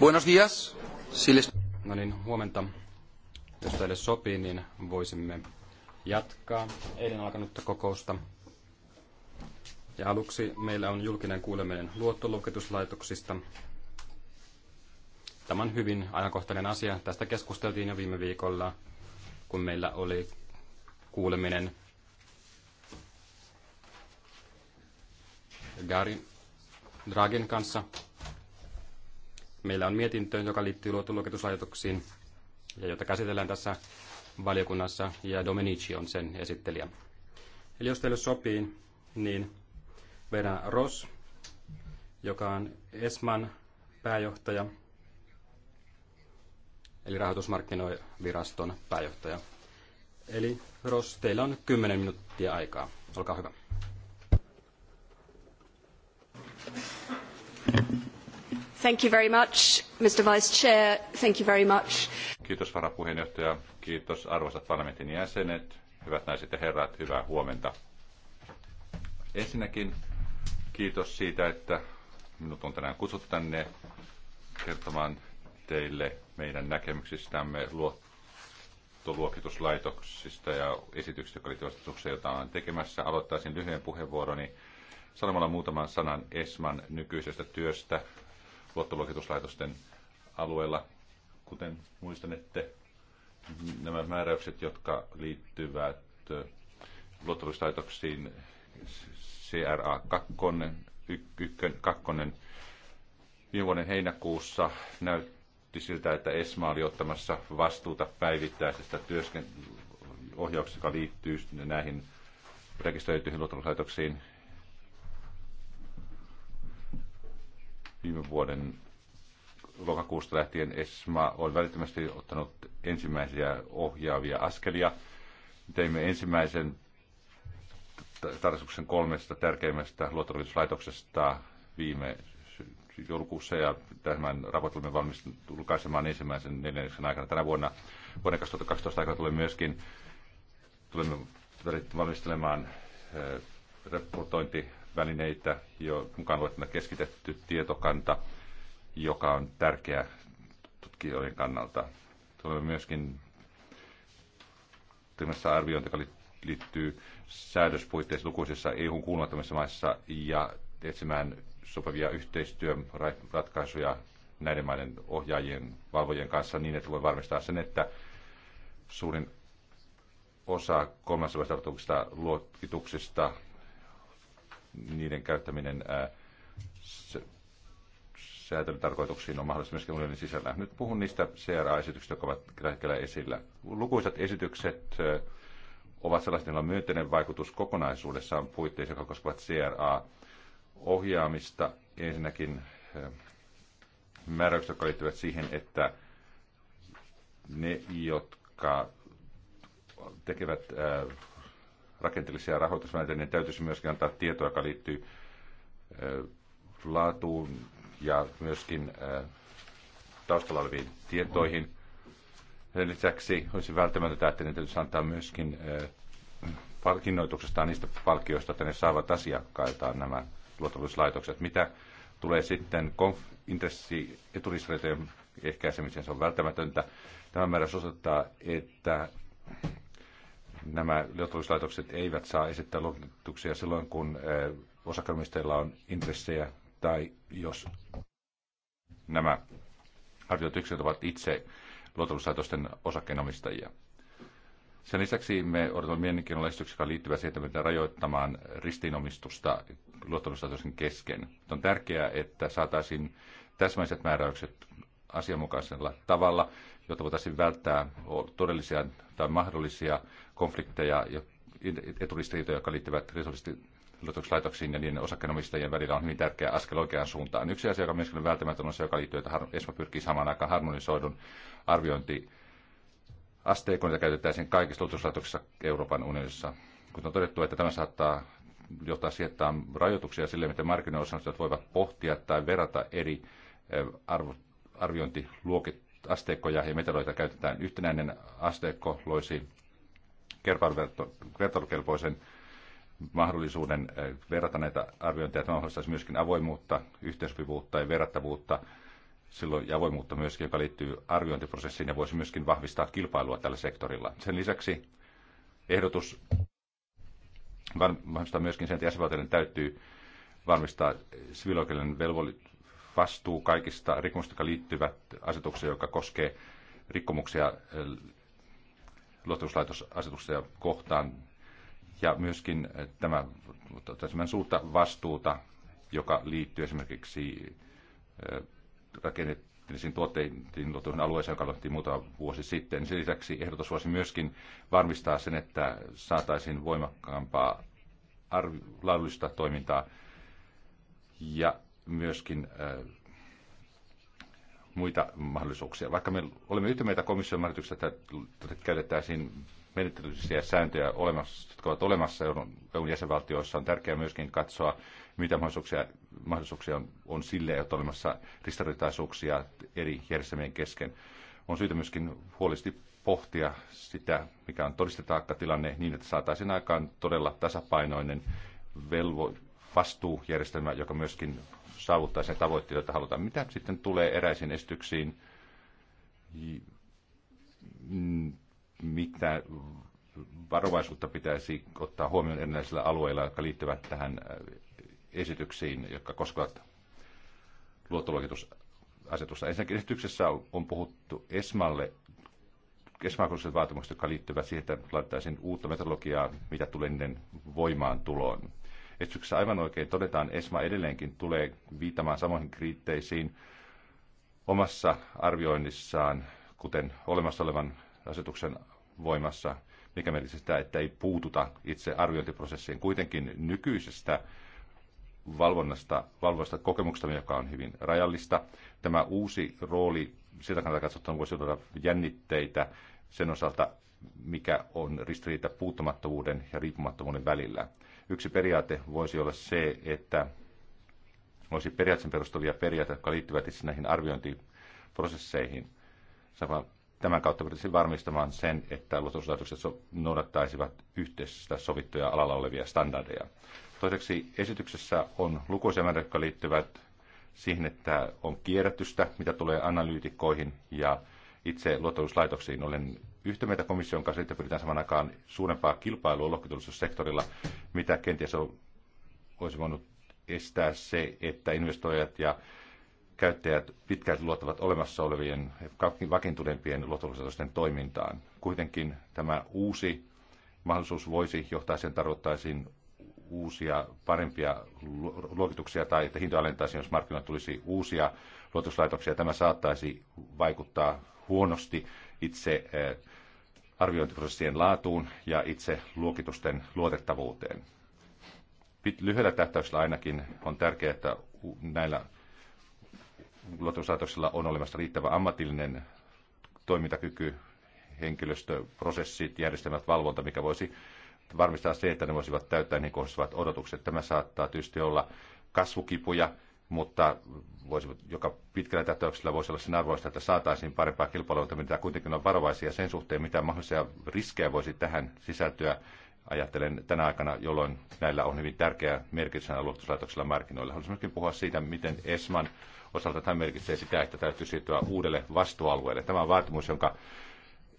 Buenos días. les... No niin, huomenta. Jos teille sopii, niin voisimme jatkaa eilen alkanutta kokousta. Ja aluksi meillä on julkinen kuuleminen luottoluokituslaitoksista. Tämä on hyvin ajankohtainen asia. Tästä keskusteltiin jo viime viikolla, kun meillä oli kuuleminen Gary Dragin kanssa Meillä on mietintö, joka liittyy luottoluokituslaitoksiin ja jota käsitellään tässä valiokunnassa ja Domenici on sen esittelijä. Eli jos teille sopii, niin Vera Ross, joka on ESMAN pääjohtaja, eli rahoitusmarkkinoiviraston pääjohtaja. Eli Ross, teillä on 10 minuuttia aikaa. Olkaa hyvä. Kiitos varapuheenjohtaja, kiitos arvoisat parlamentin jäsenet, hyvät naiset ja herrat, hyvää huomenta. Ensinnäkin kiitos siitä, että minut on tänään kutsuttu tänne kertomaan teille meidän näkemyksistämme luottoluokituslaitoksista ja esityksistä, jotka liittyvät asetukseen, jota olen tekemässä. Aloittaisin lyhyen puheenvuoroni sanomalla muutaman sanan ESMAn nykyisestä työstä, luottoluokituslaitosten alueella. Kuten muistanette, nämä määräykset, jotka liittyvät eh, luottoluokituslaitoksiin CRA 2, 2 viime vuoden heinäkuussa näytti siltä, että ESMA oli ottamassa vastuuta päivittäisestä työskentelystä ohjauksesta, joka liittyy näihin rekisteröityihin luottoluokituslaitoksiin Viime vuoden lokakuusta lähtien ESMA on välittömästi ottanut ensimmäisiä ohjaavia askelia. Teimme ensimmäisen tarkastuksen kolmesta tärkeimmästä luottoluokituslaitoksesta viime joulukuussa ja tämän raportin valmis julkaisemaan ensimmäisen neljänneksen aikana tänä vuonna. Vuoden 2012 aikana tulee myöskin tulemme valmistelemaan eh, raportointi välineitä, jo mukaan luettuna keskitetty tietokanta, joka on tärkeä tutkijoiden kannalta. Tulemme myöskin tekemässä arviointi, joka liittyy säädöspuitteissa lukuisissa eu kuulumattomissa maissa ja etsimään sopivia yhteistyöratkaisuja näiden maiden ohjaajien, valvojien kanssa niin, että voi varmistaa sen, että suurin osa kolmansista luokituksista niiden käyttäminen säätelytarkoituksiin on mahdollista myöskin unionin sisällä. Nyt puhun niistä CRA-esityksistä, jotka ovat tällä hetkellä esillä. Lukuisat esitykset ovat sellaiset, joilla on myönteinen vaikutus kokonaisuudessaan puitteissa, jotka koskevat CRA-ohjaamista. Ensinnäkin määräykset, jotka liittyvät siihen, että ne, jotka tekevät rakenteellisia rahoitusvälineitä, niin täytyisi myöskin antaa tietoa, joka liittyy laatuun ja myöskin taustalla oleviin tietoihin. Sen lisäksi olisi välttämätöntä, että ne täytyisi antaa myöskin palkinnoituksestaan niistä palkkioista, että ne saavat asiakkailtaan nämä luottoluslaitokset. Mitä tulee sitten konf- intressi eturistiriitojen ehkäisemiseen, se on välttämätöntä. Tämä määrä osoittaa, että nämä luottoluokituslaitokset eivät saa esittää luokituksia silloin, kun eh, osakkeenomistajilla on intressejä tai jos nämä arvioitut yksilöt ovat itse luottoluokituslaitosten osakkeenomistajia. Sen lisäksi me odotamme mielenkiinnolla esityksiä, jotka liittyvät siihen, että miten rajoittamaan ristiinomistusta luottoluokituslaitosten kesken. On tärkeää, että saataisiin täsmäiset määräykset asianmukaisella tavalla, jotta voitaisiin välttää todellisia tai mahdollisia konflikteja, ja eturistiriitoja, jotka liittyvät resurssilaitoksiin ja niiden osakkeenomistajien välillä on hyvin tärkeä askel oikeaan suuntaan. Yksi asia, joka on välttämätön, on se, joka liittyy, että ESMA pyrkii samaan aikaan harmonisoidun arviointi asteikon, jota käytetään kaikissa luotuslaitoksissa Euroopan unionissa. Kun on todettu, että tämä saattaa johtaa siihen, että on rajoituksia sille, miten markkinaosanoistajat voivat pohtia tai verrata eri eh, arvo, arviointiluokit asteikkoja ja metaloita käytetään. Yhtenäinen asteikko loisi vertailukelpoisen mahdollisuuden eh, verrata näitä arviointeja. Tämä mahdollistaisi myöskin avoimuutta, yhteensopivuutta ja verrattavuutta silloin ja avoimuutta myöskin, joka liittyy arviointiprosessiin ja voisi myöskin vahvistaa kilpailua tällä sektorilla. Sen lisäksi ehdotus varmistaa myöskin sen, että jäsenvaltioiden täytyy varmistaa siviilioikeudellinen vastuu kaikista rikkomuksista, jotka liittyvät asetukseen, joka koskee rikkomuksia eh, luottamuslaitosasetuksia kohtaan. Ja myöskin eh, tämä, tämän suurta vastuuta, joka liittyy esimerkiksi eh, rakennettiin tuotteisiin luotuihin alueeseen, joka aloitettiin muutama vuosi sitten. Sen lisäksi ehdotus voisi myöskin varmistaa sen, että saataisiin voimakkaampaa arvi- laadullista toimintaa ja myöskin äh, muita mahdollisuuksia. Vaikka me olemme yhtä mieltä komission määrityksestä, että käytettäisiin menettelyllisiä sääntöjä, olemassa, jotka ovat olemassa EUn jäsenvaltioissa, on tärkeää myöskin katsoa, mitä mahdollisuuksia, mahdollisuuksia on, on sille, että on olemassa ristiriitaisuuksia eri järjestelmien kesken. On syytä myöskin huolesti pohtia sitä, mikä on tilanne, niin että saataisiin aikaan todella tasapainoinen velvo, vastuujärjestelmä, joka myöskin saavuttaa sen tavoitteet, joita halutaan. Mitä sitten tulee eräisiin estyksiin, mm, mitä varovaisuutta pitäisi ottaa huomioon erilaisilla alueilla, jotka liittyvät tähän äh, esityksiin, jotka koskevat luottoluokitusasetusta. Ensinnäkin esityksessä on puhuttu ESMAlle kesmakolliset vaatimukset, jotka liittyvät siihen, että laittaisiin uutta metodologiaa, mitä tulee niiden voimaantuloon. Esityksessä aivan oikein todetaan, ESMA edelleenkin tulee viittamaan samoihin kriitteisiin omassa arvioinnissaan, kuten olemassa olevan asetuksen voimassa, mikä merkitsee sitä, että ei puututa itse arviointiprosessiin. Kuitenkin nykyisestä valvonnasta, valvonnasta kokemuksesta, joka on hyvin rajallista. Tämä uusi rooli, sitä kannalta katsottuna voisi olla jännitteitä sen osalta, mikä on ristiriita puuttumattomuuden ja riippumattomuuden välillä. Yksi periaate voisi olla se, että olisi periaatteen perustuvia periaatteita, jotka liittyvät itse näihin arviointiprosesseihin. Tämän kautta pyritään varmistamaan sen, että luottamuslaitokset noudattaisivat yhteistä sovittuja alalla olevia standardeja. Toiseksi esityksessä on lukuisia määrä, jotka liittyvät siihen, että on kierrätystä, mitä tulee analyytikkoihin ja itse luottamuslaitoksiin. Olen yhtä meitä komission kanssa, että pyritään saman aikaan suurempaa kilpailua lohkotulostussektorilla, mitä kenties on, olisi voinut estää se, että investoijat ja käyttäjät pitkälti luottavat olemassa olevien vakiintuneempien luottoluokitusten toimintaan. Kuitenkin tämä uusi mahdollisuus voisi johtaa sen tarvittaisiin uusia, parempia luokituksia tai että hinta alentaisi, jos markkinoilla tulisi uusia luotuslaitoksia. Tämä saattaisi vaikuttaa huonosti itse eh, arviointiprosessien laatuun ja itse luokitusten luotettavuuteen. Lyhyellä tähtäyksellä ainakin on tärkeää, että näillä luotetuslaitoksilla on olemassa riittävä ammatillinen toimintakyky, henkilöstöprosessit, järjestelmät, valvonta, mikä voisi varmistaa se, että ne voisivat täyttää niin kohdistuvat odotukset. Tämä saattaa tietysti olla kasvukipuja, mutta voisi, joka pitkällä tähtäyksellä voisi olla sen arvoista, että saataisiin parempaa kilpailua, mutta mitä kuitenkin on varovaisia sen suhteen, mitä mahdollisia riskejä voisi tähän sisältyä. Ajattelen tänä aikana, jolloin näillä on hyvin tärkeä merkitys luottolaitoksilla markkinoilla. Haluaisin myöskin puhua siitä, miten ESMAN osalta tämä merkitsee sitä, että täytyy siirtyä uudelle vastuualueelle. Tämä on vaatimus, jonka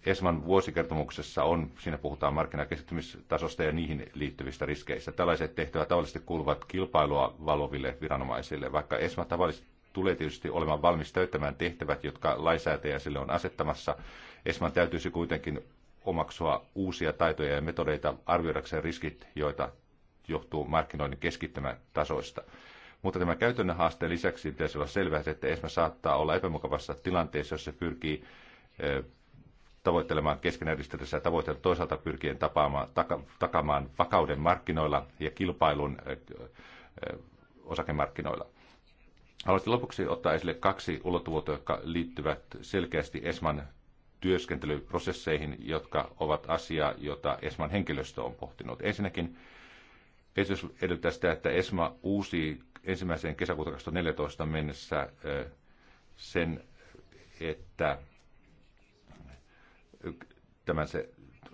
ESMAn vuosikertomuksessa on, siinä puhutaan markkinakeskittymistasosta ja niihin liittyvistä riskeistä. Tällaiset tehtävät tavallisesti kuuluvat kilpailua valoville viranomaisille, vaikka ESMA tavallisesti tulee tietysti olemaan valmis täyttämään tehtävät, jotka lainsäätäjä sille on asettamassa. ESMAn täytyisi kuitenkin omaksua uusia taitoja ja metodeita arvioidakseen riskit, joita johtuu markkinoinnin keskittämän tasoista. Mutta tämä käytännön haasteen lisäksi pitäisi olla selvää, että ESMA saattaa olla epämukavassa tilanteessa, jos se pyrkii tavoittelemaan keskenään ja tavoitteita, toisaalta pyrkien tapaamaan, taka, takamaan vakauden markkinoilla ja kilpailun osakemarkkinoilla. Haluaisin lopuksi ottaa esille kaksi ulottuvuutta, jotka liittyvät selkeästi ESMAn työskentelyprosesseihin, jotka ovat asia, jota ESMAn henkilöstö on pohtinut. Ensinnäkin esitys edellyttää sitä, että ESMA uusi ensimmäiseen kesäkuuta 2014 mennessä sen, että tämän se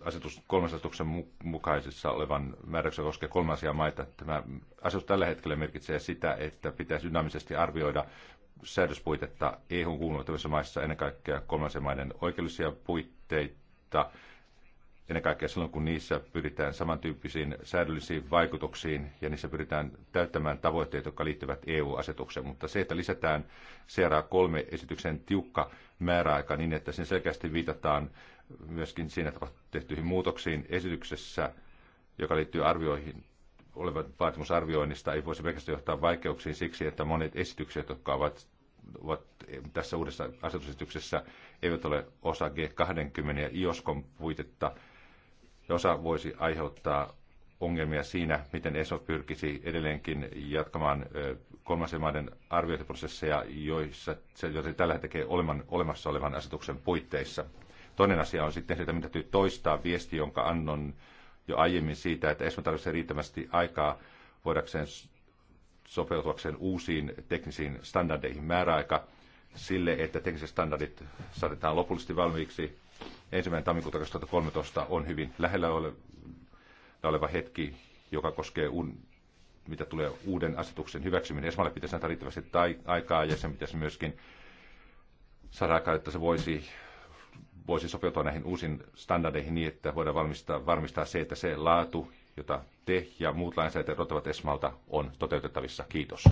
asetus kolmasasetuksen mukaisessa olevan määräyksen koskee kolmansia maita. Tämä asetus tällä hetkellä merkitsee sitä, että pitäisi dynaamisesti arvioida säädöspuitetta EUn kuulumattomissa maissa ennen kaikkea kolmansien maiden oikeudellisia puitteita, ennen kaikkea silloin, kun niissä pyritään samantyyppisiin säädöllisiin vaikutuksiin ja niissä pyritään täyttämään tavoitteet, jotka liittyvät EU-asetukseen. Mutta se, että lisätään CRA 3 esityksen tiukka määräaika niin, että sen selkeästi viitataan myöskin siinä tehtyihin muutoksiin esityksessä, joka liittyy arvioihin, olevan vaatimusarvioinnista ei voisi pelkästään johtaa vaikeuksiin siksi, että monet esitykset, jotka ovat, ovat tässä uudessa asetusesityksessä, eivät ole osa G20 ja IOSKon puitetta. Ja osa voisi aiheuttaa ongelmia siinä, miten ESO pyrkisi edelleenkin jatkamaan kolmansien maiden arviointiprosesseja, joissa se, joita se tällä tekee oleman, olemassa olevan asetuksen puitteissa. Toinen asia on sitten se, että minä täytyy toistaa viesti, jonka annon jo aiemmin siitä, että ESMA tarvitsee riittävästi aikaa voidakseen sopeutuakseen uusiin teknisiin standardeihin määräaika sille, että tekniset standardit saatetaan lopullisesti valmiiksi. Ensimmäinen tammikuuta 2013 on hyvin lähellä oleva hetki, joka koskee un, mitä tulee uuden asetuksen hyväksyminen. Esmalle pitäisi antaa riittävästi tai, aikaa ja sen pitäisi myöskin saada aikaa, että se voisi voisi sopeutua näihin uusiin standardeihin niin, että voidaan varmistaa, varmistaa se, että se laatu, jota te ja muut lainsäätäjät odottavat Esmalta, on toteutettavissa. Kiitos.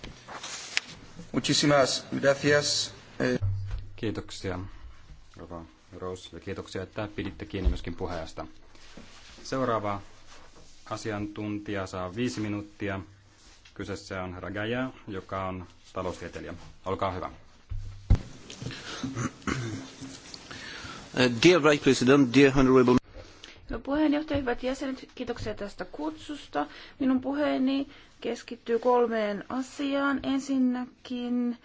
Kiitoksia, Rova Rose, ja kiitoksia, että piditte kiinni myöskin puheesta. Seuraava asiantuntija saa viisi minuuttia. Kyseessä on herra Gaja, joka on taloustieteilijä. Olkaa hyvä. No puheenjohtaja, hyvät jäsenet, kiitoksia tästä kutsusta. Minun puheeni keskittyy kolmeen asiaan. Ensinnäkin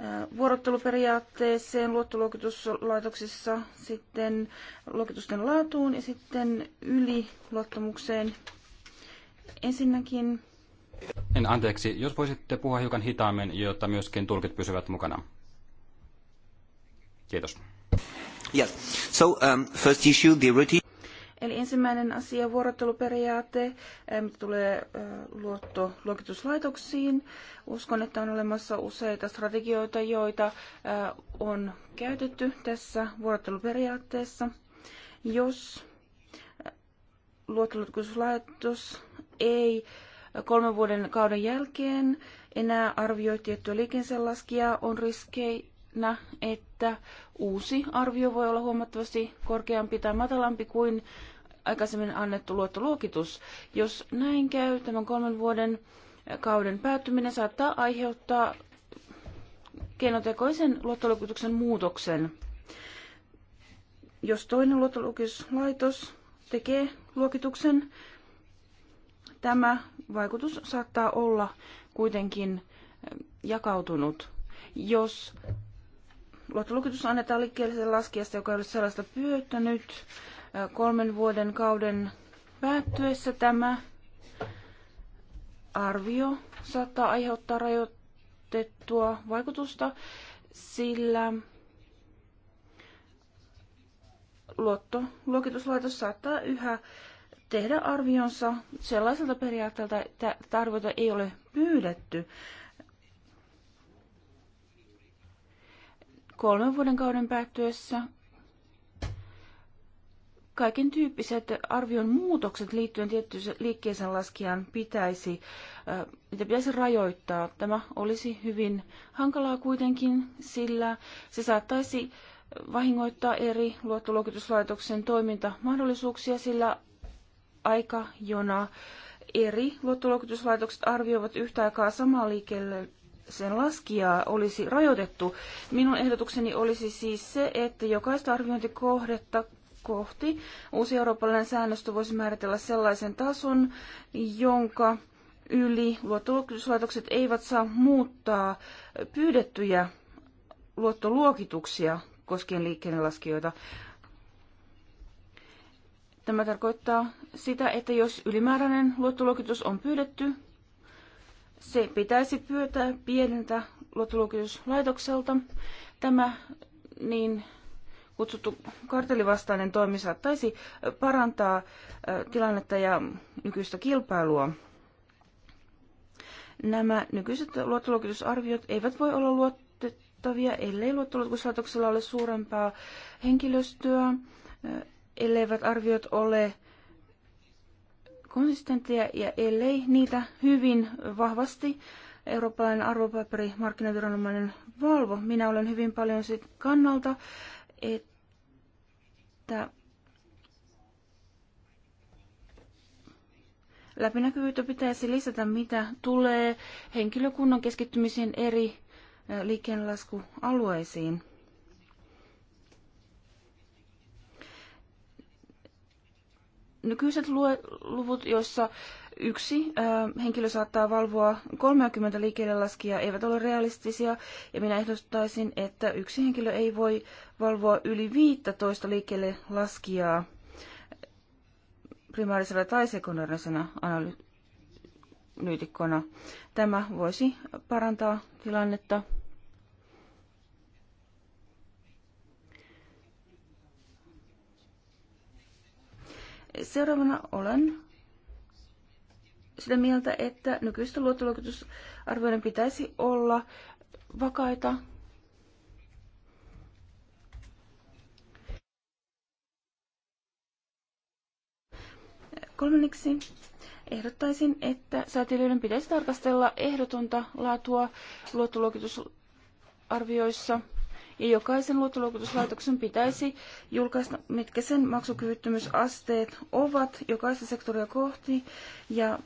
eh, vuorotteluperiaatteeseen luottoluokituslaitoksissa, sitten luokitusten laatuun ja sitten yliluottamukseen. Ensinnäkin... En, anteeksi, jos voisitte puhua hiukan hitaammin, jotta myöskin tulkit pysyvät mukana. Kiitos. Yes. So, um, first issue, the routine. Eli ensimmäinen asia, vuorotteluperiaate, eh, mitä tulee eh, luottoluokituslaitoksiin. Uskon, että on olemassa useita strategioita, joita eh, on käytetty tässä vuorotteluperiaatteessa. Jos luottoluokituslaitos ei kolmen vuoden kauden jälkeen enää arvioi tiettyä liikenselaskijaa, on riski siinä, että uusi arvio voi olla huomattavasti korkeampi tai matalampi kuin aikaisemmin annettu luottoluokitus. Jos näin käy, tämän kolmen vuoden kauden päättyminen saattaa aiheuttaa keinotekoisen luottoluokituksen muutoksen. Jos toinen luottoluokituslaitos tekee luokituksen, tämä vaikutus saattaa olla kuitenkin jakautunut. Jos Luottolukitus annetaan liikkeelle laskijasta, joka ei ole sellaista pyytänyt kolmen vuoden kauden päättyessä tämä arvio saattaa aiheuttaa rajoitettua vaikutusta, sillä luottoluokituslaitos saattaa yhä tehdä arvionsa sellaiselta periaatteelta, että arvioita ei ole pyydetty. kolmen vuoden kauden päättyessä kaiken tyyppiset arvion muutokset liittyen tiettyyn liikkeeseen laskijan pitäisi, niitä pitäisi rajoittaa. Tämä olisi hyvin hankalaa kuitenkin, sillä se saattaisi vahingoittaa eri luottoluokituslaitoksen toimintamahdollisuuksia, sillä aika, eri luottoluokituslaitokset arvioivat yhtä aikaa samaa liikkeelle sen laskijaa olisi rajoitettu. Minun ehdotukseni olisi siis se, että jokaista arviointikohdetta kohti uusi eurooppalainen säännöstö voisi määritellä sellaisen tason, jonka yli luottoluokituslaitokset eivät saa muuttaa pyydettyjä luottoluokituksia koskien liikkeellelaskijoita. Tämä tarkoittaa sitä, että jos ylimääräinen luottoluokitus on pyydetty, se pitäisi pyytää pieneltä luottoluokituslaitokselta. Tämä niin kutsuttu kartelivastainen toimi saattaisi parantaa tilannetta ja nykyistä kilpailua. Nämä nykyiset luottoluokitusarviot eivät voi olla luotettavia, ellei luottoluokituslaitoksella ole suurempaa henkilöstöä, elleivät arviot ole konsistentteja ja ellei niitä hyvin vahvasti eurooppalainen arvopaperimarkkinaviranomainen valvo, minä olen hyvin paljon sit kannalta, että läpinäkyvyyttä pitäisi lisätä, mitä tulee henkilökunnan keskittymiseen eri liikkeenlaskualueisiin. nykyiset luvut, joissa yksi ö, henkilö saattaa valvoa 30 liikkeelle eivät ole realistisia, ja minä ehdottaisin, että yksi henkilö ei voi valvoa yli 15 liikkeelle laskijaa primaarisena tai sekundaarisena analyytikkona. Tämä voisi parantaa tilannetta Seuraavana olen sitä mieltä, että nykyistä luottoluokitusarvioiden pitäisi olla vakaita Kolmanneksi ehdottaisin, että säätelijöiden pitäisi tarkastella ehdotonta laatua luottoluokitusarvioissa – ja jokaisen luottoluokituslaitoksen pitäisi julkaista, mitkä sen maksukyvyttömyysasteet ovat jokaista sektoria kohti ja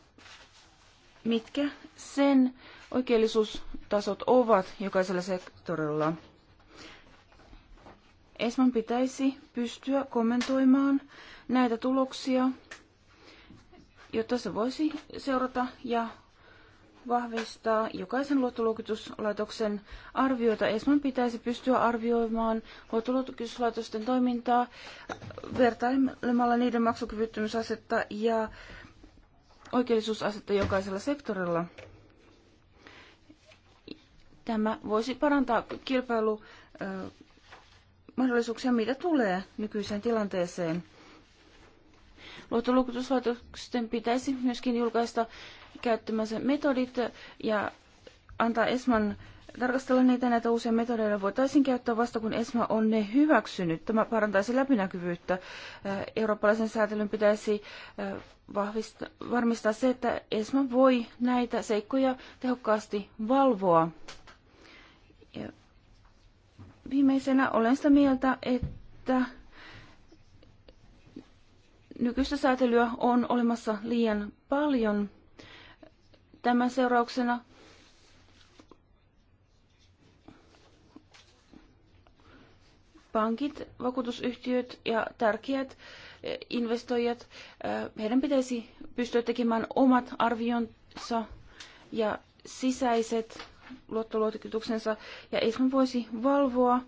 mitkä sen oikeellisuustasot ovat jokaisella sektorilla. Esman pitäisi pystyä kommentoimaan näitä tuloksia, jotta se voisi seurata ja vahvistaa jokaisen luottoluokituslaitoksen arviota. ESMAn pitäisi pystyä arvioimaan luottoluokituslaitosten toimintaa vertailemalla niiden maksukyvyttömyysasetta ja oikeellisuusasetta jokaisella sektorilla. Tämä voisi parantaa kilpailumahdollisuuksia, mitä tulee nykyiseen tilanteeseen. Luottoluokituslaitosten pitäisi myöskin julkaista käyttämänsä metodit ja antaa ESMAn tarkastella niitä näitä uusia metodeja voitaisiin käyttää vasta kun ESMA on ne hyväksynyt. Tämä parantaisi läpinäkyvyyttä. Äh, eurooppalaisen säätelyn pitäisi äh, vahvista, varmistaa se, että ESMA voi näitä seikkoja tehokkaasti valvoa. Ja viimeisenä olen sitä mieltä, että Nykyistä säätelyä on olemassa liian paljon. Tämän seurauksena pankit, vakuutusyhtiöt ja tärkeät eh, investoijat, eh, heidän pitäisi pystyä tekemään omat arvionsa ja sisäiset luottoluokituksensa, ja ESMA voisi valvoa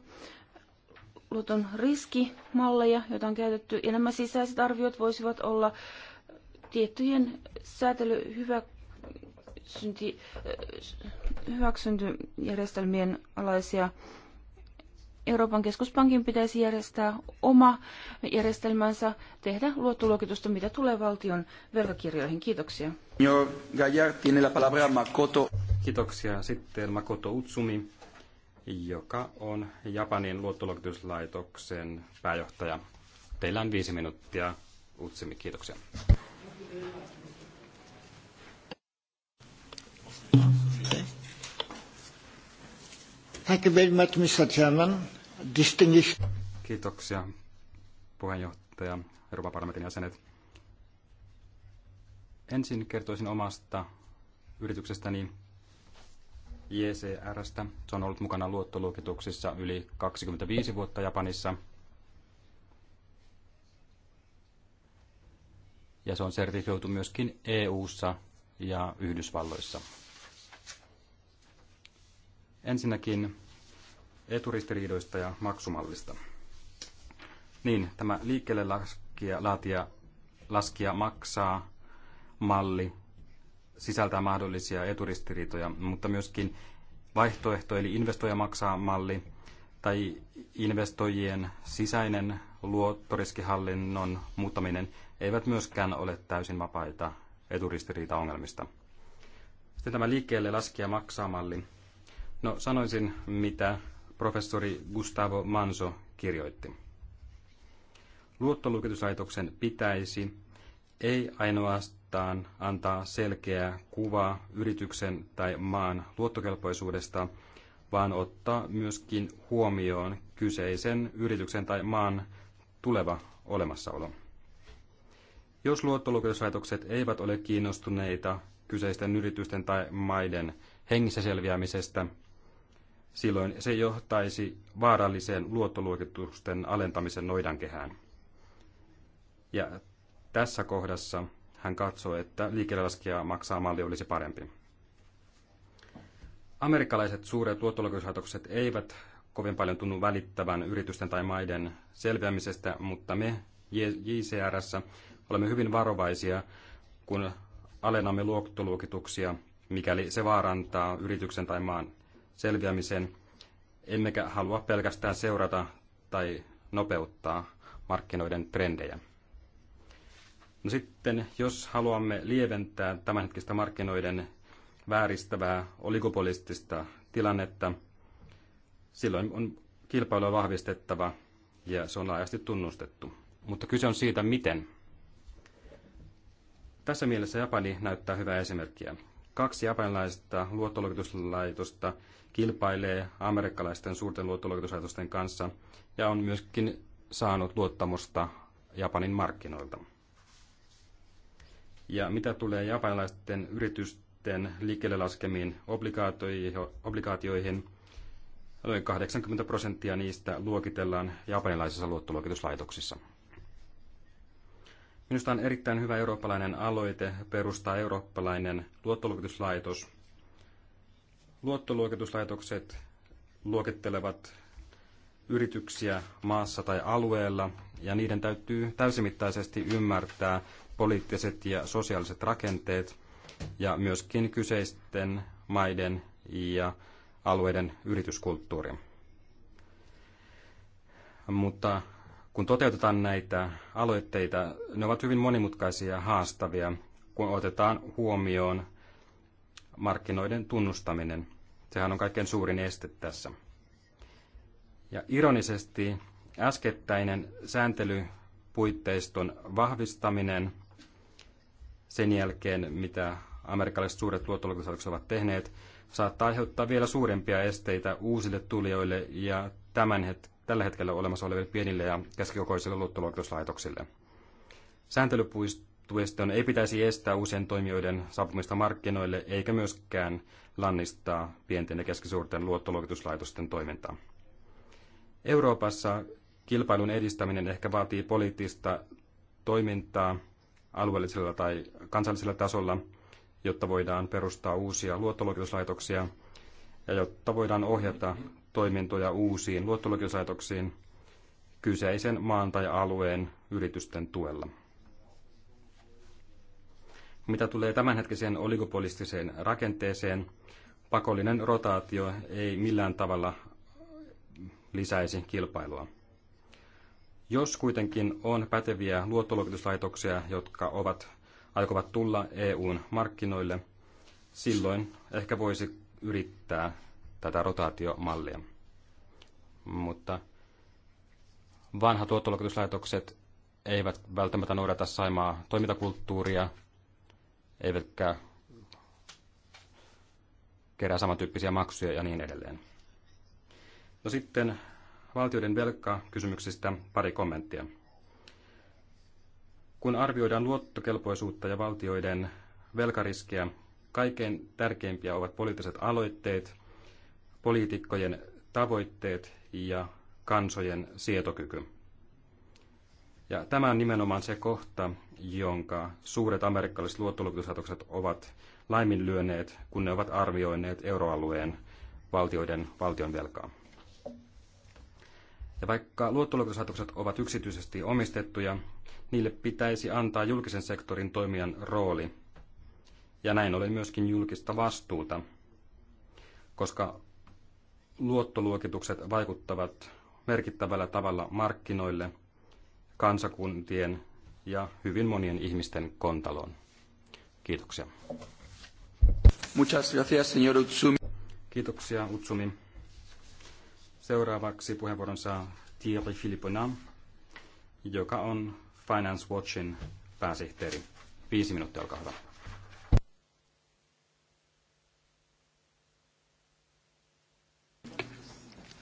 luoton riskimalleja, joita on käytetty, ja nämä sisäiset arviot voisivat olla tiettyjen hyväksyntyjärjestelmien eh, alaisia. Euroopan keskuspankin pitäisi järjestää oma järjestelmänsä, tehdä luottoluokitusta, mitä tulee valtion velkakirjoihin. Kiitoksia. Kiitoksia. Sitten Makoto Utsumi joka on Japanin luottoluokituslaitoksen pääjohtaja. Teillä on viisi minuuttia. Utsimi, kiitoksia. Thank you very much, Mr. Chairman. Distinguished... Kiitoksia, puheenjohtaja, Euroopan parlamentin jäsenet. Ensin kertoisin omasta yrityksestäni JCRstä. Se on ollut mukana luottoluokituksissa yli 25 vuotta Japanissa. Ja se on sertifioitu myöskin EU:ssa ja Yhdysvalloissa. Ensinnäkin eturistiriidoista ja maksumallista. Niin, tämä liikkeelle laskija, laatia, laskija maksaa malli sisältää mahdollisia eturistiriitoja, mutta myöskin vaihtoehto eli investoija maksaa malli tai investoijien sisäinen luottoriskihallinnon muuttaminen eivät myöskään ole täysin vapaita eturistiriitaongelmista. Sitten tämä liikkeelle laskija maksaa malli. No sanoisin, mitä professori Gustavo Manso kirjoitti. Luottoluokituslaitoksen pitäisi ei ainoastaan halutaan antaa selkeää kuvaa yrityksen tai maan luottokelpoisuudesta, vaan ottaa myöskin huomioon kyseisen yrityksen tai maan tuleva olemassaolo. Jos luottoluokituslaitokset eivät ole kiinnostuneita kyseisten yritysten tai maiden hengissä selviämisestä, silloin se johtaisi vaaralliseen luottoluokitusten alentamisen noidankehään. Ja tässä kohdassa hän katsoo, että liikelaskija maksaa malli olisi parempi. Amerikkalaiset suuret luottolaitoslaitokset eivät kovin paljon tunnu välittävän yritysten tai maiden selviämisestä, mutta me JCRssä olemme hyvin varovaisia, kun alennamme luottoluokituksia, mikäli se vaarantaa yrityksen tai maan selviämisen, emmekä halua pelkästään seurata tai nopeuttaa markkinoiden trendejä. No sitten, jos haluamme lieventää tämänhetkistä markkinoiden vääristävää oligopolistista tilannetta, silloin on kilpailua vahvistettava ja se on laajasti tunnustettu. Mutta kyse on siitä, miten. Tässä mielessä Japani näyttää hyvää esimerkkiä. Kaksi japanilaista luottoluokituslaitosta kilpailee amerikkalaisten suurten luottoluokituslaitosten kanssa ja on myöskin saanut luottamusta Japanin markkinoilta. Ja mitä tulee japanilaisten yritysten liikkeelle laskemiin obligaatioihin, noin 80 prosenttia niistä luokitellaan japanilaisissa luottoluokituslaitoksissa. Minusta on erittäin hyvä eurooppalainen aloite perustaa eurooppalainen luottoluokituslaitos. Luottoluokituslaitokset luokittelevat yrityksiä maassa tai alueella, ja niiden täytyy täysimittaisesti ymmärtää poliittiset ja sosiaaliset rakenteet ja myöskin kyseisten maiden ja alueiden yrityskulttuuri. Mutta kun toteutetaan näitä aloitteita, ne ovat hyvin monimutkaisia ja haastavia, kun otetaan huomioon markkinoiden tunnustaminen. Sehän on kaikkein suurin este tässä. Ja ironisesti äskettäinen sääntelypuitteiston vahvistaminen – sen jälkeen, mitä amerikkalaiset suuret luottoluokituslaitokset ovat tehneet, saattaa aiheuttaa vielä suurempia esteitä uusille tulijoille ja tämän het- tällä hetkellä olemassa oleville pienille ja keskikokoisille luottoluokituslaitoksille. Sääntelypuistojen ei pitäisi estää uusien toimijoiden saapumista markkinoille eikä myöskään lannistaa pienten ja keskisuurten luottoluokituslaitosten toimintaa. Euroopassa kilpailun edistäminen ehkä vaatii poliittista toimintaa alueellisella tai kansallisella tasolla, jotta voidaan perustaa uusia luottoluokituslaitoksia ja jotta voidaan ohjata toimintoja uusiin luottoluokituslaitoksiin kyseisen maan tai alueen yritysten tuella. Mitä tulee tämänhetkiseen oligopolistiseen rakenteeseen, pakollinen rotaatio ei millään tavalla lisäisi kilpailua. Jos kuitenkin on päteviä luottoluokituslaitoksia, jotka ovat, aikovat tulla EUn markkinoille, silloin ehkä voisi yrittää tätä rotaatiomallia. Mutta vanhat luottoluokituslaitokset eivät välttämättä noudata saimaa toimintakulttuuria, eivätkä kerää samantyyppisiä maksuja ja niin edelleen. No sitten valtioiden velkakysymyksistä pari kommenttia. Kun arvioidaan luottokelpoisuutta ja valtioiden velkariskiä, kaikkein tärkeimpiä ovat poliittiset aloitteet, poliitikkojen tavoitteet ja kansojen sietokyky. Ja tämä on nimenomaan se kohta, jonka suuret amerikkalaiset luottoluokituslaitokset ovat laiminlyöneet, kun ne ovat arvioineet euroalueen valtioiden valtionvelkaa. Ja vaikka luottoluokituslaitokset ovat yksityisesti omistettuja, niille pitäisi antaa julkisen sektorin toimijan rooli. Ja näin ollen myöskin julkista vastuuta, koska luottoluokitukset vaikuttavat merkittävällä tavalla markkinoille, kansakuntien ja hyvin monien ihmisten kontaloon. Kiitoksia. Muchas gracias, señor Utsumi. Kiitoksia, Utsumi. Seuraavaksi puheenvuoron saa Thierry Philippona, joka on Finance Watchin pääsihteeri. Viisi minuuttia, olkaa hyvä.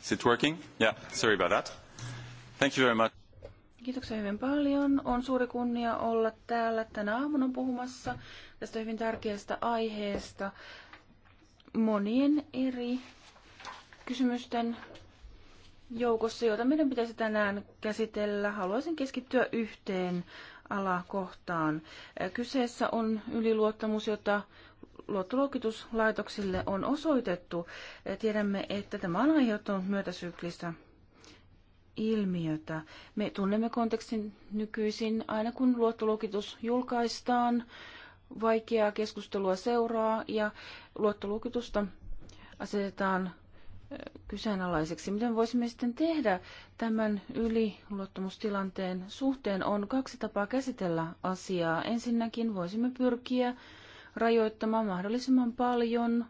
Is it working? Yeah, sorry about that. Thank you very much. Kiitoksia hyvin paljon. On suuri kunnia olla täällä tänä aamuna puhumassa tästä hyvin tärkeästä aiheesta monien eri kysymysten joukossa, jota meidän pitäisi tänään käsitellä. Haluaisin keskittyä yhteen alakohtaan. Kyseessä on yliluottamus, jota luottoluokituslaitoksille on osoitettu. Tiedämme, että tämä on aiheuttanut myötäsyklistä ilmiötä. Me tunnemme kontekstin nykyisin aina kun luottoluokitus julkaistaan, vaikeaa keskustelua seuraa ja luottoluokitusta asetetaan kyseenalaiseksi. Miten voisimme sitten tehdä tämän yliluottamustilanteen suhteen? On kaksi tapaa käsitellä asiaa. Ensinnäkin voisimme pyrkiä rajoittamaan mahdollisimman paljon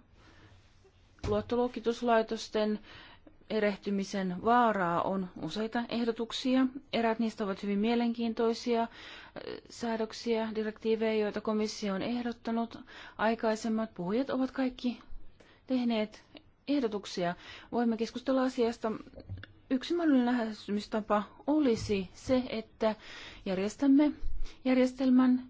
luottoluokituslaitosten erehtymisen vaaraa on useita ehdotuksia. Erät niistä ovat hyvin mielenkiintoisia säädöksiä, direktiivejä, joita komissio on ehdottanut. Aikaisemmat puhujat ovat kaikki tehneet ehdotuksia. Voimme keskustella asiasta. Yksi mahdollinen lähestymistapa olisi se, että järjestämme järjestelmän,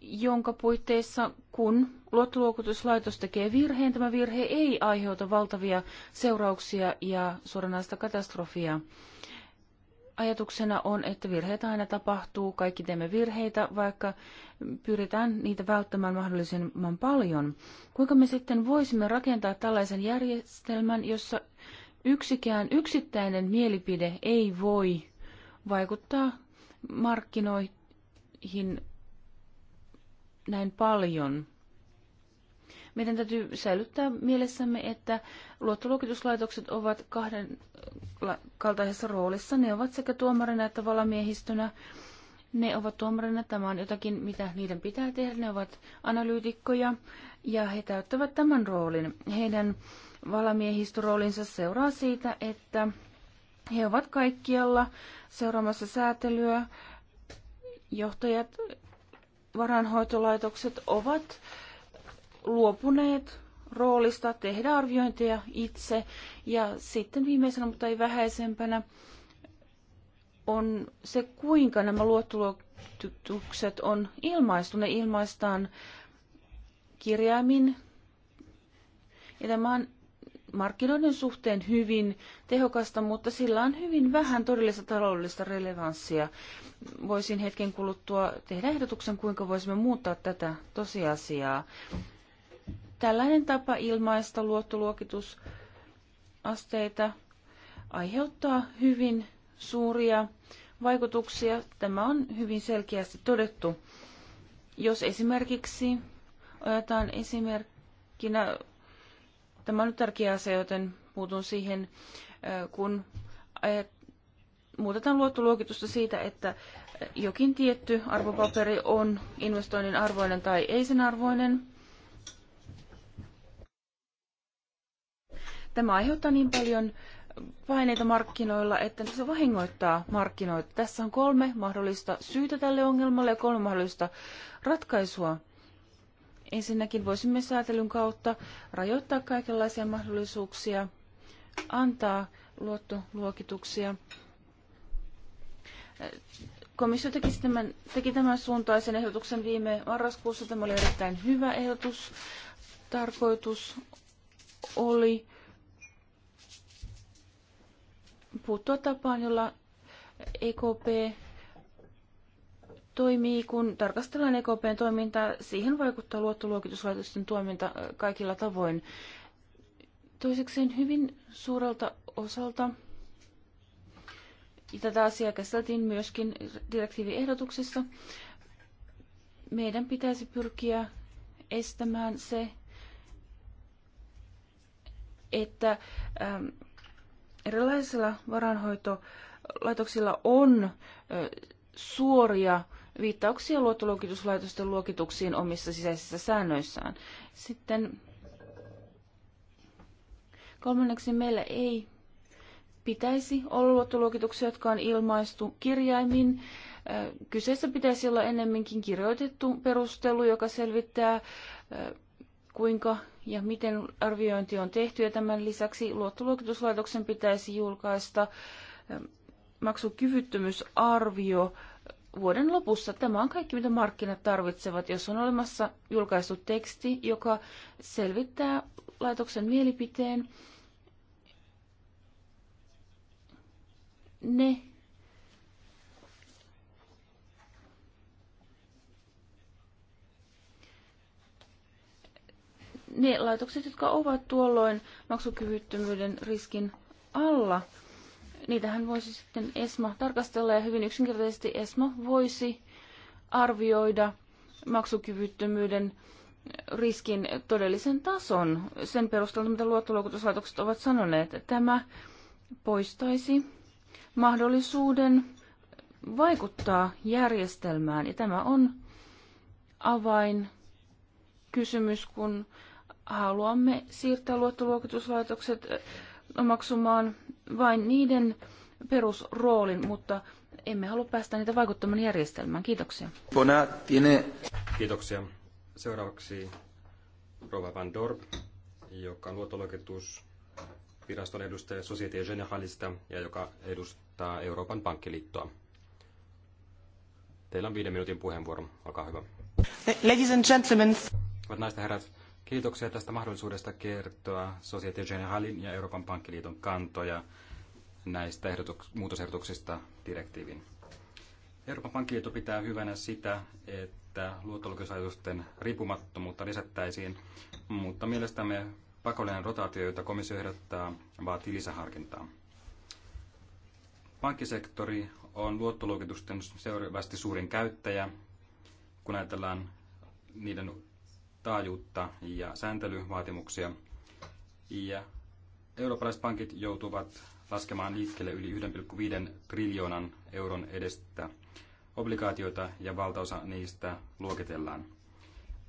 jonka puitteissa, kun luottoluokituslaitos tekee virheen, tämä virhe ei aiheuta valtavia seurauksia ja suoranaista katastrofia ajatuksena on, että virheitä aina tapahtuu, kaikki teemme virheitä, vaikka pyritään niitä välttämään mahdollisimman paljon. Kuinka me sitten voisimme rakentaa tällaisen järjestelmän, jossa yksikään yksittäinen mielipide ei voi vaikuttaa markkinoihin näin paljon? Meidän täytyy säilyttää mielessämme, että luottoluokituslaitokset ovat kahden kaltaisessa roolissa. Ne ovat sekä tuomarina että valamiehistönä. Ne ovat tuomarina, tämä on jotakin, mitä niiden pitää tehdä. Ne ovat analyytikkoja ja he täyttävät tämän roolin. Heidän valamiehistöroolinsa seuraa siitä, että he ovat kaikkialla seuraamassa säätelyä. Johtajat, varanhoitolaitokset ovat luopuneet roolista tehdä arviointeja itse. Ja sitten viimeisenä, mutta ei vähäisempänä, on se, kuinka nämä luottoluokitukset on ilmaistu. Ne ilmaistaan kirjaimin. Ja tämä on markkinoiden suhteen hyvin tehokasta, mutta sillä on hyvin vähän todellista taloudellista relevanssia. Voisin hetken kuluttua tehdä ehdotuksen, kuinka voisimme muuttaa tätä tosiasiaa tällainen tapa ilmaista luottoluokitusasteita aiheuttaa hyvin suuria vaikutuksia. Tämä on hyvin selkeästi todettu. Jos esimerkiksi otetaan esimerkkinä, tämä on nyt tärkeä asia, joten puutun siihen, kun muutetaan luottoluokitusta siitä, että jokin tietty arvopaperi on investoinnin arvoinen tai ei sen arvoinen – Tämä aiheuttaa niin paljon paineita markkinoilla, että se vahingoittaa markkinoita. Tässä on kolme mahdollista syytä tälle ongelmalle ja kolme mahdollista ratkaisua. Ensinnäkin voisimme säätelyn kautta rajoittaa kaikenlaisia mahdollisuuksia, antaa luottoluokituksia. Komissio teki tämän, teki tämän suuntaisen ehdotuksen viime marraskuussa. Tämä oli erittäin hyvä ehdotus. Tarkoitus oli puuttua tapaan, jolla EKP toimii, kun tarkastellaan EKPn toimintaa. Siihen vaikuttaa luottoluokituslaitosten toiminta kaikilla tavoin. Toisekseen hyvin suurelta osalta ja tätä asiaa käsiteltiin myöskin direktiiviehdotuksessa. Meidän pitäisi pyrkiä estämään se, että ähm, Erilaisilla varanhoitolaitoksilla on suoria viittauksia luottoluokituslaitosten luokituksiin omissa sisäisissä säännöissään. Sitten kolmanneksi meillä ei pitäisi olla luottoluokituksia, jotka on ilmaistu kirjaimin. Kyseessä pitäisi olla ennemminkin kirjoitettu perustelu, joka selvittää, kuinka ja miten arviointi on tehty. Ja tämän lisäksi luottoluokituslaitoksen pitäisi julkaista ähm, maksukyvyttömyysarvio vuoden lopussa. Tämä on kaikki, mitä markkinat tarvitsevat, jos on olemassa julkaistu teksti, joka selvittää laitoksen mielipiteen. Ne ne laitokset, jotka ovat tuolloin maksukyvyttömyyden riskin alla, niitähän voisi sitten ESMA tarkastella ja hyvin yksinkertaisesti ESMA voisi arvioida maksukyvyttömyyden riskin todellisen tason sen perusteella, mitä luottoluokituslaitokset ovat sanoneet. Tämä poistaisi mahdollisuuden vaikuttaa järjestelmään ja tämä on avain kysymys, kun haluamme siirtää luottoluokituslaitokset omaksumaan vain niiden perusroolin, mutta emme halua päästä niitä vaikuttamaan järjestelmään. Kiitoksia. Kiitoksia. Seuraavaksi Rova Van Dorp, joka on luottoluokitusviraston edustaja Societe Generalista ja joka edustaa Euroopan pankkiliittoa. Teillä on viiden minuutin puheenvuoro. Olkaa hyvä. Ladies and gentlemen. Hyvät naiset ja herrat, Kiitoksia tästä mahdollisuudesta kertoa Societe Generalin ja Euroopan pankkiliiton kantoja näistä ehdotuks- muutosehdotuksista direktiivin. Euroopan pankkiliitto pitää hyvänä sitä, että luottoluokitusasetusten riippumattomuutta lisättäisiin, mutta mielestämme pakollinen rotaatio, jota komissio ehdottaa, vaatii lisäharkintaa. Pankkisektori on luottoluokitusten seuraavasti suurin käyttäjä, kun ajatellaan niiden taajuutta ja sääntelyvaatimuksia. Ja eurooppalaiset pankit joutuvat laskemaan liikkeelle yli 1,5 triljoonan euron edestä obligaatioita ja valtaosa niistä luokitellaan.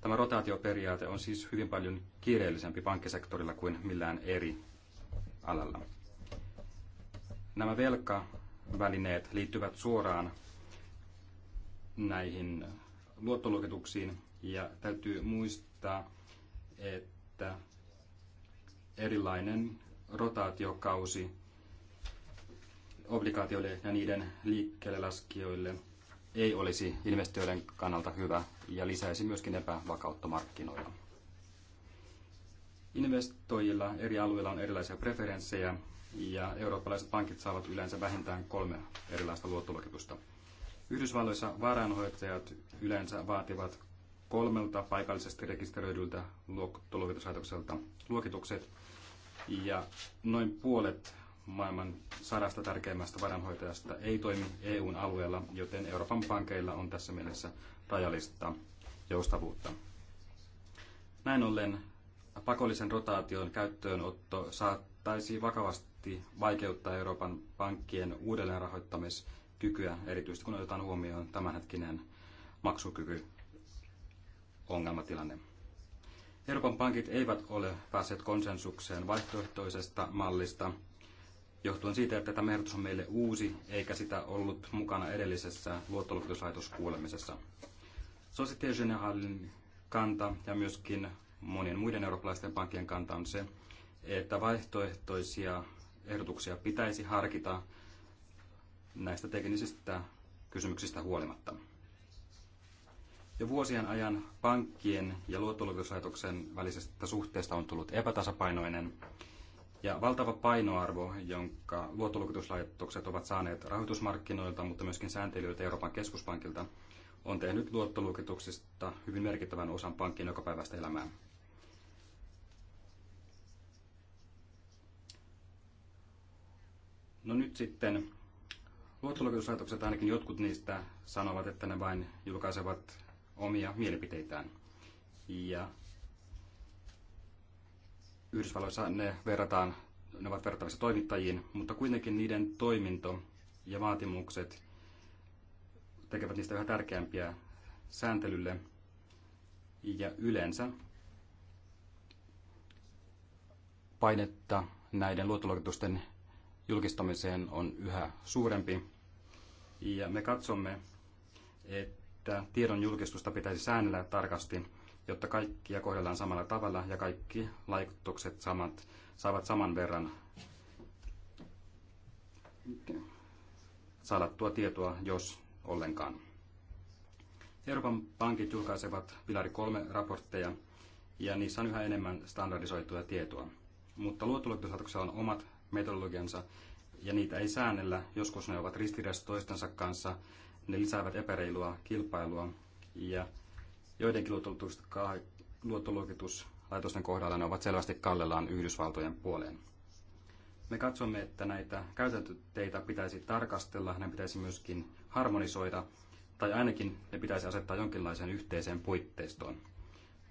Tämä rotaatioperiaate on siis hyvin paljon kiireellisempi pankkisektorilla kuin millään eri alalla. Nämä velkavälineet liittyvät suoraan näihin luottoluokituksiin ja täytyy muistaa, että erilainen rotaatiokausi obligaatioille ja niiden liikkeelle laskijoille ei olisi investoijien kannalta hyvä ja lisäisi myöskin epävakautta markkinoilla. Investoijilla eri alueilla on erilaisia preferenssejä ja eurooppalaiset pankit saavat yleensä vähintään kolme erilaista luottoluokitusta. Yhdysvalloissa varainhoitajat yleensä vaativat kolmelta paikallisesti rekisteröidyltä luottoluokituslaitokselta luokitukset ja noin puolet maailman sadasta tärkeimmästä varanhoitajasta ei toimi EUn alueella, joten Euroopan pankeilla on tässä mielessä rajallista joustavuutta. Näin ollen pakollisen rotaation käyttöönotto saattaisi vakavasti vaikeuttaa Euroopan pankkien uudelleenrahoittamiskykyä, erityisesti kun otetaan huomioon tämänhetkinen maksukyky ongelmatilanne. Euroopan pankit eivät ole päässeet konsensukseen vaihtoehtoisesta mallista, johtuen siitä, että tämä ehdotus on meille uusi, eikä sitä ollut mukana edellisessä luottoluokituslaitoskuulemisessa. Société Généralin kanta ja myöskin monien muiden eurooppalaisten pankkien kanta on se, että vaihtoehtoisia ehdotuksia pitäisi harkita näistä teknisistä kysymyksistä huolimatta. Jo vuosien ajan pankkien ja luottoluokituslaitoksen välisestä suhteesta on tullut epätasapainoinen, ja valtava painoarvo, jonka luottoluokituslaitokset ovat saaneet rahoitusmarkkinoilta, mutta myöskin sääntelyiltä Euroopan keskuspankilta, on tehnyt luottoluokituksista hyvin merkittävän osan pankin jokapäiväistä elämää. No nyt sitten luottoluokituslaitokset, ainakin jotkut niistä, sanovat, että ne vain julkaisevat omia mielipiteitään. Ja Yhdysvalloissa ne verrataan, ne ovat verrattavissa toimittajiin, mutta kuitenkin niiden toiminto ja vaatimukset tekevät niistä yhä tärkeämpiä sääntelylle ja yleensä painetta näiden luottoluokitusten julkistamiseen on yhä suurempi. Ja me katsomme, että että tiedon julkistusta pitäisi säännellä tarkasti, jotta kaikkia kohdellaan samalla tavalla ja kaikki laitokset samat, saavat saman verran salattua tietoa, jos ollenkaan. Euroopan pankit julkaisevat Pilari 3 raportteja ja niissä on yhä enemmän standardisoitua tietoa. Mutta luottoluokituslaitoksella on omat metodologiansa ja niitä ei säännellä. Joskus ne ovat ristiriidassa toistensa kanssa ne lisäävät epäreilua kilpailua ja joidenkin luottoluokituslaitosten kohdalla ne ovat selvästi kallellaan Yhdysvaltojen puoleen. Me katsomme, että näitä käytäntöteitä pitäisi tarkastella, ne pitäisi myöskin harmonisoida, tai ainakin ne pitäisi asettaa jonkinlaiseen yhteiseen puitteistoon.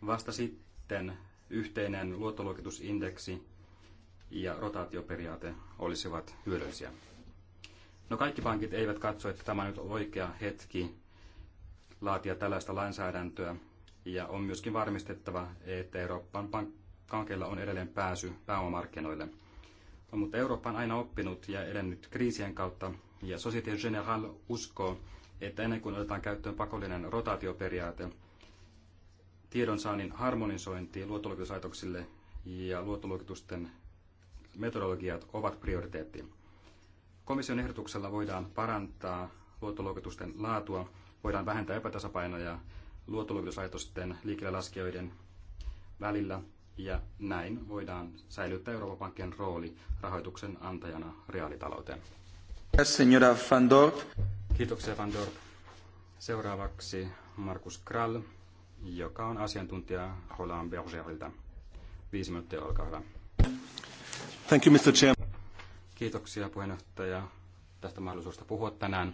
Vasta sitten yhteinen luottoluokitusindeksi ja rotaatioperiaate olisivat hyödyllisiä. No kaikki pankit eivät katso, että tämä on nyt oikea hetki laatia tällaista lainsäädäntöä. Ja on myöskin varmistettava, että Euroopan pankeilla on edelleen pääsy pääomamarkkinoille. No, mutta Eurooppa on aina oppinut ja edennyt kriisien kautta. Ja Societe Generale uskoo, että ennen kuin otetaan käyttöön pakollinen rotaatioperiaate, tiedonsaannin harmonisointi luottoluokituslaitoksille ja luottoluokitusten metodologiat ovat prioriteetti. Komission ehdotuksella voidaan parantaa luottoluokitusten laatua, voidaan vähentää epätasapainoja luottoluokituslaitosten liikelaskijoiden välillä ja näin voidaan säilyttää Euroopan pankin rooli rahoituksen antajana reaalitalouteen. Van Dorp. Kiitoksia Van Dorp. Seuraavaksi Markus Krall, joka on asiantuntija Roland Bergerilta. Viisi minuuttia, olkaa hyvä. Thank you, Mr. Chairman. Kiitoksia puheenjohtaja tästä mahdollisuudesta puhua tänään.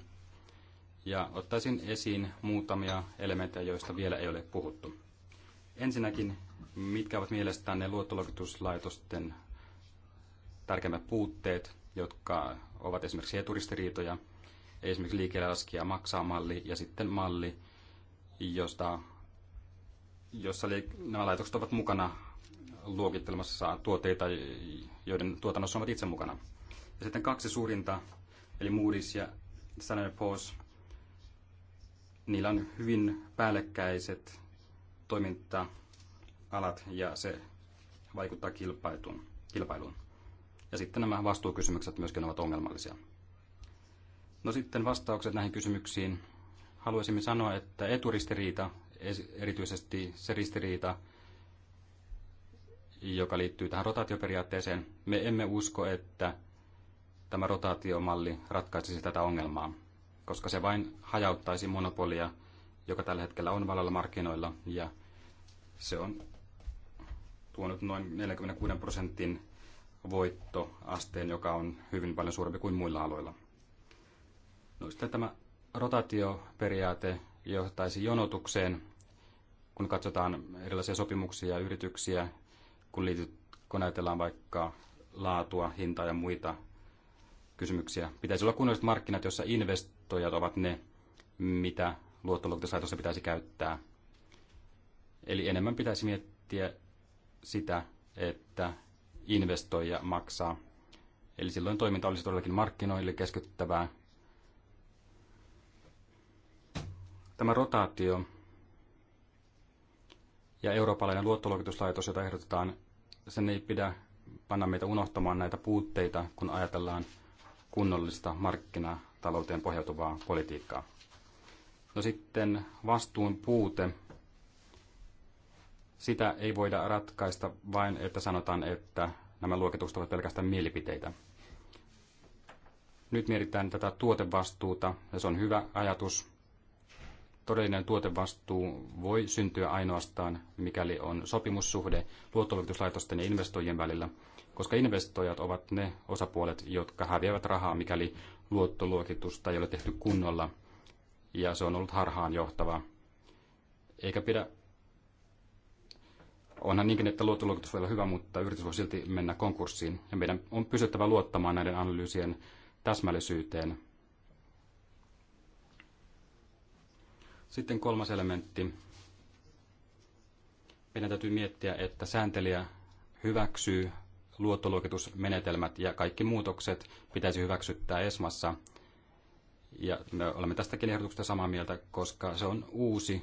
Ja ottaisin esiin muutamia elementtejä, joista vielä ei ole puhuttu. Ensinnäkin, mitkä ovat mielestänne luottoluokituslaitosten tärkeimmät puutteet, jotka ovat esimerkiksi eturistiriitoja, esimerkiksi liikelaskija maksaa malli ja sitten malli, josta, jossa nämä laitokset ovat mukana luokittelemassa tuotteita, joiden tuotannossa ovat itse mukana. Ja sitten kaksi suurinta, eli Moody's ja Standard Poor's, niillä on hyvin päällekkäiset toiminta-alat ja se vaikuttaa kilpailuun. Ja sitten nämä vastuukysymykset myöskin ovat ongelmallisia. No sitten vastaukset näihin kysymyksiin. Haluaisimme sanoa, että eturistiriita, erityisesti se ristiriita, joka liittyy tähän rotaatioperiaatteeseen, me emme usko, että tämä rotaatiomalli ratkaisisi tätä ongelmaa, koska se vain hajauttaisi monopolia, joka tällä hetkellä on vallalla markkinoilla, ja se on tuonut noin 46 prosentin voittoasteen, joka on hyvin paljon suurempi kuin muilla aloilla. No sitten tämä rotaatioperiaate johtaisi jonotukseen, kun katsotaan erilaisia sopimuksia ja yrityksiä, kun, liityt, kun ajatellaan vaikka laatua, hintaa ja muita kysymyksiä. Pitäisi olla kunnolliset markkinat, jossa investoijat ovat ne, mitä luottoluokituslaitosta pitäisi käyttää. Eli enemmän pitäisi miettiä sitä, että investoija maksaa. Eli silloin toiminta olisi todellakin markkinoille keskittävää. Tämä rotaatio ja eurooppalainen luottoluokituslaitos, jota ehdotetaan, sen ei pidä panna meitä unohtamaan näitä puutteita, kun ajatellaan – kunnollista markkinatalouteen pohjautuvaa politiikkaa. No sitten vastuun puute. Sitä ei voida ratkaista vain, että sanotaan, että nämä luokitukset ovat pelkästään mielipiteitä. Nyt mietitään tätä tuotevastuuta, ja se on hyvä ajatus, todellinen tuotevastuu voi syntyä ainoastaan, mikäli on sopimussuhde luottoluokituslaitosten ja investoijien välillä, koska investoijat ovat ne osapuolet, jotka häviävät rahaa, mikäli luottoluokitusta ei ole tehty kunnolla, ja se on ollut harhaan johtavaa. Eikä pidä onhan niinkin, että luottoluokitus voi olla hyvä, mutta yritys voi silti mennä konkurssiin. Ja meidän on pysyttävä luottamaan näiden analyysien täsmällisyyteen Sitten kolmas elementti. Meidän täytyy miettiä, että sääntelijä hyväksyy luottoluokitusmenetelmät ja kaikki muutokset pitäisi hyväksyttää ESMassa. Ja me olemme tästäkin ehdotuksesta samaa mieltä, koska se on uusi.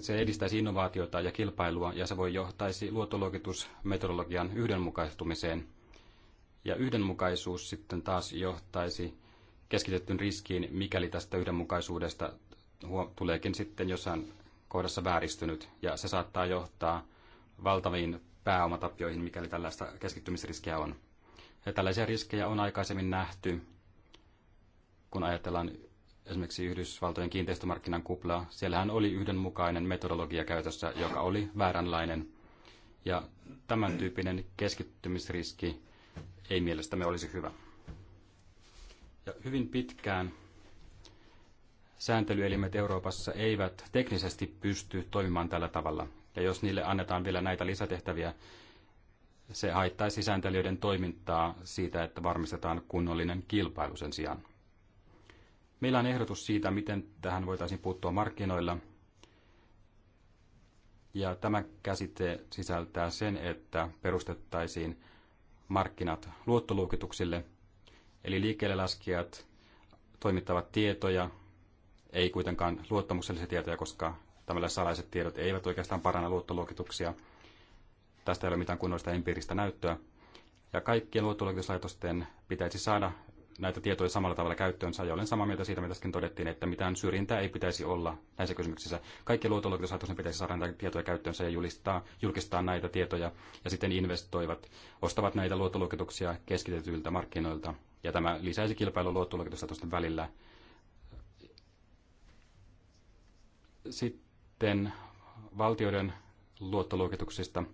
Se edistäisi innovaatiota ja kilpailua ja se voi johtaisi luottoluokitusmetodologian yhdenmukaistumiseen. Ja yhdenmukaisuus sitten taas johtaisi keskitettyn riskiin, mikäli tästä yhdenmukaisuudesta tuleekin sitten jossain kohdassa vääristynyt, ja se saattaa johtaa valtaviin pääomatapioihin, mikäli tällaista keskittymisriskiä on. Ja tällaisia riskejä on aikaisemmin nähty, kun ajatellaan esimerkiksi Yhdysvaltojen kiinteistömarkkinan kuplaa. Siellähän oli yhdenmukainen metodologia käytössä, joka oli vääränlainen. Ja tämän tyyppinen keskittymisriski ei mielestämme olisi hyvä. Ja hyvin pitkään sääntelyelimet Euroopassa eivät teknisesti pysty toimimaan tällä tavalla. Ja jos niille annetaan vielä näitä lisätehtäviä, se haittaisi sääntelijöiden toimintaa siitä, että varmistetaan kunnollinen kilpailu sen sijaan. Meillä on ehdotus siitä, miten tähän voitaisiin puuttua markkinoilla. Ja tämä käsite sisältää sen, että perustettaisiin markkinat luottoluokituksille, eli liikkeelle laskijat toimittavat tietoja ei kuitenkaan luottamuksellisia tietoja, koska tämmöiset salaiset tiedot eivät oikeastaan paranna luottoluokituksia. Tästä ei ole mitään kunnollista empiiristä näyttöä. Ja kaikkien luottoluokituslaitosten pitäisi saada näitä tietoja samalla tavalla käyttöönsä, ja olen samaa mieltä siitä, mitä äsken todettiin, että mitään syrjintää ei pitäisi olla näissä kysymyksissä. Kaikki luottoluokituslaitosten pitäisi saada näitä tietoja käyttöönsä ja julistaa, julkistaa näitä tietoja, ja sitten investoivat, ostavat näitä luottoluokituksia keskitetyiltä markkinoilta, ja tämä lisäisi kilpailua luottoluokituslaitosten välillä, Sitten valtioiden luottoluokituksista.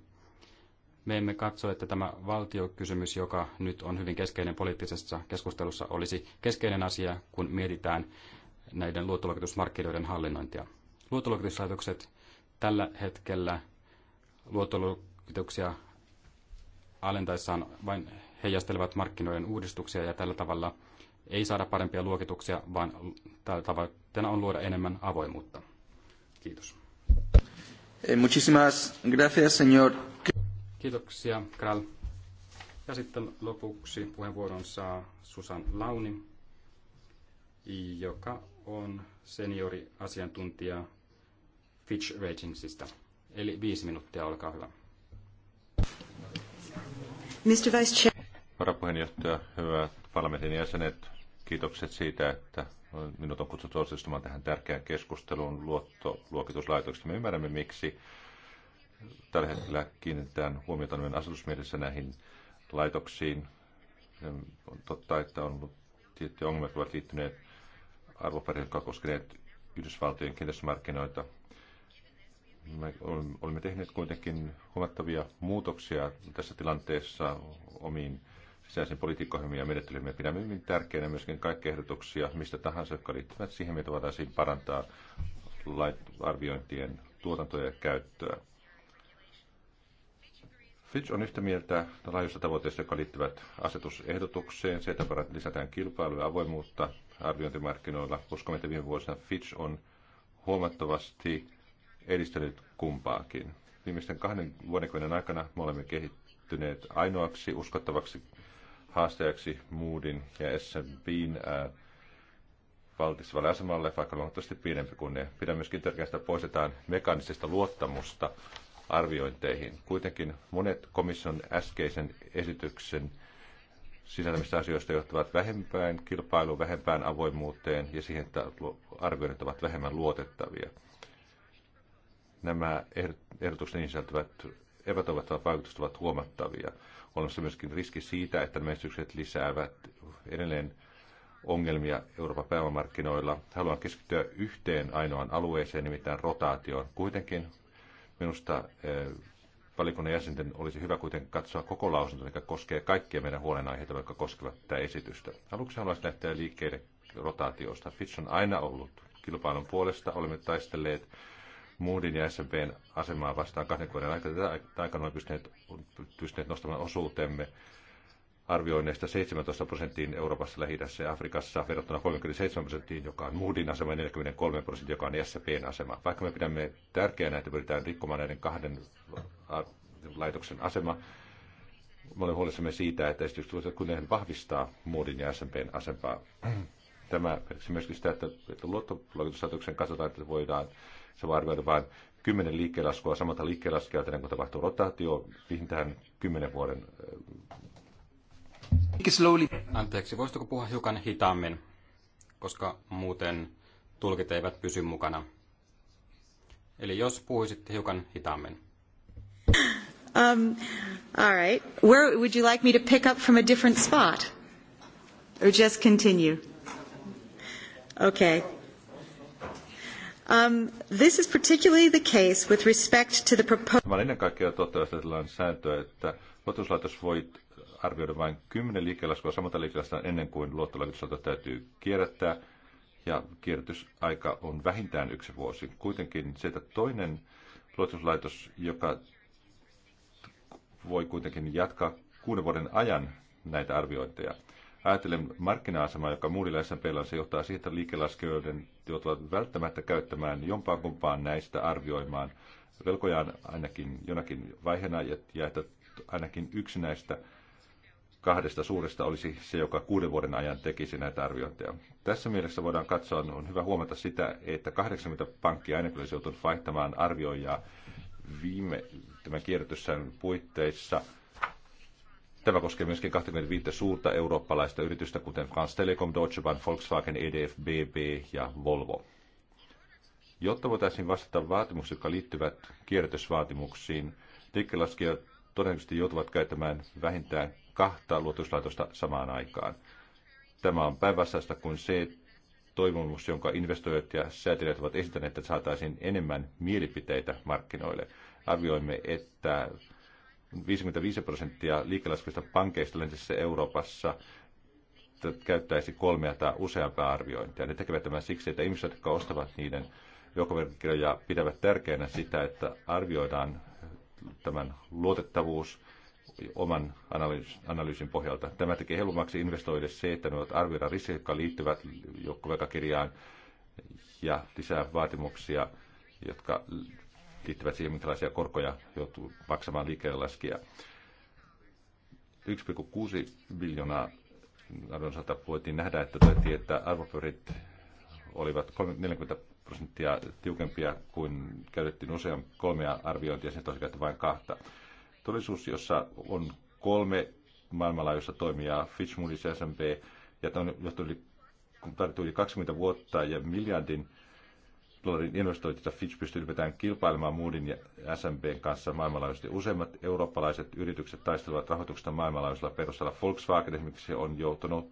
Me emme katso, että tämä valtiokysymys, joka nyt on hyvin keskeinen poliittisessa keskustelussa, olisi keskeinen asia, kun mietitään näiden luottoluokitusmarkkinoiden hallinnointia. Luottoluokituslaitokset tällä hetkellä luottoluokituksia alentaessaan vain heijastelevat markkinoiden uudistuksia ja tällä tavalla ei saada parempia luokituksia, vaan tällä tavoitteena on luoda enemmän avoimuutta. Kiitos. Eh, muchísimas gracias, señor. Kiitoksia, Kral. Ja sitten lopuksi puheenvuoron saa Susan Launi, joka on senioriasiantuntija Fitch Ratingsista. Eli viisi minuuttia, olkaa hyvä. Mr. Vice Chair. Varapuheenjohtaja, hyvät parlamentin jäsenet, kiitokset siitä, että Minut on kutsuttu osallistumaan tähän tärkeään keskusteluun luottoluokituslaitoksesta. Me ymmärrämme, miksi tällä hetkellä kiinnitetään huomiota noin asetusmielessä näihin laitoksiin. On totta, että on ollut tiettyjä ongelmia, jotka ovat liittyneet arvopäriin, jotka koskeneet Yhdysvaltojen kiinteistömarkkinoita. Me olemme tehneet kuitenkin huomattavia muutoksia tässä tilanteessa omiin sisäisen politiikkohjelmien ja menettelyhjelmien pidämme hyvin tärkeänä myöskin kaikki ehdotuksia mistä tahansa, jotka liittyvät siihen, mitä voitaisiin parantaa arviointien tuotantoa ja käyttöä. Fitch on yhtä mieltä laajuista tavoitteista, jotka liittyvät asetusehdotukseen. Se, että lisätään kilpailua ja avoimuutta arviointimarkkinoilla. Uskomme, että viime vuosina Fitch on huomattavasti edistänyt kumpaakin. Viimeisten kahden vuodenkymmenen aikana me olemme kehittyneet ainoaksi uskottavaksi haastajaksi Moodin ja S&Pin valtisvalle asemalle, vaikka huomattavasti pienempi kuin ne. Pidän myöskin että poistetaan mekanisesta luottamusta arviointeihin. Kuitenkin monet komission äskeisen esityksen sisällämistä asioista johtavat vähempään kilpailuun, vähempään avoimuuteen ja siihen, että arvioinnit ovat vähemmän luotettavia. Nämä ehdotukset niin sisältyvät epätoivottavat vaikutukset ovat huomattavia olemassa myöskin riski siitä, että menestykset lisäävät edelleen ongelmia Euroopan pääomamarkkinoilla. Haluan keskittyä yhteen ainoaan alueeseen, nimittäin rotaatioon. Kuitenkin minusta eh, valikunnan jäsenten olisi hyvä kuitenkin katsoa koko lausunto, joka koskee kaikkia meidän huolenaiheita, jotka koskevat tätä esitystä. Aluksi haluaisin lähteä liikkeelle rotaatiosta. Fitch on aina ollut kilpailun puolesta. Olemme taistelleet Moodin ja SMPn asemaa vastaan kahden vuoden aikana. Tätä aikana olemme pystyneet, pystyneet nostamaan osuutemme arvioinneista 17 prosenttiin Euroopassa, lähi ja Afrikassa verrattuna 37 prosenttiin, joka on Moodin asema, ja 43 prosenttia, joka on SPn asema. Vaikka me pidämme tärkeänä, että pyritään rikkomaan näiden kahden laitoksen asema, me olemme huolissamme siitä, että esitykset kuitenkin vahvistaa Moodin ja SMPn asemaa. Tämä merkitsee myöskin sitä, että luottoluokituslaitoksen katsotaan, että voidaan se arvioida vain kymmenen liikkeelaskua samalta liikkeelaskijalta, kun tapahtuu rotaatio vihintään kymmenen vuoden. Äh, Anteeksi, voisitko puhua hiukan hitaammin, koska muuten tulkit eivät pysy mukana. Eli jos puhuisit hiukan hitaammin. Um, all right. Where would you like me to pick up from a different spot? Or just continue? Okay. Um, this is particularly the case with respect to the Tämä on ennen kaikkea totta, jos ajatellaan että luottolaitos voi arvioida vain kymmenen liikelaskua samalta liikelaskua ennen kuin luottolaitosalta täytyy kierrättää. Ja kierrätysaika on vähintään yksi vuosi. Kuitenkin että toinen luottolaitos, joka voi kuitenkin jatkaa kuuden vuoden ajan näitä arviointeja. Ajatellen markkina-asemaa, joka muudilla SMPllä johtaa siihen, että liikelaskijoiden joutuvat välttämättä käyttämään jompaan kumpaan näistä arvioimaan velkojaan ainakin jonakin vaiheena ja että ainakin yksi näistä kahdesta suuresta olisi se, joka kuuden vuoden ajan tekisi näitä arviointeja. Tässä mielessä voidaan katsoa, on hyvä huomata sitä, että 80 pankkia ainakin olisi joutunut vaihtamaan arvioijaa viime tämän kierrätyssään puitteissa – Tämä koskee myöskin 25 suurta eurooppalaista yritystä, kuten France Telecom, Deutsche Bank, Volkswagen, EDF, BB ja Volvo. Jotta voitaisiin vastata vaatimuksiin, jotka liittyvät kierrätysvaatimuksiin, liikkeelaskijat todennäköisesti joutuvat käyttämään vähintään kahta luotuslaitosta samaan aikaan. Tämä on päinvastaista kuin se toivomus, jonka investoijat ja säätelijät ovat esittäneet, että saataisiin enemmän mielipiteitä markkinoille. Arvioimme, että 55 prosenttia liikelaskuista pankeista läntisessä Euroopassa käyttäisi kolmea tai useampaa arviointia. Ne tekevät tämän siksi, että ihmiset, jotka ostavat niiden joukkoverkkokirjoja, pitävät tärkeänä sitä, että arvioidaan tämän luotettavuus oman analyysin pohjalta. Tämä tekee helpommaksi investoida se, että ne arvioidaan riskejä jotka liittyvät joukkoverkkokirjaan ja lisää vaatimuksia, jotka liittyvät siihen, minkälaisia korkoja joutuu maksamaan liikelaskija. 1,6 miljoonaa arvonsalta voitiin nähdä, että todettiin, että arvopyörit olivat 40 prosenttia tiukempia kuin käytettiin usean kolmea arviointia, sen tosiaan käytettiin vain kahta. Todellisuus, jossa on kolme maailmanlaajuista toimijaa, Fitch, Moody's ja S&P, ja on johtunut yli, yli 20 vuotta ja miljardin London että Fitch pystyy ylipäätään kilpailemaan Moodin ja S&Pn kanssa maailmanlaajuisesti. Useimmat eurooppalaiset yritykset taistelevat rahoituksesta maailmanlaajuisella perustalla. Volkswagen esimerkiksi on joutunut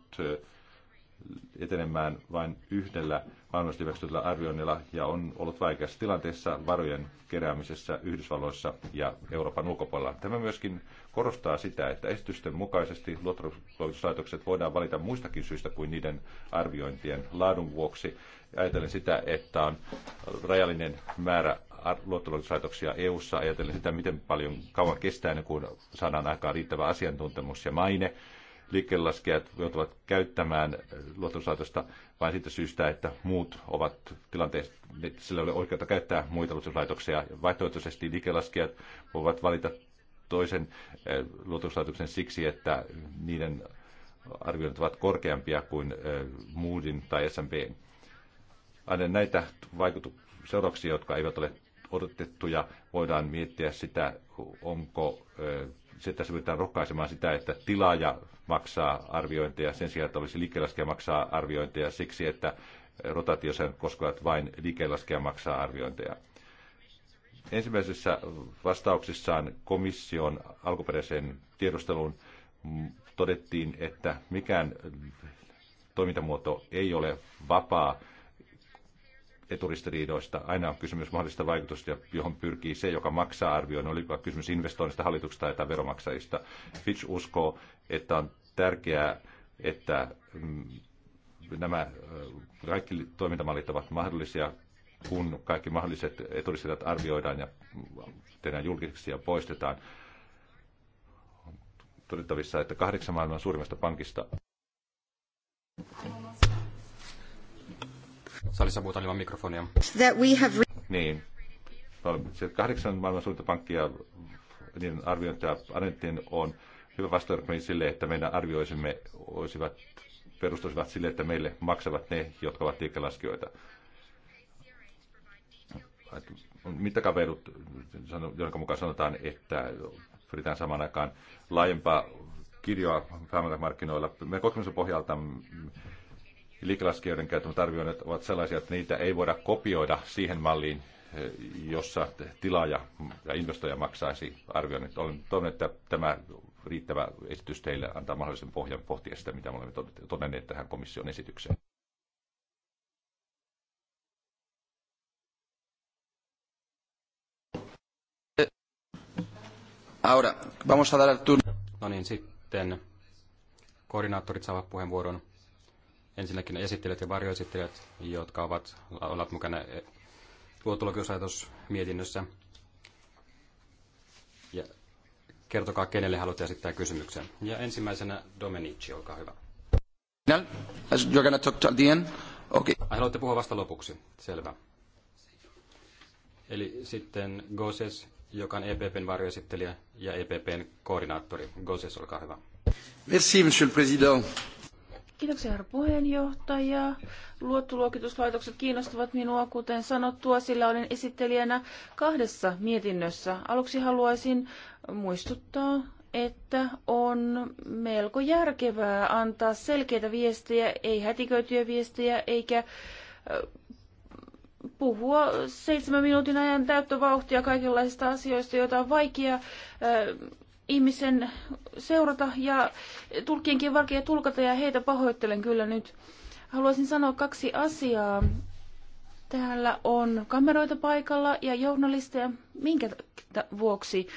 etenemään vain yhdellä maailmallisesti arvioinnilla ja on ollut vaikeassa tilanteessa varojen keräämisessä Yhdysvalloissa ja Euroopan ulkopuolella. Tämä myöskin korostaa sitä, että esitysten mukaisesti luottoluokituslaitokset voidaan valita muistakin syistä kuin niiden arviointien laadun vuoksi ajatellen sitä, että on rajallinen määrä luottoluokituslaitoksia EU-ssa, ajatellen sitä, miten paljon kauan kestää ennen kuin saadaan aikaan riittävä asiantuntemus ja maine. Liikkeellelaskijat joutuvat käyttämään äh, luottoluokituslaitosta vain siitä syystä, että muut ovat tilanteessa, sillä ei ole oikeutta käyttää muita luottoluokituslaitoksia. Vaihtoehtoisesti liikkeellelaskijat voivat valita toisen äh, luottoluokituslaitoksen siksi, että niiden arvioinnit ovat korkeampia kuin äh, Moodin tai S&Pn aina näitä vaikutuksia, seurauksia, jotka eivät ole odotettuja, voidaan miettiä sitä, onko se, että pyritään rohkaisemaan sitä, että tilaaja maksaa arviointeja sen sijaan, että olisi liikelaskija maksaa arviointeja siksi, että rotaatiosen koskevat vain liikelaskija maksaa arviointeja. Ensimmäisessä vastauksessaan komission alkuperäiseen tiedusteluun todettiin, että mikään toimintamuoto ei ole vapaa eturistiriidoista. Aina on kysymys mahdollisesta vaikutusta, johon pyrkii se, joka maksaa arvioin. Oli kysymys investoinnista, hallituksesta tai veromaksajista. Fitch uskoo, että on tärkeää, että mm, nämä kaikki toimintamallit ovat mahdollisia, kun kaikki mahdolliset eturistiriidat arvioidaan ja tehdään julkisiksi ja poistetaan. On todettavissa, että kahdeksan maailman suurimmasta pankista Salissa puhutaan ilman mikrofonia. That we have... Niin. Se kahdeksan maailman suurta pankkia, niin arviointia annettiin, on hyvä vastaargumentti sille, että meidän arvioisimme olisivat, perustuisivat sille, että meille maksavat ne, jotka ovat liikelaskijoita kaverut, jonka mukaan sanotaan, että pyritään samaan aikaan laajempaa kirjoa pääomamarkkinoilla. Me kokemuksen pohjalta liikelaskijoiden käyttämät arvioinnit ovat sellaisia, että niitä ei voida kopioida siihen malliin, eh, jossa tilaaja ja investoija maksaisi arvioinnit. Olen toivon, että tämä riittävä esitys teille antaa mahdollisen pohjan pohtia sitä, mitä me olemme todenneet tähän komission esitykseen. Ahora, vamos a dar el turno. No niin, sitten koordinaattorit saavat puheenvuoron ensinnäkin esittelijät ja varjoesittelijät, jotka ovat olleet mukana luottolokiusajatus mietinnössä. Ja kertokaa, kenelle haluatte esittää kysymyksen. Ja ensimmäisenä Domenici, olkaa hyvä. You're gonna talk to the end? Okay. haluatte puhua vasta lopuksi, selvä. Eli sitten Goses, joka on EPPn varjoesittelijä ja EPPn koordinaattori. Goses, olkaa hyvä. Merci, monsieur le président. Kiitoksia, herra puheenjohtaja. Luottoluokituslaitokset kiinnostavat minua, kuten sanottua, sillä olen esittelijänä kahdessa mietinnössä. Aluksi haluaisin muistuttaa, että on melko järkevää antaa selkeitä viestejä, ei hätiköityjä viestejä, eikä puhua seitsemän minuutin ajan täyttövauhtia kaikenlaisista asioista, joita on vaikea ihmisen seurata ja tulkienkin vaikea tulkata ja heitä pahoittelen kyllä nyt. Haluaisin sanoa kaksi asiaa. Täällä on kameroita paikalla ja journalisteja. Minkä vuoksi?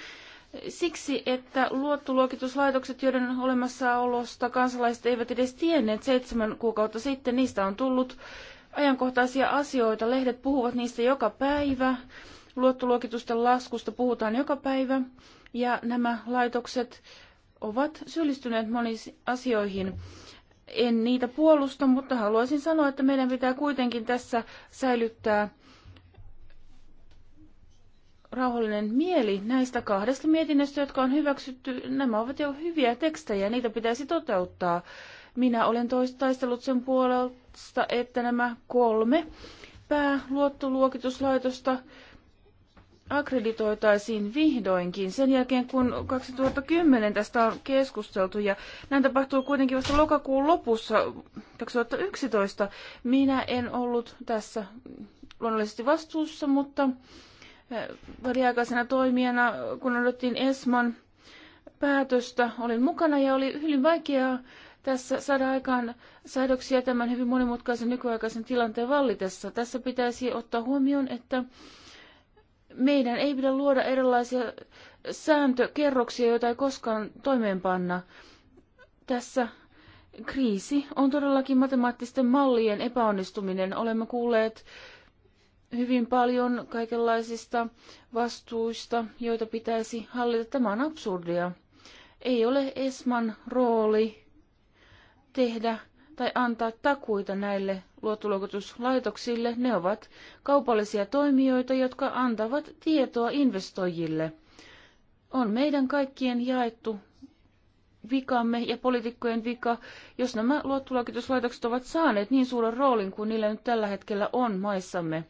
Siksi, että luottoluokituslaitokset, joiden olemassaolosta kansalaiset eivät edes tienneet seitsemän kuukautta sitten, niistä on tullut ajankohtaisia asioita. Lehdet puhuvat niistä joka päivä. Luottoluokitusten laskusta puhutaan joka päivä ja nämä laitokset ovat syyllistyneet moniin asioihin. En niitä puolusta, mutta haluaisin sanoa, että meidän pitää kuitenkin tässä säilyttää rauhallinen mieli näistä kahdesta mietinnöstä, jotka on hyväksytty. Nämä ovat jo hyviä tekstejä, niitä pitäisi toteuttaa. Minä olen taistellut sen puolesta, että nämä kolme pääluottoluokituslaitosta akkreditoitaisiin vihdoinkin sen jälkeen, kun 2010 tästä on keskusteltu ja näin tapahtuu kuitenkin vasta lokakuun lopussa 2011. Minä en ollut tässä luonnollisesti vastuussa, mutta eh, väliaikaisena toimijana, kun odottiin Esman päätöstä, olin mukana ja oli hyvin vaikeaa tässä saada aikaan säädöksiä tämän hyvin monimutkaisen nykyaikaisen tilanteen vallitessa. Tässä pitäisi ottaa huomioon, että meidän ei pidä luoda erilaisia sääntökerroksia, joita ei koskaan toimeenpanna. Tässä kriisi on todellakin matemaattisten mallien epäonnistuminen. Olemme kuulleet hyvin paljon kaikenlaisista vastuista, joita pitäisi hallita. Tämä on absurdia. Ei ole Esman rooli tehdä tai antaa takuita näille luottoluokituslaitoksille. Ne ovat kaupallisia toimijoita, jotka antavat tietoa investoijille. On meidän kaikkien jaettu vikamme ja poliitikkojen vika, jos nämä luottoluokituslaitokset ovat saaneet niin suuren roolin kuin niillä nyt tällä hetkellä on maissamme.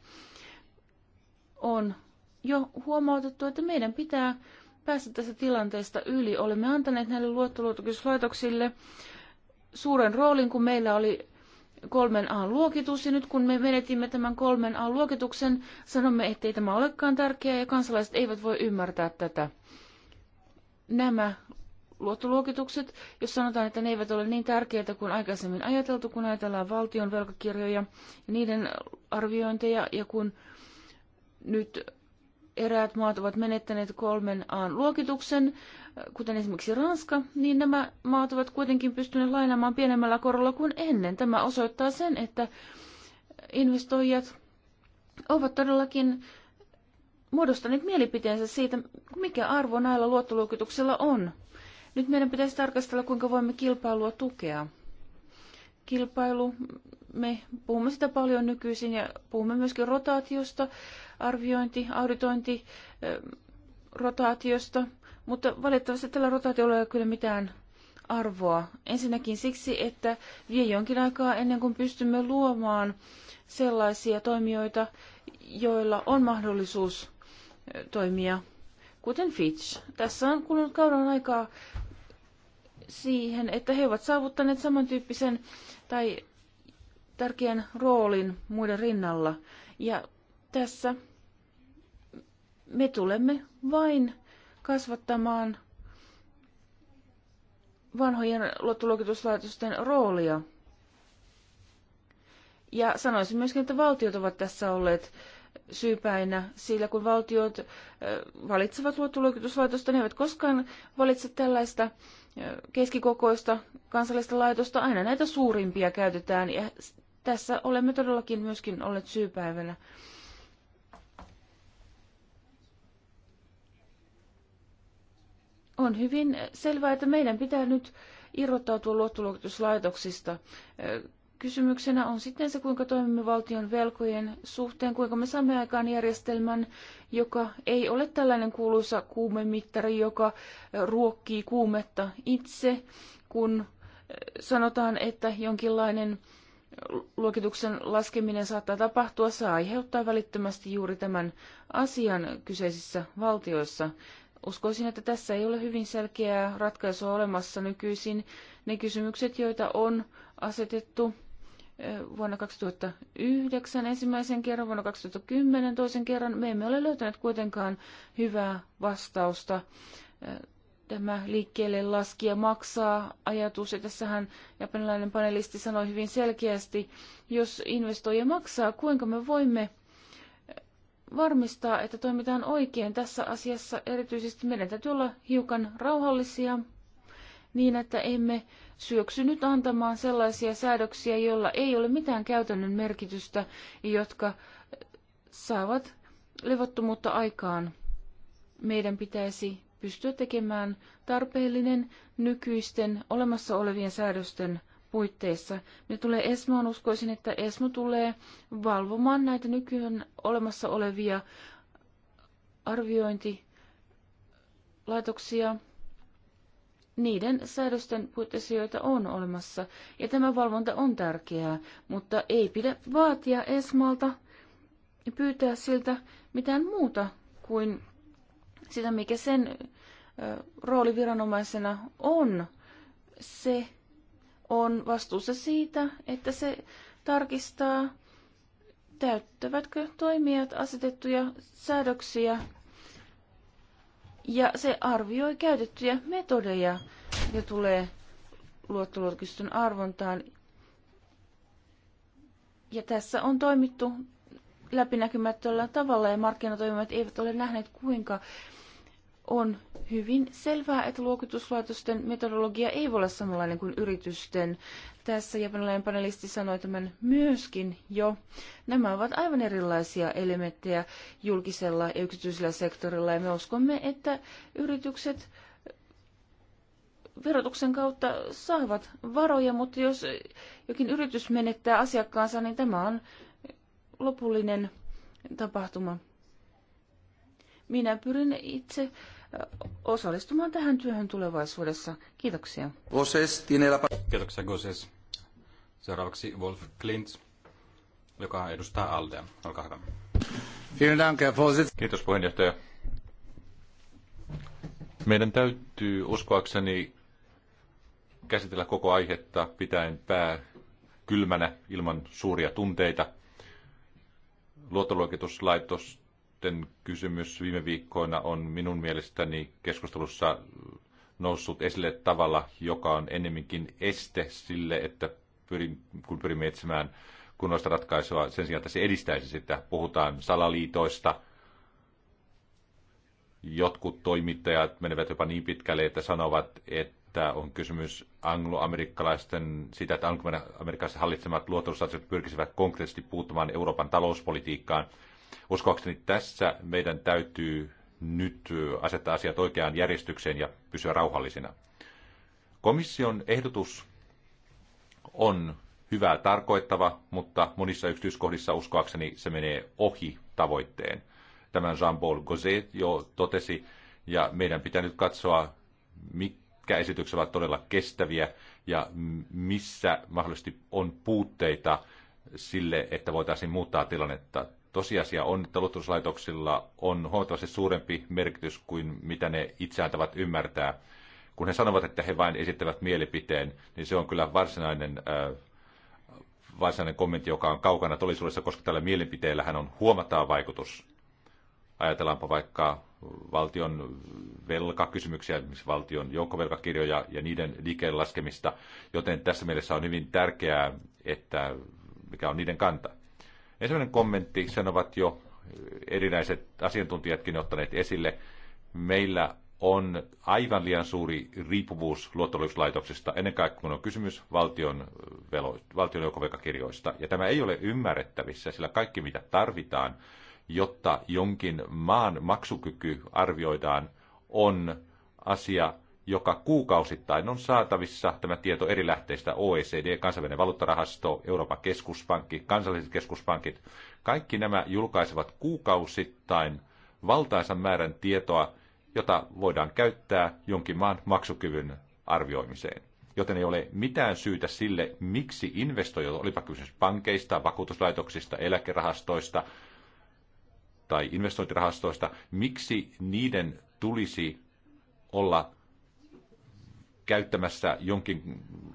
On jo huomautettu, että meidän pitää päästä tästä tilanteesta yli. Olemme antaneet näille luottoluokituslaitoksille suuren roolin, kun meillä oli kolmen A-luokitus, ja nyt kun me menetimme tämän kolmen A-luokituksen, sanomme, ettei tämä olekaan tärkeää, ja kansalaiset eivät voi ymmärtää tätä. Nämä luottoluokitukset, jos sanotaan, että ne eivät ole niin tärkeitä kuin aikaisemmin ajateltu, kun ajatellaan valtion velkakirjoja ja niiden arviointeja, ja kun nyt eräät maat ovat menettäneet kolmen A-luokituksen, kuten esimerkiksi Ranska, niin nämä maat ovat kuitenkin pystyneet lainaamaan pienemmällä korolla kuin ennen. Tämä osoittaa sen, että investoijat ovat todellakin muodostaneet mielipiteensä siitä, mikä arvo näillä luottoluokituksilla on. Nyt meidän pitäisi tarkastella, kuinka voimme kilpailua tukea. Kilpailu, me puhumme sitä paljon nykyisin ja puhumme myöskin rotaatiosta, arviointi, auditointi rotaatiosta, mutta valitettavasti tällä rotaatiolla ei ole kyllä mitään arvoa. Ensinnäkin siksi, että vie jonkin aikaa ennen kuin pystymme luomaan sellaisia toimijoita, joilla on mahdollisuus toimia, kuten Fitch. Tässä on kulunut kauan aikaa siihen, että he ovat saavuttaneet samantyyppisen tai tärkeän roolin muiden rinnalla. Ja tässä me tulemme vain kasvattamaan vanhojen luottoluokituslaitosten roolia. Ja sanoisin myöskin, että valtiot ovat tässä olleet syypäinä, sillä kun valtiot valitsevat luottoluokituslaitosta, ne eivät koskaan valitse tällaista keskikokoista kansallista laitosta. Aina näitä suurimpia käytetään ja tässä olemme todellakin myöskin olleet syypäivänä. on hyvin selvää, että meidän pitää nyt irrottautua luottoluokituslaitoksista. Kysymyksenä on sitten se, kuinka toimimme valtion velkojen suhteen, kuinka me saamme aikaan järjestelmän, joka ei ole tällainen kuuluisa kuumemittari, joka ruokkii kuumetta itse, kun sanotaan, että jonkinlainen luokituksen laskeminen saattaa tapahtua, se aiheuttaa välittömästi juuri tämän asian kyseisissä valtioissa. Uskoisin, että tässä ei ole hyvin selkeää ratkaisua olemassa nykyisin. Ne kysymykset, joita on asetettu eh, vuonna 2009 ensimmäisen kerran, vuonna 2010 toisen kerran, me emme ole löytäneet kuitenkaan hyvää vastausta. Eh, Tämä liikkeelle laskija maksaa ajatus, ja tässähän japanilainen panelisti sanoi hyvin selkeästi, jos investoija maksaa, kuinka me voimme varmistaa, että toimitaan oikein tässä asiassa. Erityisesti meidän täytyy olla hiukan rauhallisia niin, että emme syöksy nyt antamaan sellaisia säädöksiä, joilla ei ole mitään käytännön merkitystä, jotka saavat levottomuutta aikaan. Meidän pitäisi pystyä tekemään tarpeellinen nykyisten olemassa olevien säädösten puitteissa. Ne tulee Esmoon, uskoisin, että Esmo tulee valvomaan näitä nykyään olemassa olevia arviointilaitoksia niiden säädösten puitteissa, joita on olemassa. Ja tämä valvonta on tärkeää, mutta ei pidä vaatia Esmalta ja pyytää siltä mitään muuta kuin sitä, mikä sen rooli viranomaisena on. Se on vastuussa siitä, että se tarkistaa, täyttävätkö toimijat asetettuja säädöksiä ja se arvioi käytettyjä metodeja, ja tulee luottoluokitusten arvontaan. Ja tässä on toimittu läpinäkymättöllä tavalla ja markkinatoimijat eivät ole nähneet, kuinka on hyvin selvää, että luokituslaitosten metodologia ei voi olla samanlainen kuin yritysten. Tässä japanilainen panelisti sanoi tämän myöskin jo. Nämä ovat aivan erilaisia elementtejä julkisella ja yksityisellä sektorilla ja me uskomme, että yritykset verotuksen kautta saavat varoja, mutta jos jokin yritys menettää asiakkaansa, niin tämä on lopullinen tapahtuma. Minä pyrin itse osallistumaan tähän työhön tulevaisuudessa. Kiitoksia. Goses, Kiitoksia Goses. Seuraavaksi Wolf Klintz, joka edustaa Aldea. Olkaa hyvä. Kiitos puheenjohtaja. Meidän täytyy uskoakseni käsitellä koko aihetta pitäen pää kylmänä ilman suuria tunteita. Luottoluokituslaitos sitten kysymys viime viikkoina on minun mielestäni keskustelussa noussut esille tavalla, joka on enemminkin este sille, että pyrin, kun pyrimme etsimään kunnollista ratkaisua sen sijaan, että se edistäisi sitä. Puhutaan salaliitoista. Jotkut toimittajat menevät jopa niin pitkälle, että sanovat, että on kysymys angloamerikkalaisten sitä, että angloamerikkalaiset hallitsemat luottamusasiat pyrkisivät konkreettisesti puuttumaan Euroopan talouspolitiikkaan – Uskoakseni tässä meidän täytyy nyt asettaa asiat oikeaan järjestykseen ja pysyä rauhallisina. Komission ehdotus on hyvää tarkoittava, mutta monissa yksityiskohdissa uskoakseni se menee ohi tavoitteen. Tämän Jean-Paul Gosset jo totesi, ja meidän pitää nyt katsoa, mitkä esitykset ovat todella kestäviä ja missä mahdollisesti on puutteita sille, että voitaisiin muuttaa tilannetta. Tosiasia on, että luottamuslaitoksilla on huomattavasti suurempi merkitys kuin mitä ne itse antavat ymmärtää. Kun he sanovat, että he vain esittävät mielipiteen, niin se on kyllä varsinainen, äh, varsinainen kommentti, joka on kaukana todellisuudessa, koska tällä mielipiteellähän on huomattava vaikutus. Ajatellaanpa vaikka valtion velkakysymyksiä, esimerkiksi valtion joukkovelkakirjoja ja niiden liikkeelle laskemista, joten tässä mielessä on hyvin tärkeää, että mikä on niiden kanta. Ensimmäinen kommentti, sen ovat jo erinäiset asiantuntijatkin ottaneet esille. Meillä on aivan liian suuri riippuvuus luottoluslaitoksista, ennen kaikkea kun on kysymys valtion, velo, valtion joukkovelkakirjoista. Ja tämä ei ole ymmärrettävissä, sillä kaikki mitä tarvitaan, jotta jonkin maan maksukyky arvioidaan, on asia, joka kuukausittain on saatavissa tämä tieto eri lähteistä, OECD, kansainvälinen valuuttarahasto, Euroopan keskuspankki, kansalliset keskuspankit. Kaikki nämä julkaisevat kuukausittain valtaisan määrän tietoa, jota voidaan käyttää jonkin maan maksukyvyn arvioimiseen. Joten ei ole mitään syytä sille, miksi investoijat, olipa kysymys siis pankeista, vakuutuslaitoksista, eläkerahastoista tai investointirahastoista, miksi niiden tulisi olla käyttämässä jonkin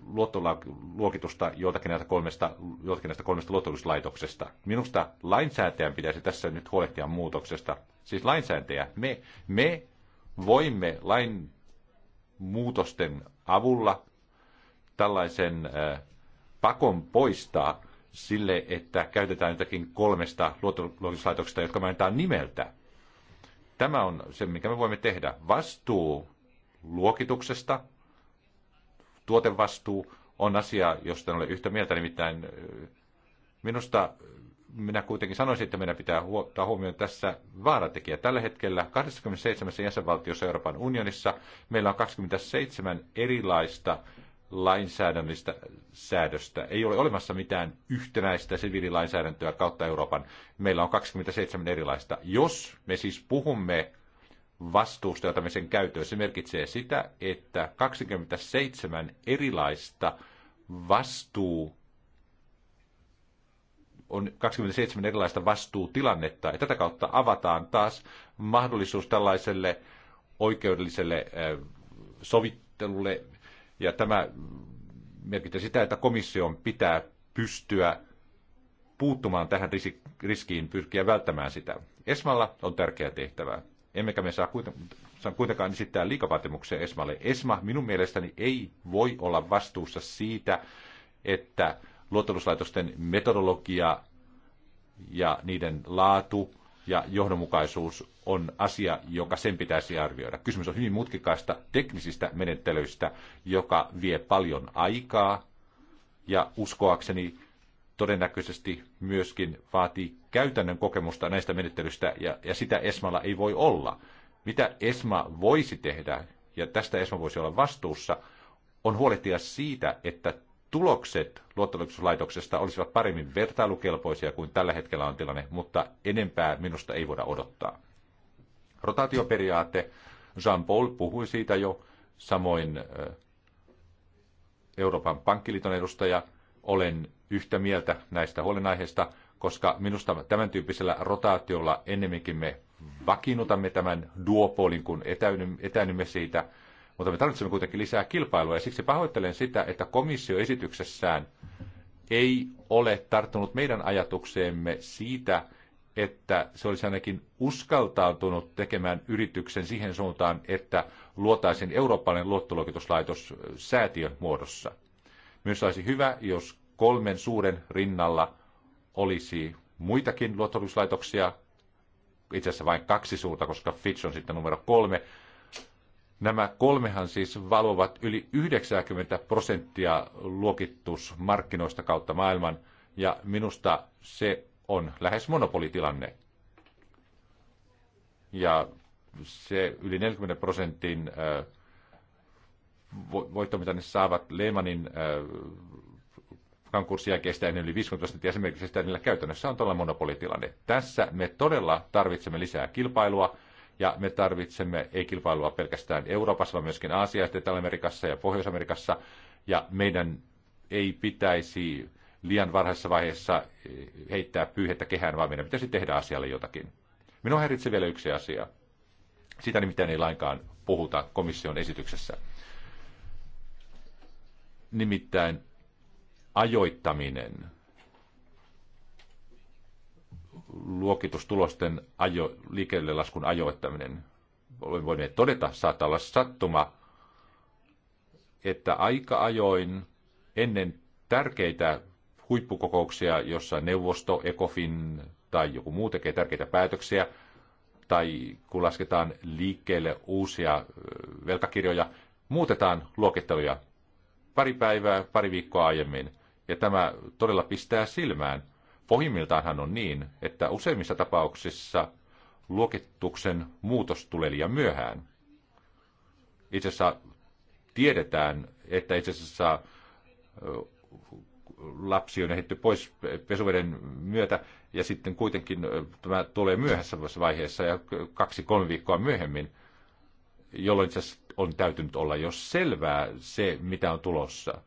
luottoluokitusta joltakin näistä kolmesta, joltakin näistä kolmesta luottoluokituslaitoksesta. Minusta lainsäätäjän pitäisi tässä nyt huolehtia muutoksesta. Siis lainsäätäjä, me, me voimme lain muutosten avulla tällaisen äh, pakon poistaa sille, että käytetään jotakin kolmesta luottoluokituslaitoksesta, jotka mainitaan nimeltä. Tämä on se, mikä me voimme tehdä. Vastuu luokituksesta tuotevastuu on asia, josta en ole yhtä mieltä, nimittäin minusta minä kuitenkin sanoisin, että meidän pitää ottaa huomioon tässä vaaratekijä. Tällä hetkellä 27 jäsenvaltiossa Euroopan unionissa meillä on 27 erilaista lainsäädännöllistä säädöstä. Ei ole olemassa mitään yhtenäistä siviililainsäädäntöä kautta Euroopan. Meillä on 27 erilaista. Jos me siis puhumme vastuusta, jota käytöön. Se merkitsee sitä, että 27 erilaista vastuu on 27 erilaista vastuutilannetta, ja tätä kautta avataan taas mahdollisuus tällaiselle oikeudelliselle äh, sovittelulle, ja tämä merkitsee sitä, että komission pitää pystyä puuttumaan tähän riskiin, pyrkiä välttämään sitä. Esmalla on tärkeä tehtävä emmekä me saa kuitenkaan esittää liikavaatimuksia Esmalle. Esma minun mielestäni ei voi olla vastuussa siitä, että luottoluslaitosten metodologia ja niiden laatu ja johdonmukaisuus on asia, joka sen pitäisi arvioida. Kysymys on hyvin mutkikaista teknisistä menettelyistä, joka vie paljon aikaa ja uskoakseni todennäköisesti myöskin vaatii käytännön kokemusta näistä menettelystä, ja, ja sitä ESMalla ei voi olla. Mitä ESMA voisi tehdä, ja tästä ESMA voisi olla vastuussa, on huolehtia siitä, että tulokset luottoluokituslaitoksesta olisivat paremmin vertailukelpoisia kuin tällä hetkellä on tilanne, mutta enempää minusta ei voida odottaa. Rotaatioperiaate, Jean-Paul puhui siitä jo, samoin Euroopan pankkiliiton edustaja, olen yhtä mieltä näistä huolenaiheista, koska minusta tämän tyyppisellä rotaatiolla ennemminkin me vakiinnutamme tämän duopolin, kun etäynymme, siitä, mutta me tarvitsemme kuitenkin lisää kilpailua, ja siksi pahoittelen sitä, että komissio esityksessään ei ole tarttunut meidän ajatukseemme siitä, että se olisi ainakin uskaltautunut tekemään yrityksen siihen suuntaan, että luotaisiin eurooppalainen luottoluokituslaitos äh, säätiön muodossa. Myös olisi hyvä, jos kolmen suuren rinnalla olisi muitakin luottoluokituslaitoksia, itse asiassa vain kaksi suurta, koska Fitch on sitten numero kolme. Nämä kolmehan siis valvovat yli 90 prosenttia luokitusmarkkinoista kautta maailman, ja minusta se on lähes monopolitilanne. Ja se yli 40 prosentin äh, voitto, mitä ne saavat Lehmanin äh, konkurssijäkeistä ennen yli 15 ja esimerkiksi niillä käytännössä on todella monopolitilanne. Tässä me todella tarvitsemme lisää kilpailua ja me tarvitsemme ei kilpailua pelkästään Euroopassa, vaan myöskin Aasiassa, Etelä-Amerikassa ja Pohjois-Amerikassa. Ja meidän ei pitäisi liian varhaisessa vaiheessa eh, heittää pyyhettä kehään, vaan meidän pitäisi tehdä asialle jotakin. Minua häiritsee vielä yksi asia. Sitä nimittäin ei lainkaan puhuta komission esityksessä. Nimittäin ajoittaminen, luokitustulosten ajo, liikelle laskun ajoittaminen, voimme todeta, saattaa olla sattuma, että aika ajoin ennen tärkeitä huippukokouksia, jossa neuvosto, ECOFIN tai joku muu tekee tärkeitä päätöksiä, tai kun lasketaan liikkeelle uusia velkakirjoja, muutetaan luokitteluja pari päivää, pari viikkoa aiemmin. Ja tämä todella pistää silmään. Pohjimmiltaanhan on niin, että useimmissa tapauksissa luokituksen muutos tulee liian myöhään. Itse asiassa tiedetään, että itse asiassa lapsi on ehditty pois pesuveden myötä, ja sitten kuitenkin tämä tulee myöhässä vaiheessa ja kaksi-kolme viikkoa myöhemmin, jolloin itse on täytynyt olla jo selvää se, mitä on tulossa.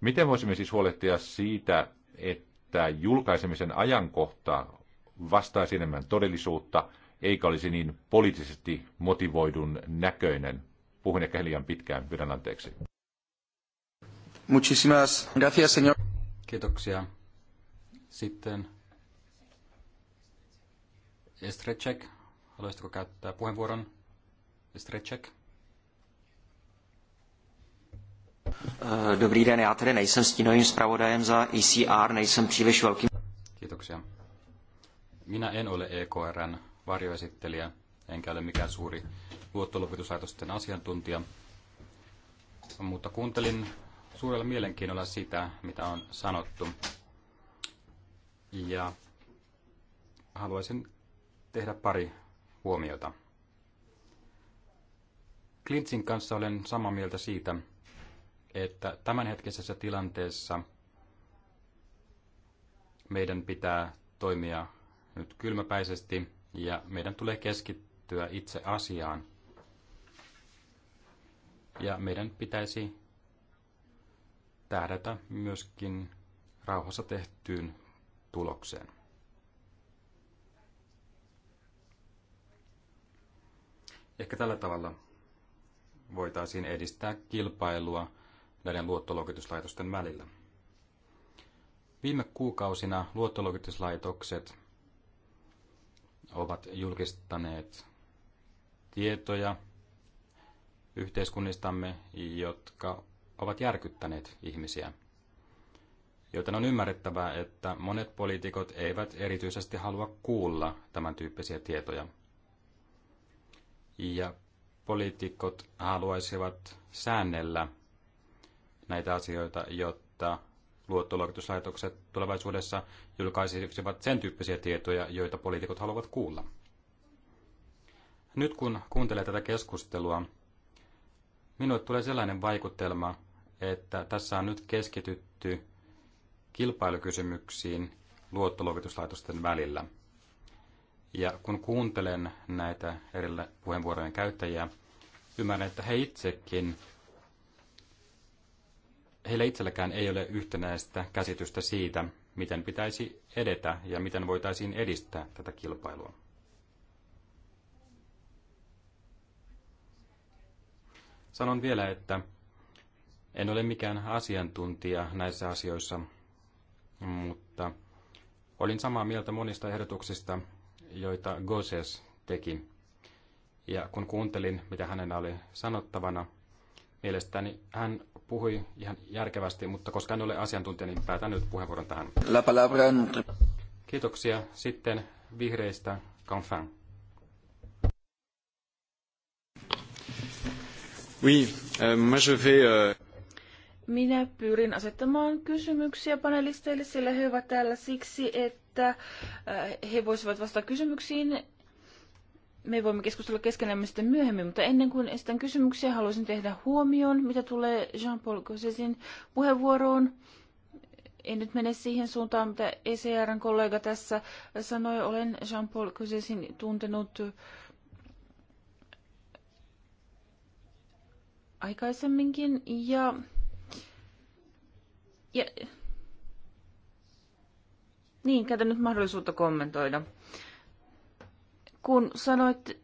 Miten voisimme siis huolehtia siitä, että julkaisemisen ajankohta vastaisi enemmän todellisuutta, eikä olisi niin poliittisesti motivoidun näköinen? Puhun ehkä liian pitkään, pyydän anteeksi. Muchísimas gracias, señor. Kiitoksia. Sitten Estrecek, haluaisitko käyttää puheenvuoron? Estrecek. Eh, dobrý den, já tedy nejsem stínovým zpravodajem za ECR, nejsem příliš velkým. Kiitoksia. Minä en ole EKRn varjoesittelijä, enkä ole mikään suuri luottoluokituslaitosten asiantuntija, mutta kuuntelin suurella mielenkiinnolla sitä, mitä on sanottu. Ja haluaisin tehdä pari huomiota. Klintsin kanssa olen samaa mieltä siitä, että tämänhetkisessä tilanteessa meidän pitää toimia nyt kylmäpäisesti ja meidän tulee keskittyä itse asiaan. Ja meidän pitäisi tähdätä myöskin rauhassa tehtyyn tulokseen. Ehkä tällä tavalla voitaisiin edistää kilpailua näiden luottoluokituslaitosten välillä. Viime kuukausina luottoluokituslaitokset ovat julkistaneet tietoja yhteiskunnistamme, jotka ovat järkyttäneet ihmisiä. Joten on ymmärrettävää, että monet poliitikot eivät erityisesti halua kuulla tämän tyyppisiä tietoja. Ja poliitikot haluaisivat säännellä näitä asioita, jotta luottoluokituslaitokset tulevaisuudessa julkaisivat sen tyyppisiä tietoja, joita poliitikot haluavat kuulla. Nyt kun kuuntelee tätä keskustelua, minulle tulee sellainen vaikutelma, että tässä on nyt keskitytty kilpailukysymyksiin luottoluokituslaitosten välillä. Ja kun kuuntelen näitä eri puheenvuorojen käyttäjiä, ymmärrän, että he itsekin heillä itselläkään ei ole yhtenäistä käsitystä siitä, miten pitäisi edetä ja miten voitaisiin edistää tätä kilpailua. Sanon vielä, että en ole mikään asiantuntija näissä asioissa, mutta olin samaa mieltä monista ehdotuksista, joita Goses teki. Ja kun kuuntelin, mitä hänellä oli sanottavana, mielestäni hän puhui ihan järkevästi, mutta koska en ole asiantuntija, niin päätän nyt puheenvuoron tähän. La palabra... Kiitoksia. Sitten vihreistä Canfin. Oui, euh, moi je vais, euh... Minä pyrin asettamaan kysymyksiä panelisteille, sillä he ovat täällä siksi, että äh, he voisivat vastata kysymyksiin me voimme keskustella keskenämme sitten myöhemmin, mutta ennen kuin esitän kysymyksiä, haluaisin tehdä huomioon, mitä tulee Jean-Paul Gossesin puheenvuoroon. En nyt mene siihen suuntaan, mitä ECRn kollega tässä sanoi. Olen Jean-Paul Gossesin tuntenut aikaisemminkin ja, ja niin, käytän nyt mahdollisuutta kommentoida kun sanoitte,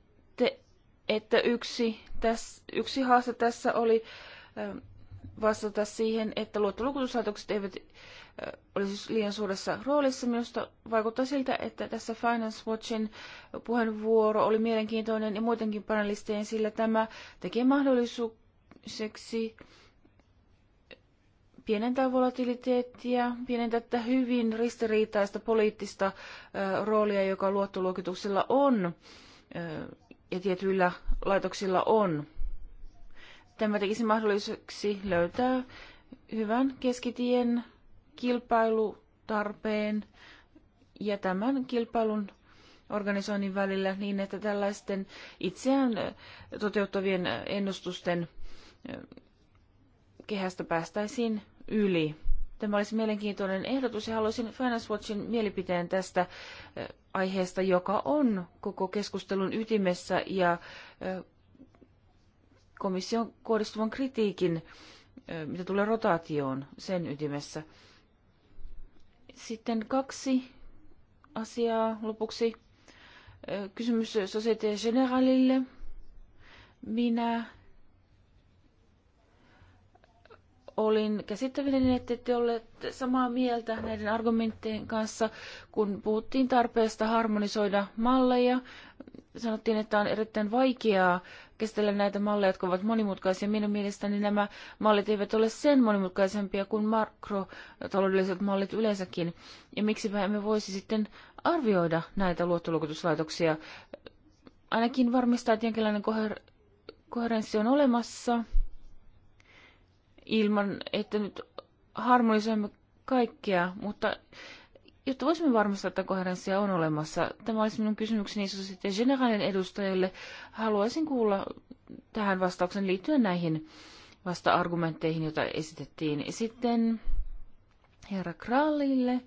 että yksi, tässä, yksi haaste tässä oli ähm, vastata siihen, että luottolukutuslaitokset eivät äh, olisi liian suuressa roolissa. Minusta vaikuttaa siltä, että tässä Finance Watchin puheenvuoro oli mielenkiintoinen ja muutenkin panelisteen, sillä tämä tekee mahdollisuuksiksi pienentää volatiliteettia, pienentää tätä hyvin ristiriitaista poliittista roolia, joka luottoluokituksilla on ja tietyillä laitoksilla on. Tämä tekisi mahdolliseksi löytää hyvän keskitien kilpailutarpeen ja tämän kilpailun organisoinnin välillä niin, että tällaisten itseään toteuttavien ennustusten kehästä päästäisiin yli. Tämä olisi mielenkiintoinen ehdotus ja haluaisin Finance Watchin mielipiteen tästä aiheesta, joka on koko keskustelun ytimessä ja komission kohdistuvan kritiikin, mitä tulee rotaatioon, sen ytimessä. Sitten kaksi asiaa lopuksi. Kysymys Societe Generalille. Minä olin käsittävinen, että ette olleet samaa mieltä näiden argumenttien kanssa, kun puhuttiin tarpeesta harmonisoida malleja. Sanottiin, että on erittäin vaikeaa käsitellä näitä malleja, jotka ovat monimutkaisia. Minun mielestäni nämä mallit eivät ole sen monimutkaisempia kuin makrotaloudelliset mallit yleensäkin. Ja miksi emme voisi sitten arvioida näitä luottoluokituslaitoksia, ainakin varmistaa, että jonkinlainen koher- koherenssi on olemassa – ilman, että nyt harmonisoimme kaikkea, mutta jotta voisimme varmistaa, että koherenssia on olemassa, tämä olisi minun kysymykseni niin Societe Generalen edustajille. Haluaisin kuulla tähän vastauksen liittyen näihin vasta-argumentteihin, joita esitettiin. Sitten herra Kraalille.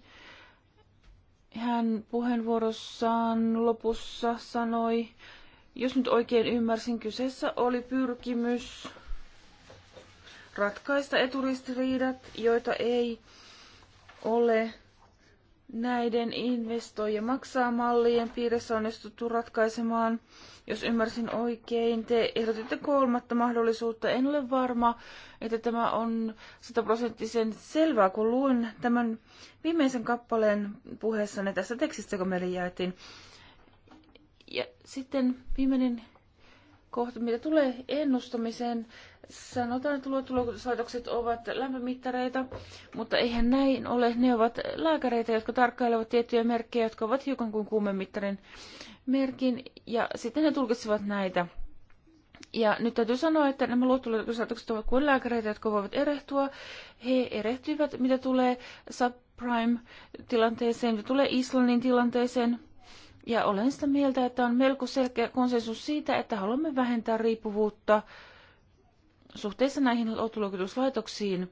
Hän puheenvuorossaan lopussa sanoi, jos nyt oikein ymmärsin, kyseessä oli pyrkimys ratkaista eturistiriidat, joita ei ole näiden investoijien maksaa mallien piirissä onnistuttu ratkaisemaan. Jos ymmärsin oikein, te ehdotitte kolmatta mahdollisuutta. En ole varma, että tämä on sataprosenttisen selvää, kun luin tämän viimeisen kappaleen puheessanne tässä tekstissä, kun meille jäätin. Ja sitten viimeinen kohta, mitä tulee ennustamiseen, sanotaan, että luottoluokituslaitokset ovat lämpömittareita, mutta eihän näin ole. Ne ovat lääkäreitä, jotka tarkkailevat tiettyjä merkkejä, jotka ovat hiukan kuin kuumemittarin merkin, ja sitten ne tulkitsevat näitä. Ja nyt täytyy sanoa, että nämä luottoluokituslaitokset ovat kuin lääkäreitä, jotka voivat erehtyä. He erehtyivät, mitä tulee subprime-tilanteeseen, mitä tulee Islannin tilanteeseen, ja olen sitä mieltä, että on melko selkeä konsensus siitä, että haluamme vähentää riippuvuutta suhteessa näihin luottoluokituslaitoksiin.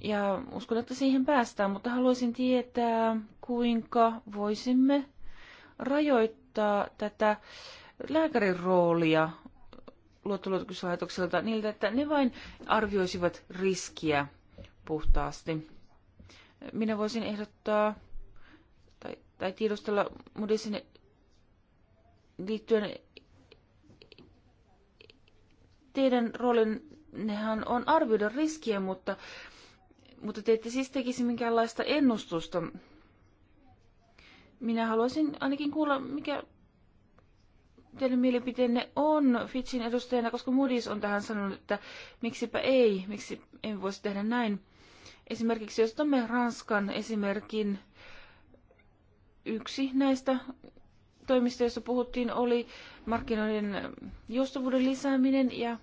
Ja uskon, että siihen päästään, mutta haluaisin tietää, kuinka voisimme rajoittaa tätä lääkärin roolia luottoluokituslaitokselta niiltä, että ne vain arvioisivat riskiä puhtaasti. Minä voisin ehdottaa tai, tai tiedustella Moodysin liittyen teidän nehän on arvioida riskiä, mutta, mutta te ette siis tekisi minkäänlaista ennustusta. Minä haluaisin ainakin kuulla, mikä teidän mielipiteenne on Fitchin edustajana, koska Moody's on tähän sanonut, että miksipä ei, miksi en voisi tehdä näin. Esimerkiksi jos otamme Ranskan esimerkin, yksi näistä toimista, joista puhuttiin, oli markkinoiden joustavuuden lisääminen ja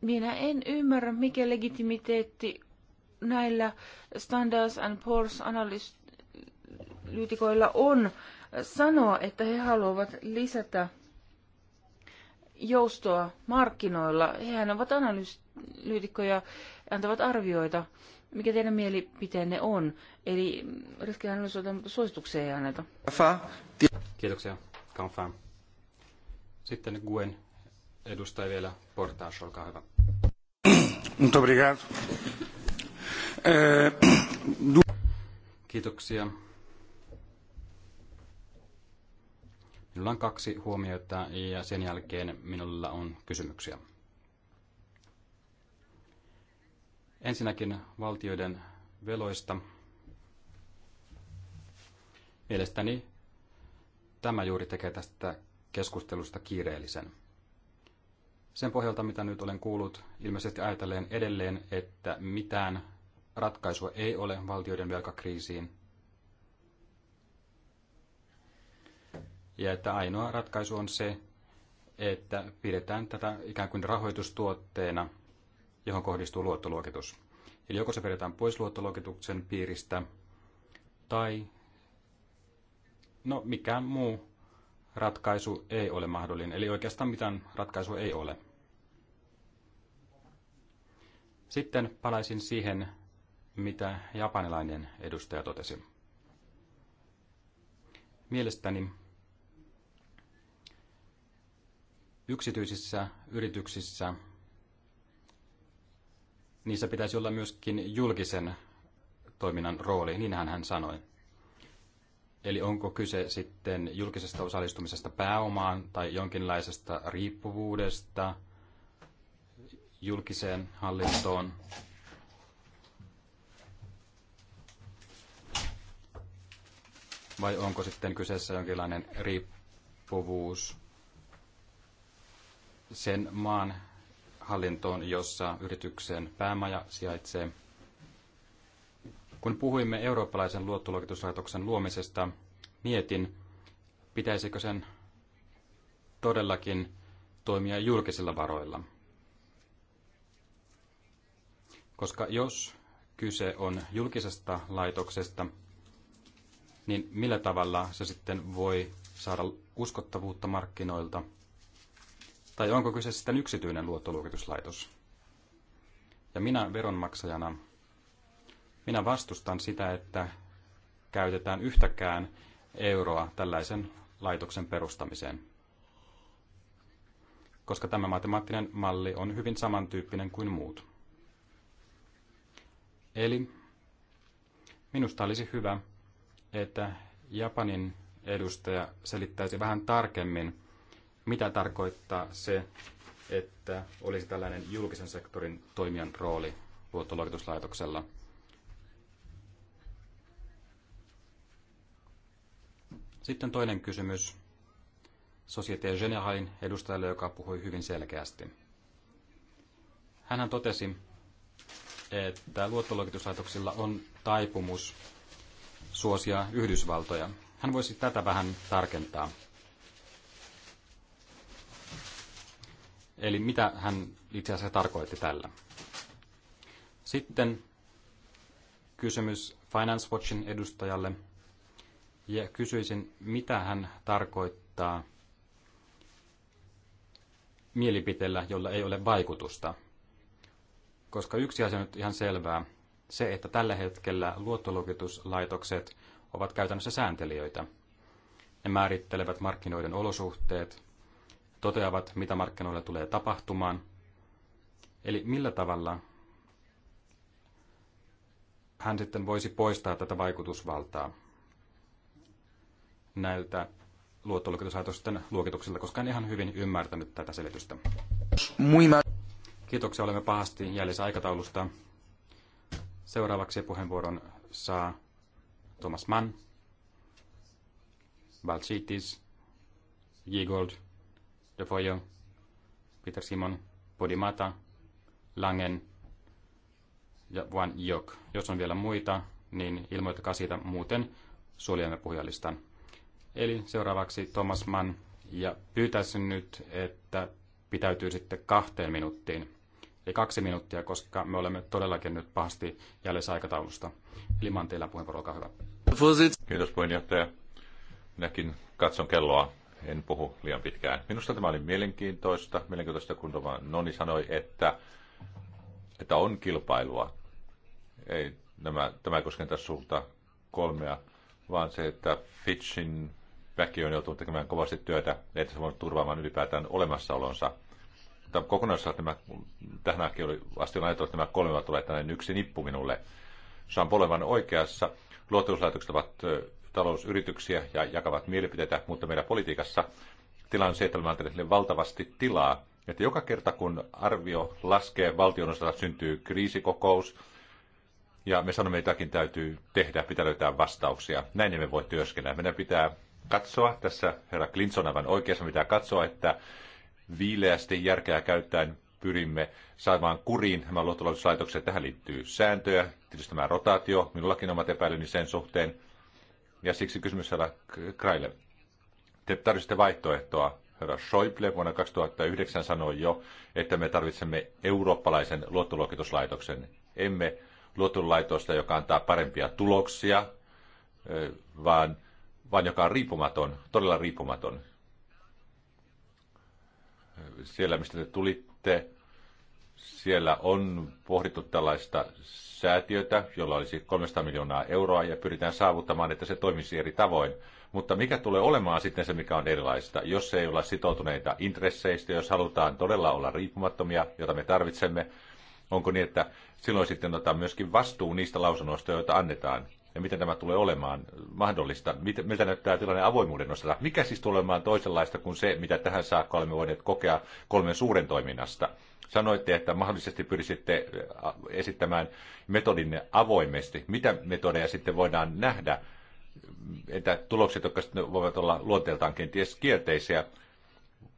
minä en ymmärrä, mikä legitimiteetti näillä Standards and Poor's analyytikoilla on sanoa, että he haluavat lisätä joustoa markkinoilla. Hehän ovat analyytikkoja, antavat arvioita mikä teidän mielipiteenne on? Eli riskianalysoitan suosituksia ei anneta. Kiitoksia, Confirm. Sitten Gwen edustaja vielä Portaas, olkaa hyvä. Eh, Kiitoksia. Minulla on kaksi huomiota ja sen jälkeen minulla on kysymyksiä. Ensinnäkin valtioiden veloista. Mielestäni tämä juuri tekee tästä keskustelusta kiireellisen. Sen pohjalta, mitä nyt olen kuullut, ilmeisesti ajatellen edelleen, että mitään ratkaisua ei ole valtioiden velkakriisiin. Ja että ainoa ratkaisu on se, että pidetään tätä ikään kuin rahoitustuotteena – johon kohdistuu luottoluokitus. Eli joko se vedetään pois luottoluokituksen piiristä tai no mikään muu ratkaisu ei ole mahdollinen. Eli oikeastaan mitään ratkaisua ei ole. Sitten palaisin siihen, mitä japanilainen edustaja totesi. Mielestäni yksityisissä yrityksissä – niissä pitäisi olla myöskin julkisen toiminnan rooli, niinhän hän sanoi. Eli onko kyse sitten julkisesta osallistumisesta pääomaan tai jonkinlaisesta riippuvuudesta julkiseen hallintoon? Vai onko sitten kyseessä jonkinlainen riippuvuus sen maan hallintoon, jossa yrityksen päämaja sijaitsee. Kun puhuimme eurooppalaisen luottoluokituslaitoksen luomisesta, mietin, pitäisikö sen todellakin toimia julkisilla varoilla. Koska jos kyse on julkisesta laitoksesta, niin millä tavalla se sitten voi saada uskottavuutta markkinoilta – tai onko kyse sitten yksityinen luottoluokituslaitos? Ja minä veronmaksajana, minä vastustan sitä, että käytetään yhtäkään euroa tällaisen laitoksen perustamiseen. Koska tämä matemaattinen malli on hyvin samantyyppinen kuin muut. Eli minusta olisi hyvä, että Japanin edustaja selittäisi vähän tarkemmin, mitä tarkoittaa se, että olisi tällainen julkisen sektorin toimijan rooli luottoluokituslaitoksella. Sitten toinen kysymys Societe Generalin edustajalle, joka puhui hyvin selkeästi. Hänhän totesi, että luottoluokituslaitoksilla on taipumus suosia Yhdysvaltoja. Hän voisi tätä vähän tarkentaa. Eli mitä hän itse asiassa tarkoitti tällä. Sitten kysymys Finance Watchin edustajalle. Ja kysyisin, mitä hän tarkoittaa mielipiteellä, jolla ei ole vaikutusta. Koska yksi asia on nyt ihan selvää, se, että tällä hetkellä luottoluokituslaitokset ovat käytännössä sääntelijöitä. Ne määrittelevät markkinoiden olosuhteet, toteavat, mitä markkinoilla tulee tapahtumaan. Eli millä tavalla hän sitten voisi poistaa tätä vaikutusvaltaa näiltä luottoluokituslaitosten luokituksilta, koska en ihan hyvin ymmärtänyt tätä selitystä. Kiitoksia, olemme pahasti jäljessä aikataulusta. Seuraavaksi puheenvuoron saa Thomas Mann, Balchitis, Jigold De ju Peter Simon, Podimata, Langen ja Van Jok. Jos on vielä muita, niin ilmoittakaa siitä muuten suljemme puhujalistan. Eli seuraavaksi Thomas Mann ja pyytäisin nyt, että pitäytyy sitten kahteen minuuttiin. Eli kaksi minuuttia, koska me olemme todellakin nyt pahasti jäljessä aikataulusta. Eli Mann, teillä puheenvuoro, olkaa hyvä. Kiitos puheenjohtaja. Minäkin katson kelloa en puhu liian pitkään. Minusta tämä oli mielenkiintoista, mielenkiintoista kun tämä Noni sanoi, että, että on kilpailua. Ei, nämä, tämä ei kosketa suurta kolmea, vaan se, että Fitchin väki on joutunut tekemään kovasti työtä, että se voi turvaamaan ylipäätään olemassaolonsa. Mutta kokonaisuudessaan tämä, tähän asti oli, asti on ajateltu, että nämä kolme tulee tällainen yksi nippu minulle. Se on oikeassa. Luottamuslaitokset ovat talousyrityksiä ja jakavat mielipiteitä, mutta meidän politiikassa tilanne on se, että me valtavasti tilaa. Että joka kerta kun arvio laskee, valtion osalta syntyy kriisikokous, ja me sanomme, että jotakin täytyy tehdä, pitää löytää vastauksia. Näin emme voi työskennellä. Meidän pitää katsoa, tässä herra Klinson aivan oikeassa, pitää katsoa, että viileästi järkeä käyttäen pyrimme saamaan kuriin nämä luottolaitoslaitokset. Tähän liittyy sääntöjä, tietysti tämä rotaatio, minullakin omat epäilyni sen suhteen ja siksi kysymys herra Kraille. Te tarvitsette vaihtoehtoa. Herra Schäuble vuonna 2009 sanoi jo, että me tarvitsemme eurooppalaisen luottoluokituslaitoksen. Emme luottolaitosta, joka antaa parempia tuloksia, vaan, vaan joka on riippumaton, todella riippumaton. Siellä, mistä te tulitte, siellä on pohdittu tällaista säätiötä, jolla olisi 300 miljoonaa euroa ja pyritään saavuttamaan, että se toimisi eri tavoin. Mutta mikä tulee olemaan sitten se, mikä on erilaista, jos ei olla sitoutuneita intresseistä, jos halutaan todella olla riippumattomia, jota me tarvitsemme, onko niin, että silloin sitten otetaan myöskin vastuu niistä lausunnoista, joita annetaan ja miten tämä tulee olemaan mahdollista? Miltä näyttää tilanne avoimuuden osalta? Mikä siis tulee olemaan toisenlaista kuin se, mitä tähän saakka olemme voineet kokea kolmen suuren toiminnasta? Sanoitte, että mahdollisesti pyrisitte esittämään metodin avoimesti. Mitä metodeja sitten voidaan nähdä? Entä tulokset, jotka voivat olla luonteeltaan kenties kielteisiä?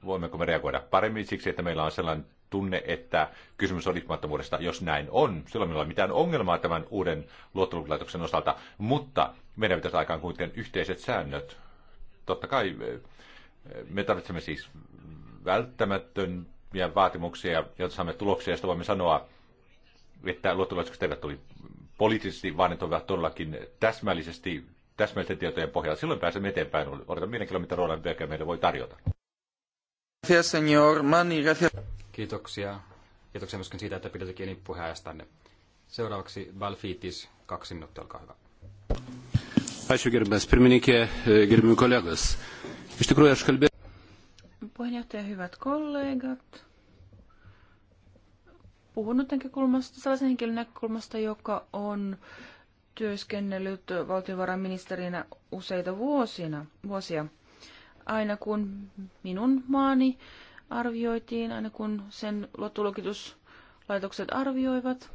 Voimmeko me reagoida paremmin siksi, että meillä on sellainen tunne, että kysymys on riippumattomuudesta. Jos näin on, silloin meillä ei ole mitään ongelmaa tämän uuden luottoluokilaitoksen osalta, mutta meidän pitäisi aikaan kuitenkin yhteiset säännöt. Totta kai eh, eh, me tarvitsemme siis välttämättömiä vaatimuksia, jotta saamme tuloksia, josta voimme sanoa, että luottoluokilaitukset eivät tuli poliittisesti, vaan ne ovat todellakin täsmällisesti täsmällisten tietojen pohjalta. Silloin pääsemme eteenpäin. Odotan mielenkiintoa, mitä Roland Berger meille voi tarjota. Kiitoksia. Kiitoksia myöskin siitä, että pidätte kiinni puheenjohtajanne. Seuraavaksi Valfitis, kaksi minuuttia, olkaa hyvä. Ačiū pirmininkė, e, kolegos. Iš tikrųjų, aš kalbėjau. Puheenjohtaja, hyvät kollegat. Puhun nyt näkökulmasta, sellaisen henkilön näkökulmasta, joka on työskennellyt valtiovarainministerinä useita vuosina, vuosia. Aina kun minun maani arvioitiin, aina kun sen luottoluokituslaitokset arvioivat.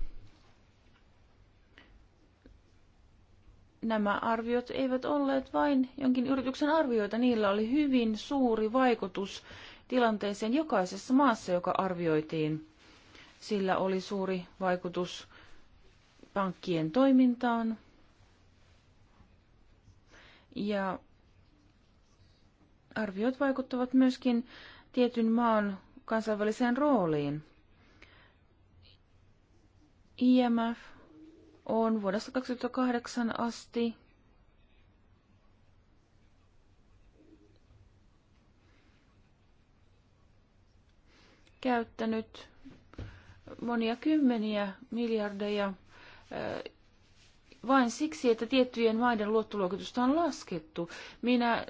Nämä arviot eivät olleet vain jonkin yrityksen arvioita, niillä oli hyvin suuri vaikutus tilanteeseen jokaisessa maassa, joka arvioitiin. Sillä oli suuri vaikutus pankkien toimintaan. Ja arviot vaikuttavat myöskin tietyn maan kansainväliseen rooliin. IMF on vuodesta 2008 asti käyttänyt monia kymmeniä miljardeja eh, vain siksi, että tiettyjen maiden luottoluokitusta on laskettu. Minä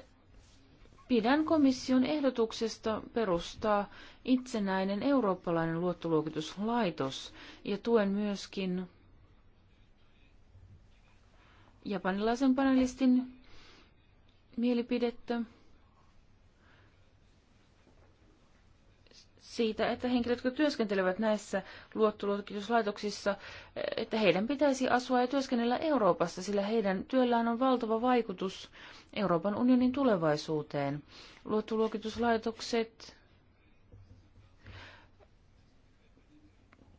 Pidän komission ehdotuksesta perustaa itsenäinen eurooppalainen luottoluokituslaitos ja tuen myöskin japanilaisen panelistin mielipidettä. siitä, että henkilöt, jotka työskentelevät näissä luottoluokituslaitoksissa, että heidän pitäisi asua ja työskennellä Euroopassa, sillä heidän työllään on valtava vaikutus Euroopan unionin tulevaisuuteen. Luottoluokituslaitokset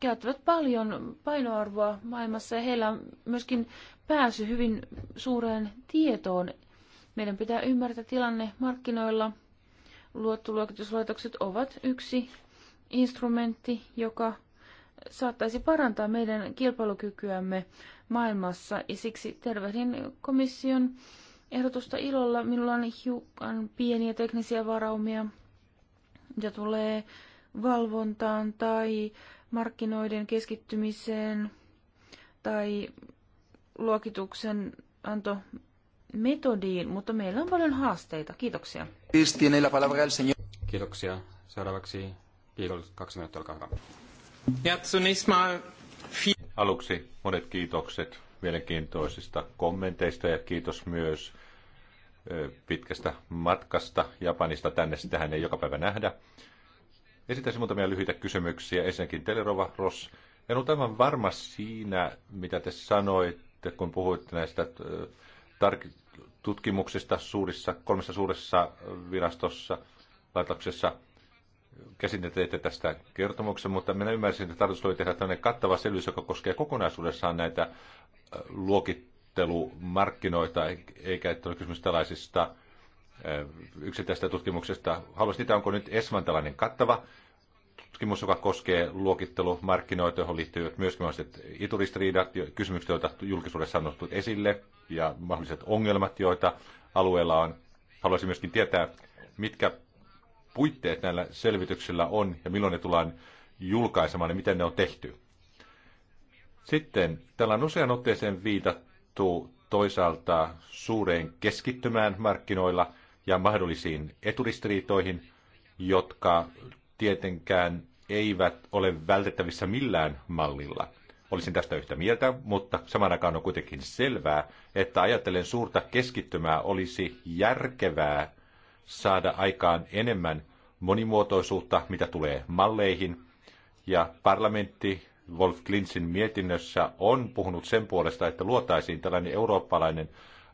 käyttävät paljon painoarvoa maailmassa ja heillä on myöskin pääsy hyvin suureen tietoon. Meidän pitää ymmärtää tilanne markkinoilla. Luottoluokituslaitokset ovat yksi instrumentti, joka saattaisi parantaa meidän kilpailukykyämme maailmassa. Ja siksi tervehdin komission ehdotusta ilolla. Minulla on hiukan pieniä teknisiä varaumia, mitä tulee valvontaan tai markkinoiden keskittymiseen tai luokituksen anto metodiin, mutta meillä on paljon haasteita. Kiitoksia. Kiitoksia. Seuraavaksi Piikolle kaksi minuuttia, olkaa hyvä. Aluksi monet kiitokset mielenkiintoisista kommenteista ja kiitos myös pitkästä matkasta Japanista tänne. Sitähän ei joka päivä nähdä. Esittäisin muutamia lyhyitä kysymyksiä. Ensinnäkin Telerova Ross. En ole aivan varma siinä, mitä te sanoitte, kun puhuitte näistä tutkimuksista suurissa, kolmessa suuressa virastossa, laitoksessa – käsin teitte tästä kertomuksen, mutta minä ymmärsin, että tarkoitus oli tehdä tämmöinen kattava selvitys, joka koskee kokonaisuudessaan näitä äh, luokittelumarkkinoita, e-, eikä että ole kysymys tällaisista äh, yksittäisistä tutkimuksista. Haluaisin tietää, onko nyt ESMAN tällainen kattava tutkimus, joka koskee luokittelumarkkinoita, johon liittyy myöskin mahdolliset ituristiriidat, kysymykset, joita julkisuudessa on nostettu esille, ja mahdolliset ongelmat, joita alueella on. Haluaisin myöskin tietää, mitkä puitteet näillä selvityksillä on ja milloin ne tullaan julkaisemaan ja miten ne on tehty. Sitten täällä on usean otteeseen viitattu toisaalta suureen keskittymään markkinoilla ja mahdollisiin eturistiriitoihin, jotka tietenkään eivät ole vältettävissä millään mallilla. Olisin tästä yhtä mieltä, mutta saman aikaan on kuitenkin selvää, että ajatellen suurta keskittymää olisi järkevää saada aikaan enemmän monimuotoisuutta, mitä tulee malleihin. Ja parlamentti Wolf Klinsin mietinnössä on puhunut sen puolesta, että luotaisiin tällainen eurooppalainen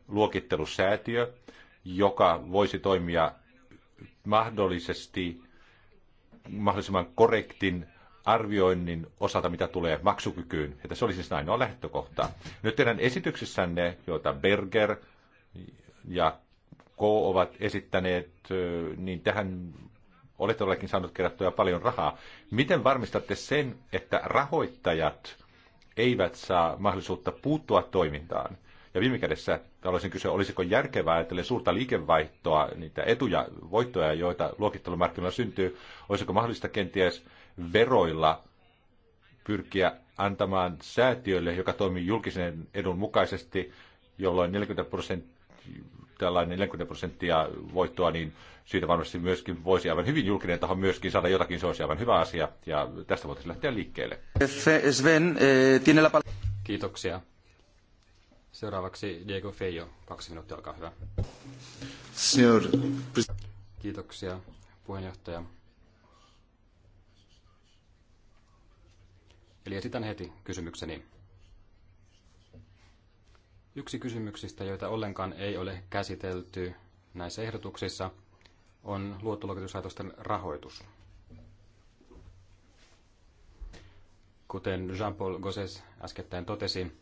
luokittelusäätiö, joka voisi toimia mahdollisesti mahdollisimman korrektin arvioinnin osalta, mitä tulee maksukykyyn. Että se olisi siis ainoa lähtökohta. Nyt teidän esityksessänne, joita Berger ja Ko ovat esittäneet, niin tähän olette todellakin saanut kerättyä paljon rahaa. Miten varmistatte sen, että rahoittajat eivät saa mahdollisuutta puuttua toimintaan? Ja viime kädessä haluaisin kysyä, olisiko järkevää ajatellen suurta liikevaihtoa, niitä etuja, voittoja, joita luokittelumarkkinoilla syntyy, olisiko mahdollista kenties veroilla pyrkiä antamaan säätiölle, joka toimii julkisen edun mukaisesti, jolloin 40 prosenttia tällainen 40 prosenttia voittoa, niin siitä varmasti myöskin voisi aivan hyvin julkinen taho myöskin saada jotakin, se olisi aivan hyvä asia, ja tästä voitaisiin lähteä liikkeelle. Sven, eh, Kiitoksia. Seuraavaksi Diego Feijo, kaksi minuuttia, olkaa hyvä. Kiitoksia, puheenjohtaja. Eli esitän heti kysymykseni. Yksi kysymyksistä, joita ollenkaan ei ole käsitelty näissä ehdotuksissa, on luottoluokituslaitosten rahoitus. Kuten Jean-Paul Gosses äskettäin totesi,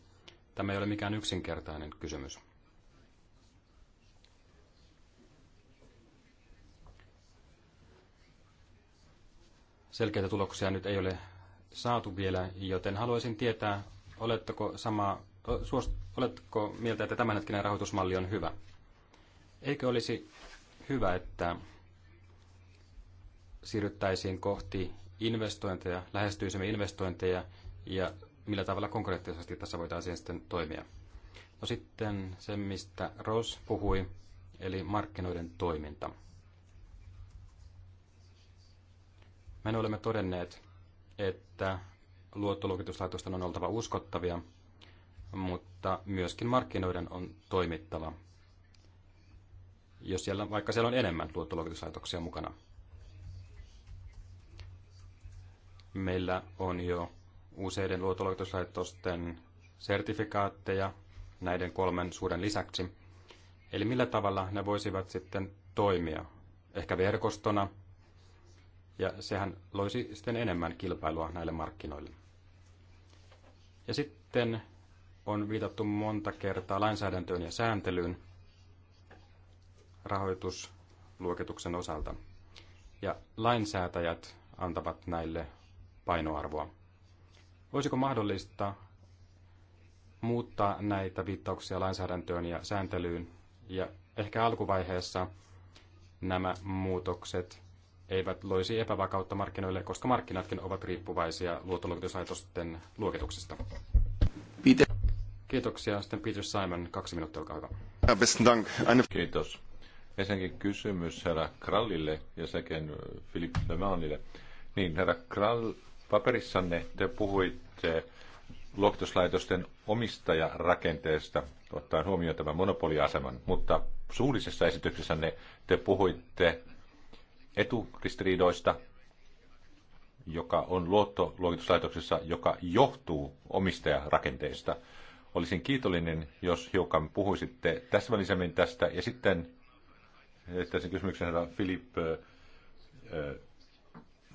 tämä ei ole mikään yksinkertainen kysymys. Selkeitä tuloksia nyt ei ole saatu vielä, joten haluaisin tietää, oletteko samaa oletko mieltä, että tämänhetkinen rahoitusmalli on hyvä? Eikö olisi hyvä, että siirryttäisiin kohti investointeja, lähestyisimme investointeja ja millä tavalla konkreettisesti tässä voitaisiin sitten toimia? No sitten se, mistä Ross puhui, eli markkinoiden toiminta. Me olemme todenneet, että luottoluokituslaitosten on oltava uskottavia – mutta myöskin markkinoiden on toimittava, jos siellä, vaikka siellä on enemmän luottoluokituslaitoksia mukana. Meillä on jo useiden luottoluokituslaitosten sertifikaatteja näiden kolmen suuren lisäksi. Eli millä tavalla ne voisivat sitten toimia? Ehkä verkostona, ja sehän loisi sitten enemmän kilpailua näille markkinoille. Ja sitten on viitattu monta kertaa lainsäädäntöön ja sääntelyyn rahoitusluokituksen osalta. Ja lainsäätäjät antavat näille painoarvoa. Voisiko mahdollista muuttaa näitä viittauksia lainsäädäntöön ja sääntelyyn ja ehkä alkuvaiheessa nämä muutokset eivät loisi epävakautta markkinoille, koska markkinatkin ovat riippuvaisia luottoluokituslaitosten luokituksista. Kiitoksia. Sitten Peter Simon, kaksi minuuttia, olkaa hyvä. Kiitos. Ensinnäkin kysymys herra Krallille ja sekin äh, Philippe Lemanille. Niin, herra Krall, paperissanne te puhuitte luokituslaitosten omistajarakenteesta, ottaen huomioon tämän monopoliaseman, mutta suullisessa esityksessänne te puhuitte eturistiriidoista, joka on luottoluokituslaitoksessa, joka johtuu omistajarakenteesta. Olisin kiitollinen, jos hiukan puhuisitte täsmällisemmin tästä. Ja sitten esittäisin kysymyksen herra Filip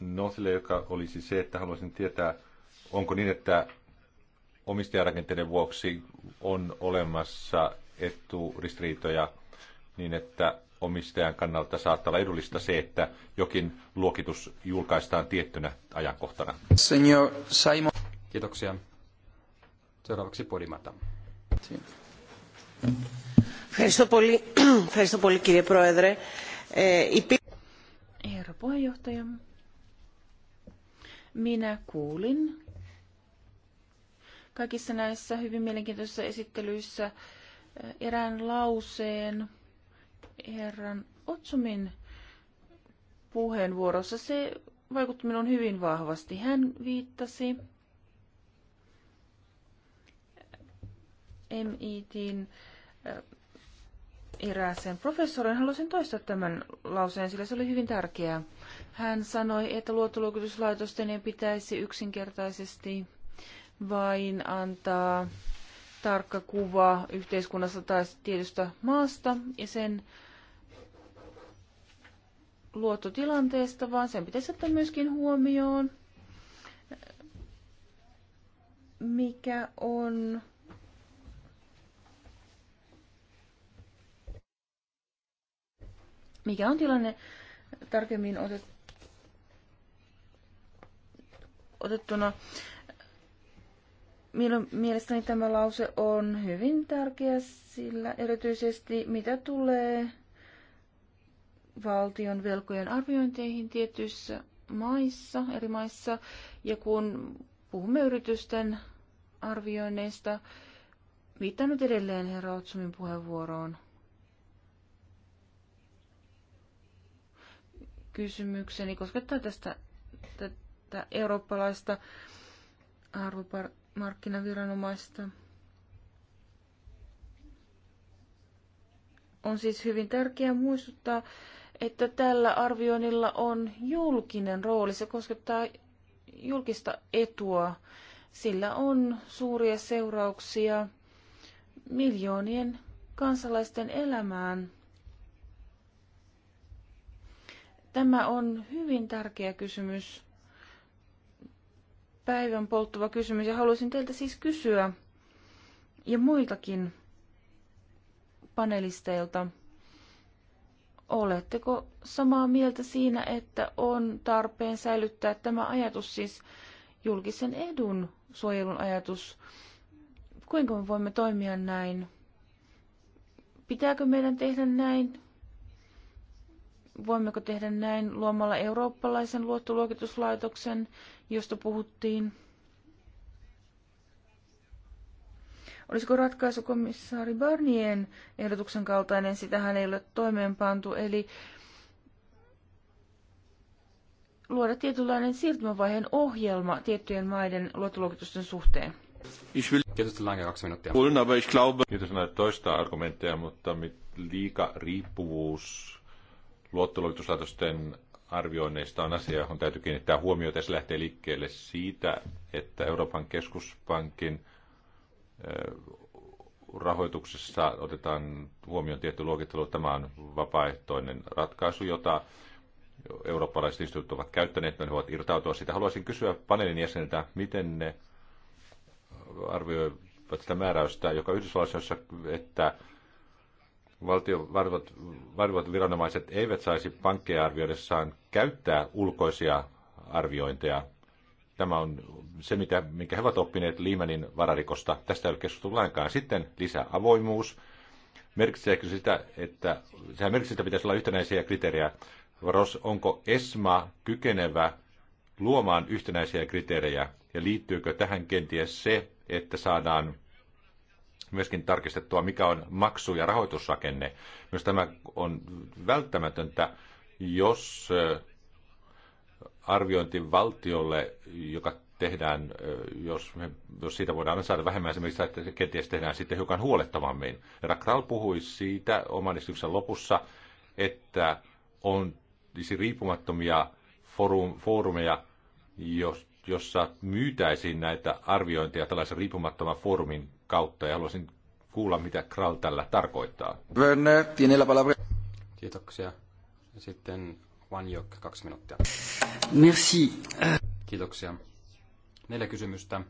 Nothille, joka olisi se, että haluaisin tietää, onko niin, että omistajarakenteiden vuoksi on olemassa eturistiriitoja niin, että omistajan kannalta saattaa olla edullista se, että jokin luokitus julkaistaan tiettynä ajankohtana. Senior Simon. Kiitoksia. Seuraavaksi Podimata. Ευχαριστώ πολύ, ευχαριστώ πολύ κύριε Πρόεδρε. Herra puheenjohtaja, minä kuulin kaikissa näissä hyvin mielenkiintoisissa esittelyissä eh, erään lauseen herran Otsumin puheenvuorossa. Se vaikutti minun hyvin vahvasti. Hän viittasi MITin erääseen professoriin. Haluaisin toistaa tämän lauseen, sillä se oli hyvin tärkeää. Hän sanoi, että luottoluokituslaitosten ei pitäisi yksinkertaisesti vain antaa tarkka kuva yhteiskunnasta tai tietystä maasta ja sen luottotilanteesta, vaan sen pitäisi ottaa myöskin huomioon, mikä on Mikä on tilanne tarkemmin otet, otettuna? Mielestäni tämä lause on hyvin tärkeä, sillä erityisesti mitä tulee valtion velkojen arviointeihin tietyissä maissa, eri maissa, ja kun puhumme yritysten arvioinneista, viittaan nyt edelleen herra Otsumin puheenvuoroon – kysymykseni koskettaa tästä tätä eurooppalaista arvomarkkinaviranomaista. On siis hyvin tärkeää muistuttaa, että tällä arvioinnilla on julkinen rooli. Se koskettaa julkista etua. Sillä on suuria seurauksia miljoonien kansalaisten elämään. Tämä on hyvin tärkeä kysymys, päivän polttava kysymys, ja haluaisin teiltä siis kysyä, ja muiltakin panelisteilta, oletteko samaa mieltä siinä, että on tarpeen säilyttää tämä ajatus, siis julkisen edun suojelun ajatus? Kuinka me voimme toimia näin? Pitääkö meidän tehdä näin? Voimmeko tehdä näin luomalla eurooppalaisen luottoluokituslaitoksen, josta puhuttiin? Olisiko ratkaisu komissaari Barnien ehdotuksen kaltainen, sitähän ei ole toimeenpantu, eli luoda tietynlainen siirtymävaiheen ohjelma tiettyjen maiden luottoluokitusten suhteen? Ich will keskustellaan kaksi minuuttia. Kuulin, aber ich glaube... Kiitos näitä toista argumentteja, mutta liika riippuvuus luottoluokituslaitosten arvioinneista on asia, johon täytyy kiinnittää huomiota ja se lähtee liikkeelle siitä, että Euroopan keskuspankin rahoituksessa otetaan huomioon tietty luokittelu. Tämä on vapaaehtoinen ratkaisu, jota eurooppalaiset instituutit ovat käyttäneet, ne voivat irtautua siitä. Haluaisin kysyä paneelin jäseniltä, miten ne arvioivat sitä määräystä, joka Yhdysvalloissa, että valtiovarvot viranomaiset eivät saisi pankkeja arvioidessaan käyttää ulkoisia arviointeja. Tämä on se, mitä, minkä he ovat oppineet Liimanin vararikosta. Tästä ei ole keskusteltu lainkaan. Sitten lisää avoimuus. Merkitseekö sitä, että sehän merkitsee, että pitäisi olla yhtenäisiä kriteerejä. Varos, onko ESMA kykenevä luomaan yhtenäisiä kriteerejä ja liittyykö tähän kenties se, että saadaan myöskin tarkistettua, mikä on maksu- ja rahoitusrakenne. Myös tämä on välttämätöntä, jos äh, arviointi valtiolle, joka tehdään, äh, jos, me, jos siitä voidaan saada vähemmän esimerkiksi, että se kenties tehdään sitten hiukan huolettavammin. Herra Kral puhui siitä oman esityksen lopussa, että on siis riippumattomia forum, foorumeja, jos, jossa myytäisiin näitä arviointeja tällaisen riippumattoman foorumin kautta ja haluaisin kuulla, mitä Kral tällä tarkoittaa. Kiitoksia. Sitten Jok, kaksi minuuttia. Merci. Kiitoksia. Neljä kysymystä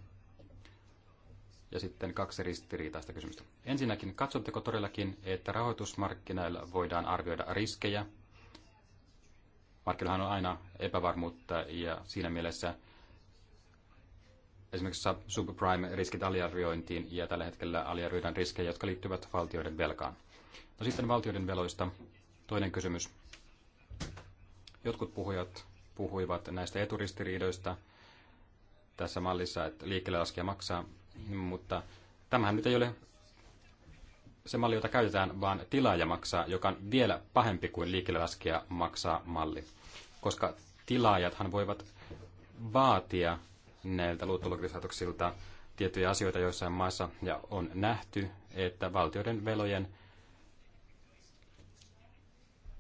ja sitten kaksi ristiriitaista kysymystä. Ensinnäkin, katsotteko todellakin, että rahoitusmarkkinoilla voidaan arvioida riskejä? Markkinoillahan on aina epävarmuutta ja siinä mielessä esimerkiksi subprime-riskit aliarviointiin ja tällä hetkellä aliarvioidaan riskejä, jotka liittyvät valtioiden velkaan. No sitten valtioiden veloista toinen kysymys. Jotkut puhujat puhuivat näistä eturistiriidoista tässä mallissa, että liikkeelle laskija maksaa, mutta tämähän nyt ei ole se malli, jota käytetään, vaan tilaaja maksaa, joka on vielä pahempi kuin liikkeelle laskija maksaa malli. Koska tilaajathan voivat vaatia näiltä luottoluokituslaitoksilta tiettyjä asioita joissain maissa ja on nähty, että valtioiden velojen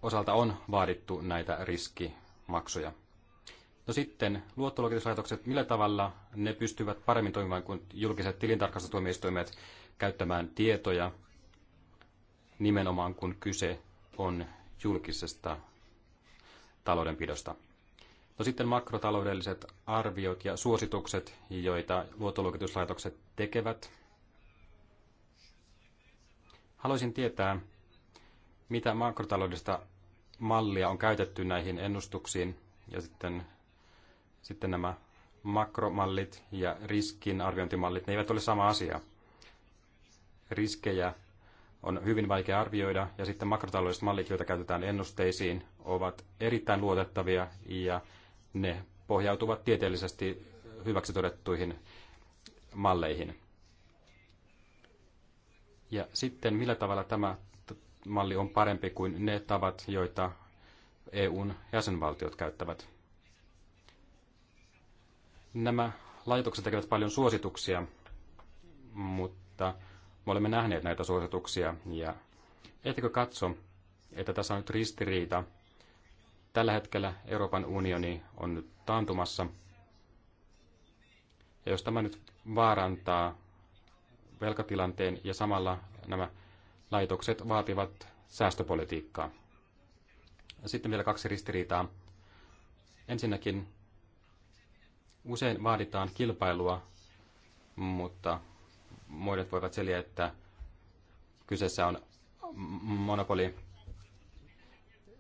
osalta on vaadittu näitä riskimaksuja. No sitten luottoluokituslaitokset, millä tavalla ne pystyvät paremmin toimimaan kuin julkiset tilintarkastustuomioistuimet käyttämään tietoja nimenomaan kun kyse on julkisesta taloudenpidosta. No sitten makrotaloudelliset arviot ja suositukset, joita luottoluokituslaitokset tekevät. Haluaisin tietää, mitä makrotaloudellista mallia on käytetty näihin ennustuksiin ja sitten, sitten nämä makromallit ja riskinarviointimallit, ne eivät ole sama asia. Riskejä on hyvin vaikea arvioida ja sitten makrotaloudelliset mallit, joita käytetään ennusteisiin, ovat erittäin luotettavia ja ne pohjautuvat tieteellisesti hyväksi todettuihin malleihin. Ja sitten millä tavalla tämä malli on parempi kuin ne tavat, joita EUn jäsenvaltiot käyttävät. Nämä laitokset tekevät paljon suosituksia, mutta me olemme nähneet näitä suosituksia ja ettekö katso, että tässä on nyt ristiriita Tällä hetkellä Euroopan unioni on nyt taantumassa. Ja jos tämä nyt vaarantaa velkatilanteen ja samalla nämä laitokset vaativat säästöpolitiikkaa. Sitten vielä kaksi ristiriitaa. Ensinnäkin usein vaaditaan kilpailua, mutta muodot voivat selittää, että kyseessä on monopoli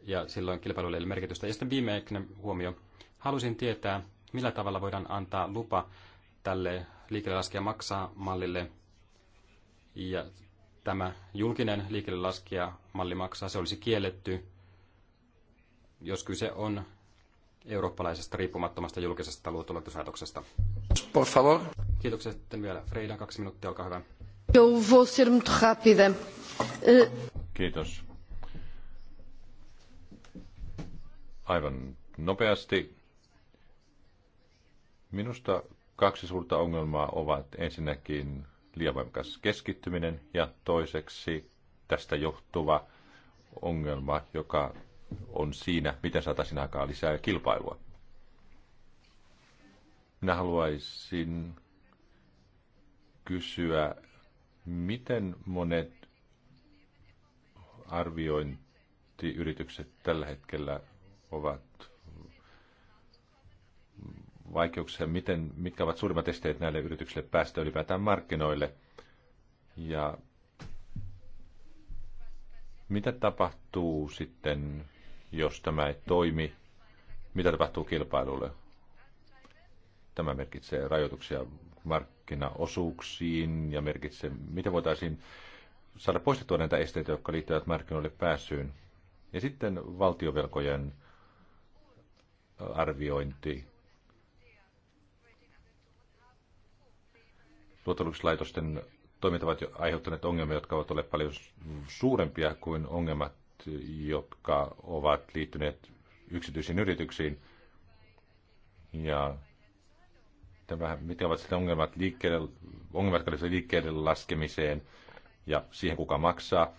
ja silloin kilpailulle ei ole merkitystä. Ja sitten viimeinen huomio. Halusin tietää, millä tavalla voidaan antaa lupa tälle liikelaskija maksaa mallille. Ja tämä julkinen liikelaskija malli maksaa, se olisi kielletty, jos kyse on eurooppalaisesta riippumattomasta julkisesta luottoluokituslaitoksesta. Por favor. Kiitoksia sitten vielä. Freida, kaksi minuuttia, olkaa hyvä. Eh, Kiitos. aivan nopeasti. Minusta kaksi suurta ongelmaa ovat ensinnäkin liian voimakas keskittyminen ja toiseksi tästä johtuva ongelma, joka on siinä, miten saataisiin aikaa lisää kilpailua. Minä haluaisin kysyä, miten monet arviointiyritykset tällä hetkellä ovat vaikeuksia, miten, mitkä ovat suurimmat esteet näille yrityksille päästä ylipäätään markkinoille ja mitä tapahtuu sitten, jos tämä ei toimi, mitä tapahtuu kilpailulle? Tämä merkitsee rajoituksia markkinaosuuksiin ja merkitsee, miten voitaisiin saada poistettua näitä esteitä, jotka liittyvät markkinoille pääsyyn. Ja sitten valtiovelkojen arviointi luottoluokituslaitosten toimet ovat aiheuttaneet ongelmia, jotka ovat olleet paljon suurempia kuin ongelmat, jotka ovat liittyneet yksityisiin yrityksiin. Ja tämä, mitkä ovat sitten ongelmat, liikkeelle, ongelmat liikkeelle laskemiseen ja siihen, kuka maksaa. On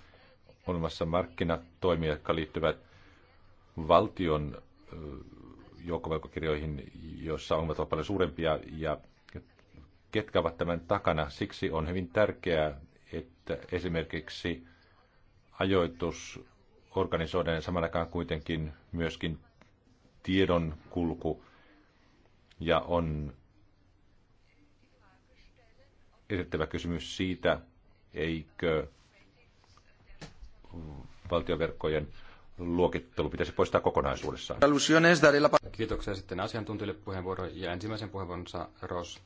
olemassa markkinatoimia, jotka liittyvät valtion joukkovelkokirjoihin, joissa ongelmat ovat paljon suurempia ja ketkä ovat tämän takana. Siksi on hyvin tärkeää, että esimerkiksi ajoitus ja samalla aikaan kuitenkin myöskin tiedon kulku ja on esittävä kysymys siitä, eikö valtioverkkojen luokittelu pitäisi poistaa kokonaisuudessaan. Kiitoksia sitten asiantuntijoille puheenvuoro ja ensimmäisen puheenvuoron saa Ros.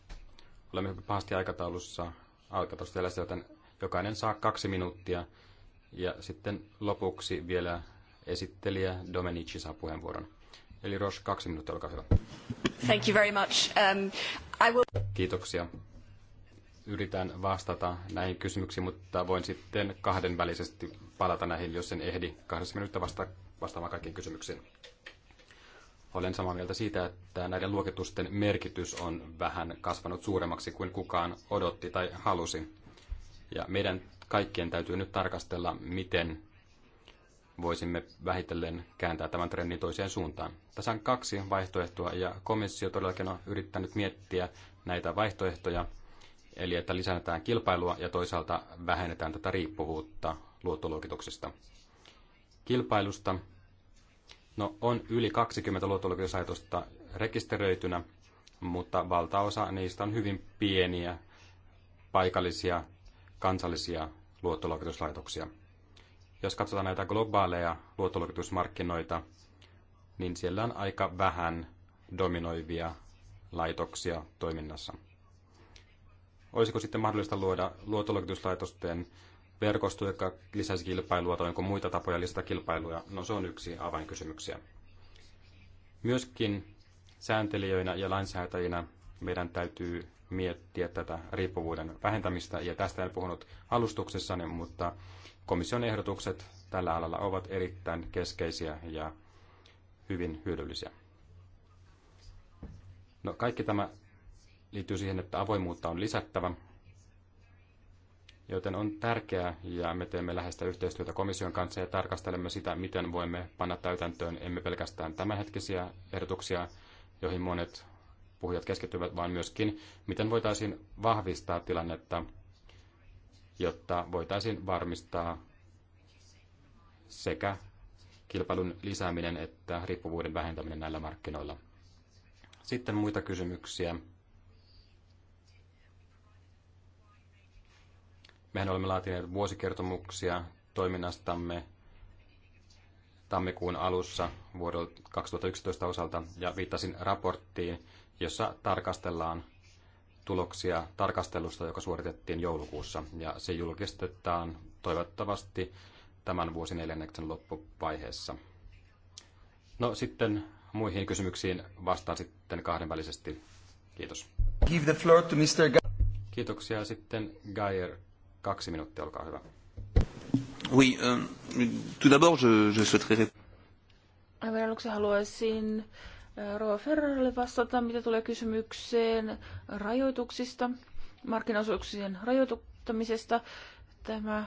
Olemme pahasti aikataulussa aikataulusta elässä, joten jokainen saa kaksi minuuttia. Ja sitten lopuksi vielä esittelijä Domenici saa puheenvuoron. Eli Ros, kaksi minuuttia, olkaa hyvä. Thank you very much. Um, I will... Kiitoksia yritän vastata näihin kysymyksiin, mutta voin sitten kahdenvälisesti palata näihin, jos en ehdi kahdessa minuuttia vasta- vastaamaan kaikkiin kysymyksiin. Olen samaa mieltä siitä, että näiden luokitusten merkitys on vähän kasvanut suuremmaksi kuin kukaan odotti tai halusi. Ja meidän kaikkien täytyy nyt tarkastella, miten voisimme vähitellen kääntää tämän trendin toiseen suuntaan. Tässä on kaksi vaihtoehtoa ja komissio todellakin on yrittänyt miettiä näitä vaihtoehtoja – eli että lisätään kilpailua ja toisaalta vähennetään tätä riippuvuutta luottoluokituksesta. Kilpailusta no, on yli 20 luottoluokituslaitosta rekisteröitynä, mutta valtaosa niistä on hyvin pieniä paikallisia kansallisia luottoluokituslaitoksia. Jos katsotaan näitä globaaleja luottoluokitusmarkkinoita, niin siellä on aika vähän dominoivia laitoksia toiminnassa. Olisiko sitten mahdollista luoda luottoluokituslaitosten verkosto, joka lisäisi kilpailua, tai onko muita tapoja lisätä kilpailuja? No se on yksi avainkysymyksiä. Myöskin sääntelijöinä ja lainsäätäjinä meidän täytyy miettiä tätä riippuvuuden vähentämistä, ja tästä en puhunut alustuksessani, mutta komission ehdotukset tällä alalla ovat erittäin keskeisiä ja hyvin hyödyllisiä. No, kaikki tämä liittyy siihen, että avoimuutta on lisättävä. Joten on tärkeää, ja me teemme läheistä yhteistyötä komission kanssa ja tarkastelemme sitä, miten voimme panna täytäntöön emme pelkästään tämänhetkisiä ehdotuksia, joihin monet puhujat keskittyvät, vaan myöskin, miten voitaisiin vahvistaa tilannetta, jotta voitaisiin varmistaa sekä kilpailun lisääminen että riippuvuuden vähentäminen näillä markkinoilla. Sitten muita kysymyksiä Mehän olemme laatineet vuosikertomuksia toiminnastamme tammikuun alussa vuodelta 2011 osalta ja viittasin raporttiin, jossa tarkastellaan tuloksia tarkastelusta, joka suoritettiin joulukuussa ja se julkistetaan toivottavasti tämän neljänneksen loppuvaiheessa. No sitten muihin kysymyksiin vastaan sitten kahdenvälisesti. Kiitos. Give the floor to Mr. Ga- Kiitoksia sitten Geyer Kaksi minuuttia, olkaa hyvä. Oui, euh, tout d'abord je, je souhaiterais... Aivan aluksi haluaisin äh, Rova Ferrarille vastata, mitä tulee kysymykseen rajoituksista, markkinaosuuksien rajoituttamisesta. Tämä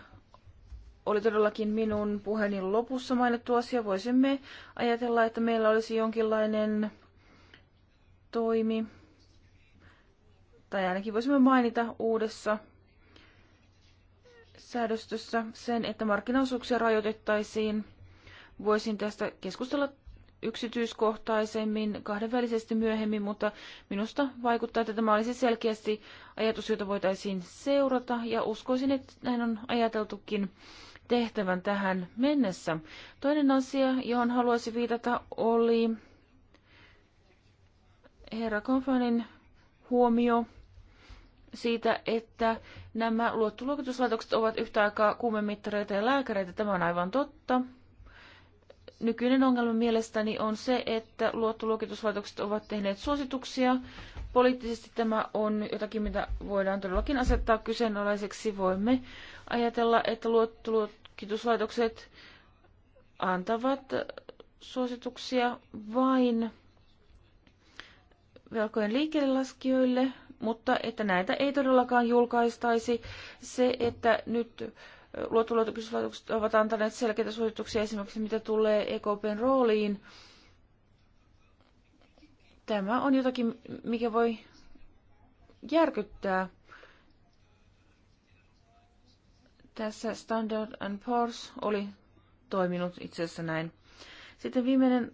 oli todellakin minun puheeni lopussa mainittu asia. Voisimme ajatella, että meillä olisi jonkinlainen toimi, tai ainakin voisimme mainita uudessa säädöstössä sen, että markkinaosuuksia rajoitettaisiin. Voisin tästä keskustella yksityiskohtaisemmin, kahdenvälisesti myöhemmin, mutta minusta vaikuttaa, että tämä olisi selkeästi ajatus, jota voitaisiin seurata, ja uskoisin, että näin on ajateltukin tehtävän tähän mennessä. Toinen asia, johon haluaisin viitata, oli herra Konfanin huomio siitä, että nämä luottoluokituslaitokset ovat yhtä aikaa kuumemittareita ja lääkäreitä. Tämä on aivan totta. Nykyinen ongelma mielestäni on se, että luottoluokituslaitokset ovat tehneet suosituksia. Poliittisesti tämä on jotakin, mitä voidaan todellakin asettaa kyseenalaiseksi. Voimme ajatella, että luottoluokituslaitokset antavat suosituksia vain velkojen liikelaskijoille, mutta että näitä ei todellakaan julkaistaisi. Se, että nyt luottoluokituslaitokset ovat antaneet selkeitä suosituksia esimerkiksi, mitä tulee EKPn rooliin, tämä on jotakin, mikä voi järkyttää. Tässä Standard and Poor's oli toiminut itse asiassa näin. Sitten viimeinen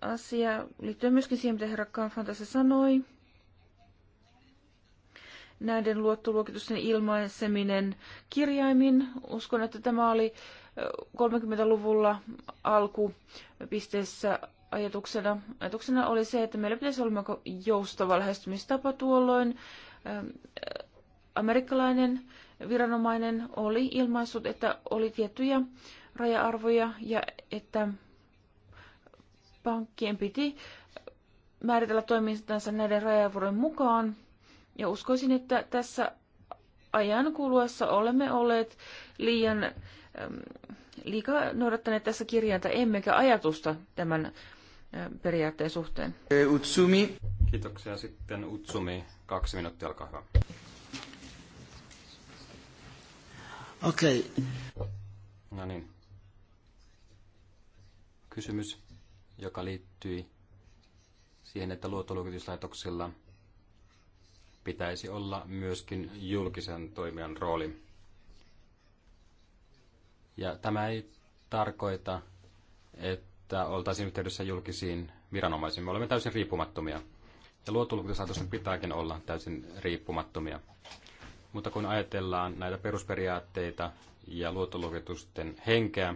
asia liittyy myöskin siihen, mitä herra Kanfan tässä sanoi näiden luottoluokitusten ilmaiseminen kirjaimin. Uskon, että tämä oli 30-luvulla alkupisteessä ajatuksena. Ajatuksena oli se, että meillä pitäisi olla joustava lähestymistapa tuolloin. Amerikkalainen viranomainen oli ilmaissut, että oli tiettyjä raja-arvoja ja että pankkien piti määritellä toimintansa näiden raja mukaan. Ja uskoisin, että tässä ajan kuluessa olemme olleet liian äm, liikaa noudattaneet tässä kirjainta emmekä ajatusta tämän periaatteen suhteen. Utsumi. Kiitoksia sitten Utsumi. Kaksi minuuttia, alkaa hyvä. Okei. Okay. No niin. Kysymys, joka liittyi siihen, että luottoluokituslaitoksilla – pitäisi olla myöskin julkisen toimijan rooli. Ja tämä ei tarkoita, että oltaisiin yhteydessä julkisiin viranomaisiin. Me olemme täysin riippumattomia. Ja luottoluokituslaitosten pitääkin olla täysin riippumattomia. Mutta kun ajatellaan näitä perusperiaatteita ja luottoluokitusten henkeä,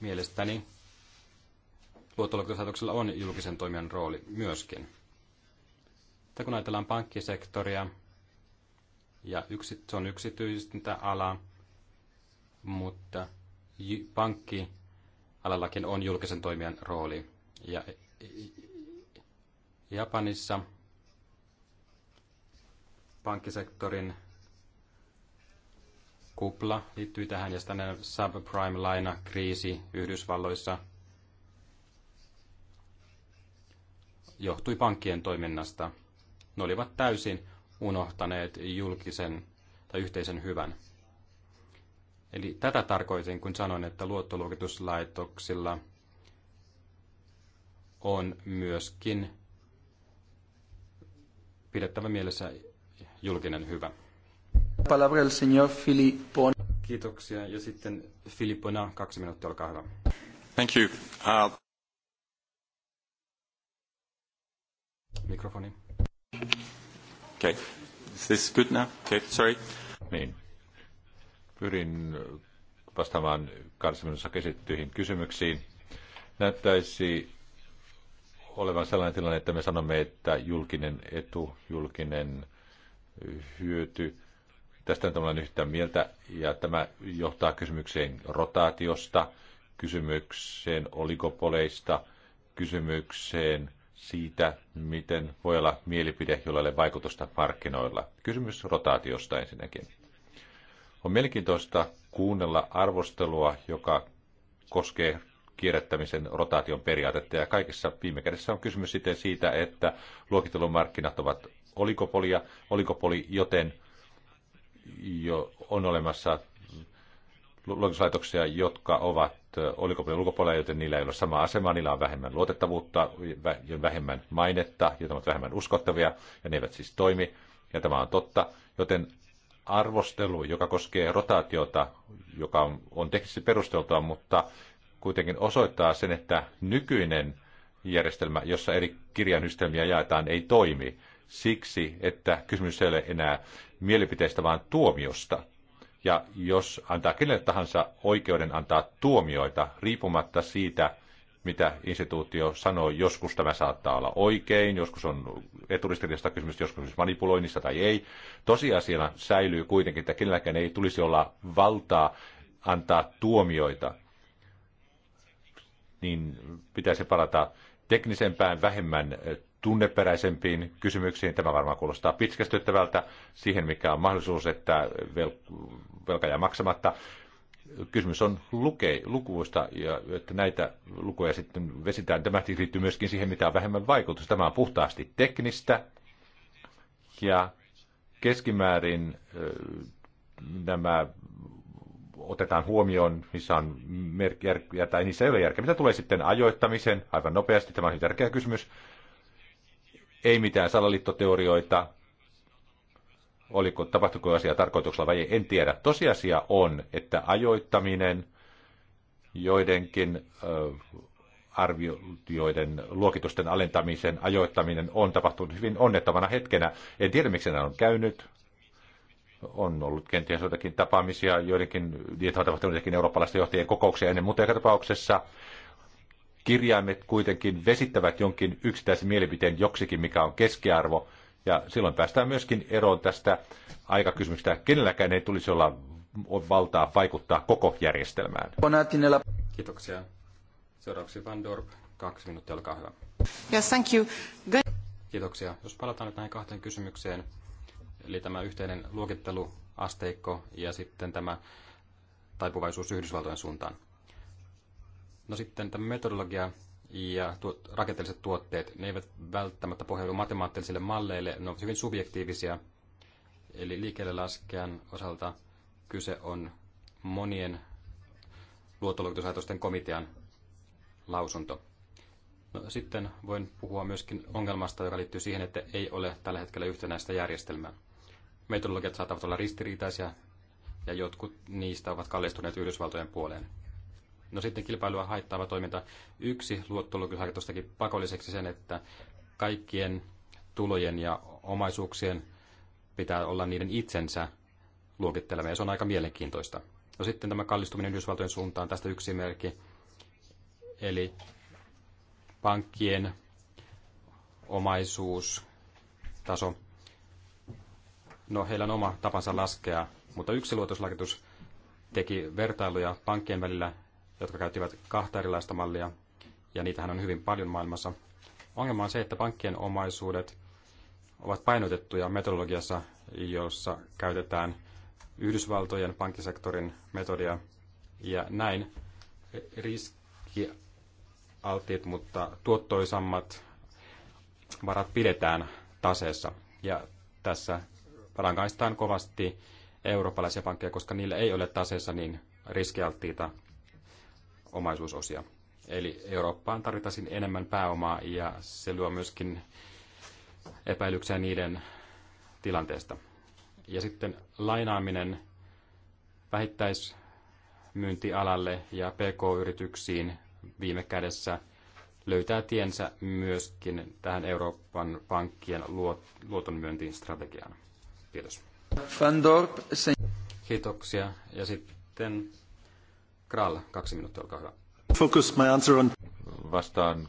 mielestäni luottoluokituslaitoksella on julkisen toimijan rooli myöskin. Mutta kun ajatellaan pankkisektoria, ja yksi, se on yksityistä alaa, mutta pankkialallakin on julkisen toimijan rooli. Ja e, e, Japanissa pankkisektorin kupla liittyy tähän ja sitten subprime-laina kriisi Yhdysvalloissa johtui pankkien toiminnasta. Ne olivat täysin unohtaneet julkisen tai yhteisen hyvän. Eli tätä tarkoitin, kun sanoin, että luottoluokituslaitoksilla on myöskin pidettävä mielessä julkinen hyvä. Kiitoksia. Ja sitten Filippona, kaksi minuuttia, olkaa hyvä. Thank you. Uh... Mikrofoni. Okay. Is this good now? Okay, sorry. Niin. Pyrin vastaamaan karsimisessa käsittyihin kysymyksiin. Näyttäisi olevan sellainen tilanne, että me sanomme, että julkinen etu, julkinen hyöty, tästä nyt ollaan yhtä mieltä, ja tämä johtaa kysymykseen rotaatiosta, kysymykseen oligopoleista, kysymykseen siitä, miten voi olla mielipide, jolla ei vaikutusta markkinoilla. Kysymys rotaatiosta ensinnäkin. On mielenkiintoista kuunnella arvostelua, joka koskee kierrättämisen rotaation periaatetta. Ja kaikessa viime kädessä on kysymys sitten siitä, että luokitellun markkinat ovat oligopolia, oligopoli, joten jo on olemassa luokituslaitoksia, jotka ovat oligopolin ulkopuolella, joten niillä ei ole sama asema, niillä on vähemmän luotettavuutta ja vähemmän mainetta, joten ovat vähemmän uskottavia, ja ne eivät siis toimi, ja tämä on totta. Joten arvostelu, joka koskee rotaatiota, joka on, on teknisesti perusteltua, mutta kuitenkin osoittaa sen, että nykyinen järjestelmä, jossa eri kirjanystelmiä jaetaan, ei toimi siksi, että kysymys ei ole enää mielipiteistä, vaan tuomiosta. Ja jos antaa kenelle tahansa oikeuden antaa tuomioita, riippumatta siitä, mitä instituutio sanoo, joskus tämä saattaa olla oikein, joskus on eturistiriasta kysymys, joskus on siis manipuloinnissa tai ei. Tosiasiana säilyy kuitenkin, että kenelläkään ei tulisi olla valtaa antaa tuomioita, niin pitäisi palata teknisempään, vähemmän tunneperäisempiin kysymyksiin. Tämä varmaan kuulostaa pitkästyttävältä siihen, mikä on mahdollisuus, että velka jää maksamatta. Kysymys on luke, lukuista ja että näitä lukuja sitten vesitään. Tämä liittyy myöskin siihen, mitä on vähemmän vaikutus. Tämä on puhtaasti teknistä ja keskimäärin nämä otetaan huomioon, missä on mer- jär- tai niissä ei ole järkeä. Mitä tulee sitten ajoittamiseen aivan nopeasti, tämä on tärkeä kysymys ei mitään salaliittoteorioita. Oliko, tapahtuiko asia tarkoituksella vai ei, en tiedä. Tosiasia on, että ajoittaminen joidenkin ö, arvioiden luokitusten alentamisen ajoittaminen on tapahtunut hyvin onnettavana hetkenä. En tiedä, miksi näin on käynyt. On ollut kenties jotakin tapaamisia, joidenkin, niitä on tapahtunut jotakin eurooppalaisten johtajien kokouksia ennen, mutta tapauksessa kirjaimet kuitenkin vesittävät jonkin yksittäisen mielipiteen joksikin, mikä on keskiarvo. Ja silloin päästään myöskin eroon tästä aikakysymyksestä. Kenelläkään ei tulisi olla valtaa vaikuttaa koko järjestelmään. Kiitoksia. Seuraavaksi Van Dorp, kaksi minuuttia, olkaa hyvä. Yes, thank you. Good. Kiitoksia. Jos palataan nyt näihin kahteen kysymykseen, eli tämä yhteinen luokitteluasteikko ja sitten tämä taipuvaisuus Yhdysvaltojen suuntaan. No sitten tämä metodologia ja tuot, rakenteelliset tuotteet, ne eivät välttämättä pohjaudu matemaattisille malleille, ne ovat hyvin subjektiivisia. Eli liikkeelle laskean osalta kyse on monien luottoluokituslaitosten komitean lausunto. No, sitten voin puhua myöskin ongelmasta, joka liittyy siihen, että ei ole tällä hetkellä yhtenäistä järjestelmää. Metodologiat saattavat olla ristiriitaisia ja jotkut niistä ovat kallistuneet Yhdysvaltojen puoleen. No sitten kilpailua haittaava toiminta. Yksi luottoluokitushanke teki pakolliseksi sen, että kaikkien tulojen ja omaisuuksien pitää olla niiden itsensä luokittelemia. se on aika mielenkiintoista. No sitten tämä kallistuminen Yhdysvaltojen suuntaan, tästä yksi merkki. Eli pankkien omaisuustaso. No heillä on oma tapansa laskea, mutta yksi luotoslakitus teki vertailuja pankkien välillä jotka käyttivät kahta erilaista mallia, ja niitähän on hyvin paljon maailmassa. Ongelma on se, että pankkien omaisuudet ovat painotettuja metodologiassa, jossa käytetään Yhdysvaltojen pankkisektorin metodia, ja näin riskialtiit, mutta tuottoisammat varat pidetään taseessa. Ja tässä rankaistaan kovasti eurooppalaisia pankkeja, koska niillä ei ole taseessa niin riskialttiita omaisuusosia. Eli Eurooppaan tarvitaan enemmän pääomaa ja se luo myöskin epäilyksiä niiden tilanteesta. Ja sitten lainaaminen vähittäismyyntialalle ja PK-yrityksiin viime kädessä löytää tiensä myöskin tähän Euroopan pankkien luotonmyöntistrategiaan. Kiitos. Van Dorp, sen... Kiitoksia. Ja sitten Kral, kaksi minuuttia, olkaa hyvä. Focus my answer on... Vastaan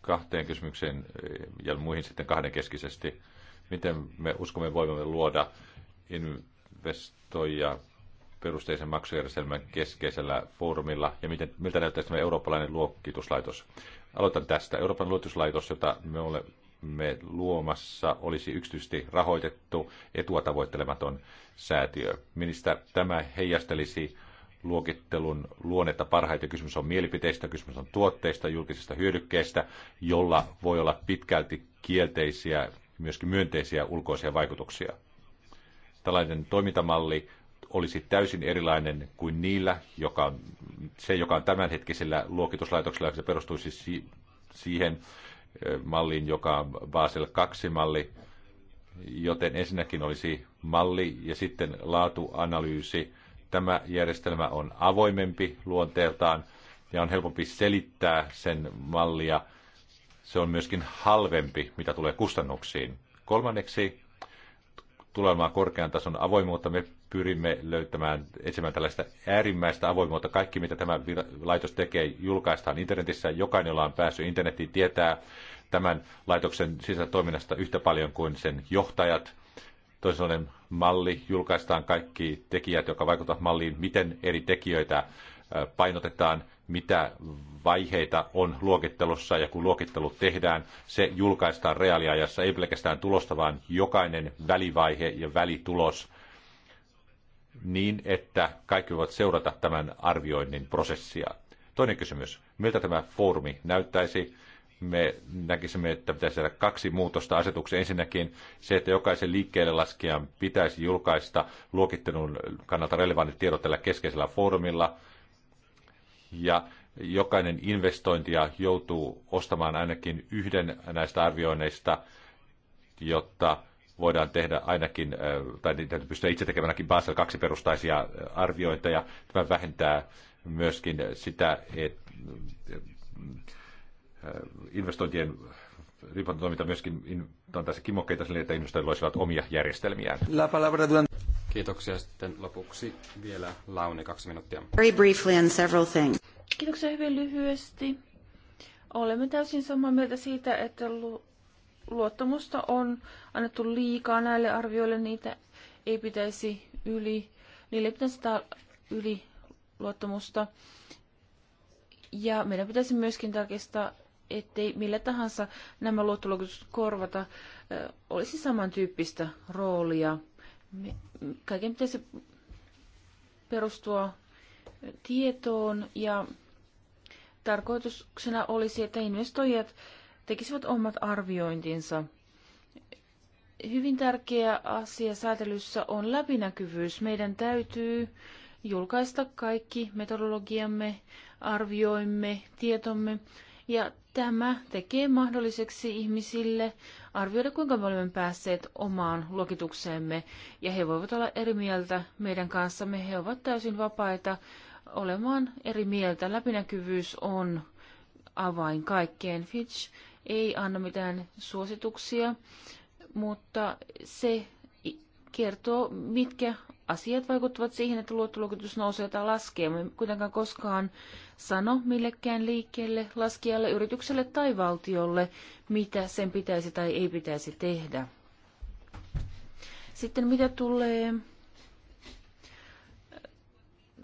kahteen kysymykseen eh, ja muihin sitten kahdenkeskisesti. Miten me uskomme voimamme luoda investoija perusteisen maksujärjestelmän keskeisellä foorumilla ja miten, miltä näyttäisi tämä eurooppalainen luokituslaitos. Aloitan tästä. Euroopan luokituslaitos, jota me olemme luomassa, olisi yksityisesti rahoitettu etua tavoittelematon säätiö. Minister, tämä heijastelisi luokittelun luonnetta parhaiten. Kysymys on mielipiteistä, kysymys on tuotteista, julkisista hyödykkeistä, jolla voi olla pitkälti kielteisiä, myöskin myönteisiä ulkoisia vaikutuksia. Tällainen toimintamalli olisi täysin erilainen kuin niillä, joka on, se, joka on tämänhetkisellä luokituslaitoksella, joka perustuisi si- siihen malliin, joka on Basel 2-malli, joten ensinnäkin olisi malli ja sitten laatuanalyysi, Tämä järjestelmä on avoimempi luonteeltaan ja on helpompi selittää sen mallia. Se on myöskin halvempi, mitä tulee kustannuksiin. Kolmanneksi, tulemaan korkean tason avoimuutta me pyrimme löytämään, etsimään tällaista äärimmäistä avoimuutta. Kaikki, mitä tämä laitos tekee, julkaistaan internetissä. Jokainen, jolla on päässyt internetiin, tietää tämän laitoksen sisätoiminnasta yhtä paljon kuin sen johtajat. Toisin malli, julkaistaan kaikki tekijät, jotka vaikuttavat malliin, miten eri tekijöitä painotetaan, mitä vaiheita on luokittelussa ja kun luokittelu tehdään, se julkaistaan reaaliajassa, ei pelkästään tulosta, vaan jokainen välivaihe ja välitulos niin, että kaikki voivat seurata tämän arvioinnin prosessia. Toinen kysymys, miltä tämä foorumi näyttäisi? me näkisimme, että pitäisi tehdä kaksi muutosta asetuksen. Ensinnäkin se, että jokaisen liikkeelle laskijan pitäisi julkaista luokittelun kannalta relevantit tiedot tällä keskeisellä foorumilla. Ja jokainen investointia joutuu ostamaan ainakin yhden näistä arvioinneista, jotta voidaan tehdä ainakin, äh, tai niin, täytyy pystyä itse tekemään ainakin Basel kaksi perustaisia äh, arviointeja. Tämä vähentää myöskin sitä, että investointien riippumatonta myöskin on tässä kimokkeita sille, että investoijat loisivat omia järjestelmiään. Kiitoksia. Sitten lopuksi vielä Launi kaksi minuuttia. Very briefly on several things. Kiitoksia hyvin lyhyesti. Olemme täysin samaa mieltä siitä, että luottamusta on annettu liikaa näille arvioille. Niitä ei pitäisi yli, niille ei pitäisi yli luottamusta. Ja meidän pitäisi myöskin tarkistaa ettei millä tahansa nämä luottoluokitus korvata olisi samantyyppistä roolia. Kaiken pitäisi perustua tietoon ja tarkoituksena olisi, että investoijat tekisivät omat arviointinsa. Hyvin tärkeä asia säätelyssä on läpinäkyvyys. Meidän täytyy julkaista kaikki metodologiamme, arvioimme, tietomme ja Tämä tekee mahdolliseksi ihmisille arvioida, kuinka me olemme päässeet omaan luokitukseemme, ja he voivat olla eri mieltä meidän kanssamme. He ovat täysin vapaita olemaan eri mieltä. Läpinäkyvyys on avain kaikkeen. Fitch ei anna mitään suosituksia, mutta se kertoo, mitkä asiat vaikuttavat siihen, että luottoluokitus nousee tai laskee. Me kuitenkaan koskaan sano millekään liikkeelle, laskijalle, yritykselle tai valtiolle, mitä sen pitäisi tai ei pitäisi tehdä. Sitten mitä tulee eh,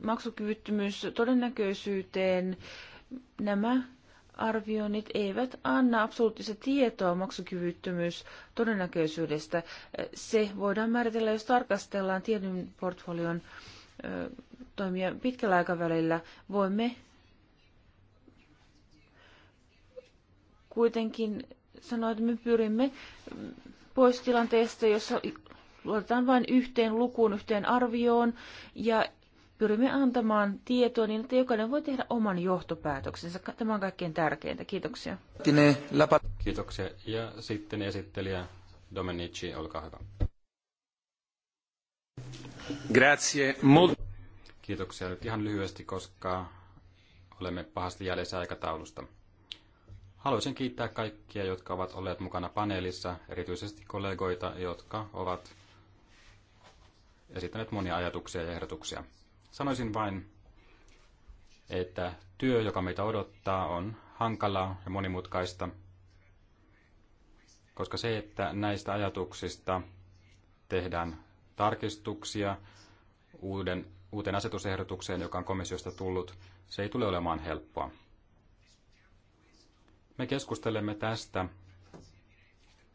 maksukyvyttömyys todennäköisyyteen, nämä arvioinnit eivät anna absoluuttista tietoa maksukyvyttömyys todennäköisyydestä. Se voidaan määritellä, jos tarkastellaan tietyn portfolion toimia pitkällä aikavälillä. Voimme kuitenkin sanoa, että me pyrimme pois tilanteesta, jossa luotetaan vain yhteen lukuun, yhteen arvioon ja pyrimme antamaan tietoa niin, että jokainen voi tehdä oman johtopäätöksensä. Tämä on kaikkein tärkeintä. Kiitoksia. Kiitoksia. Ja sitten esittelijä Domenici, olkaa hyvä. Grazie. Kiitoksia nyt ihan lyhyesti, koska olemme pahasti jäljessä aikataulusta. Haluaisin kiittää kaikkia, jotka ovat olleet mukana paneelissa, erityisesti kollegoita, jotka ovat esittäneet monia ajatuksia ja ehdotuksia. Sanoisin vain, että työ, joka meitä odottaa, on hankalaa ja monimutkaista, koska se, että näistä ajatuksista tehdään tarkistuksia uuden, uuteen asetusehdotukseen, joka on komissiosta tullut, se ei tule olemaan helppoa. Me keskustelemme tästä,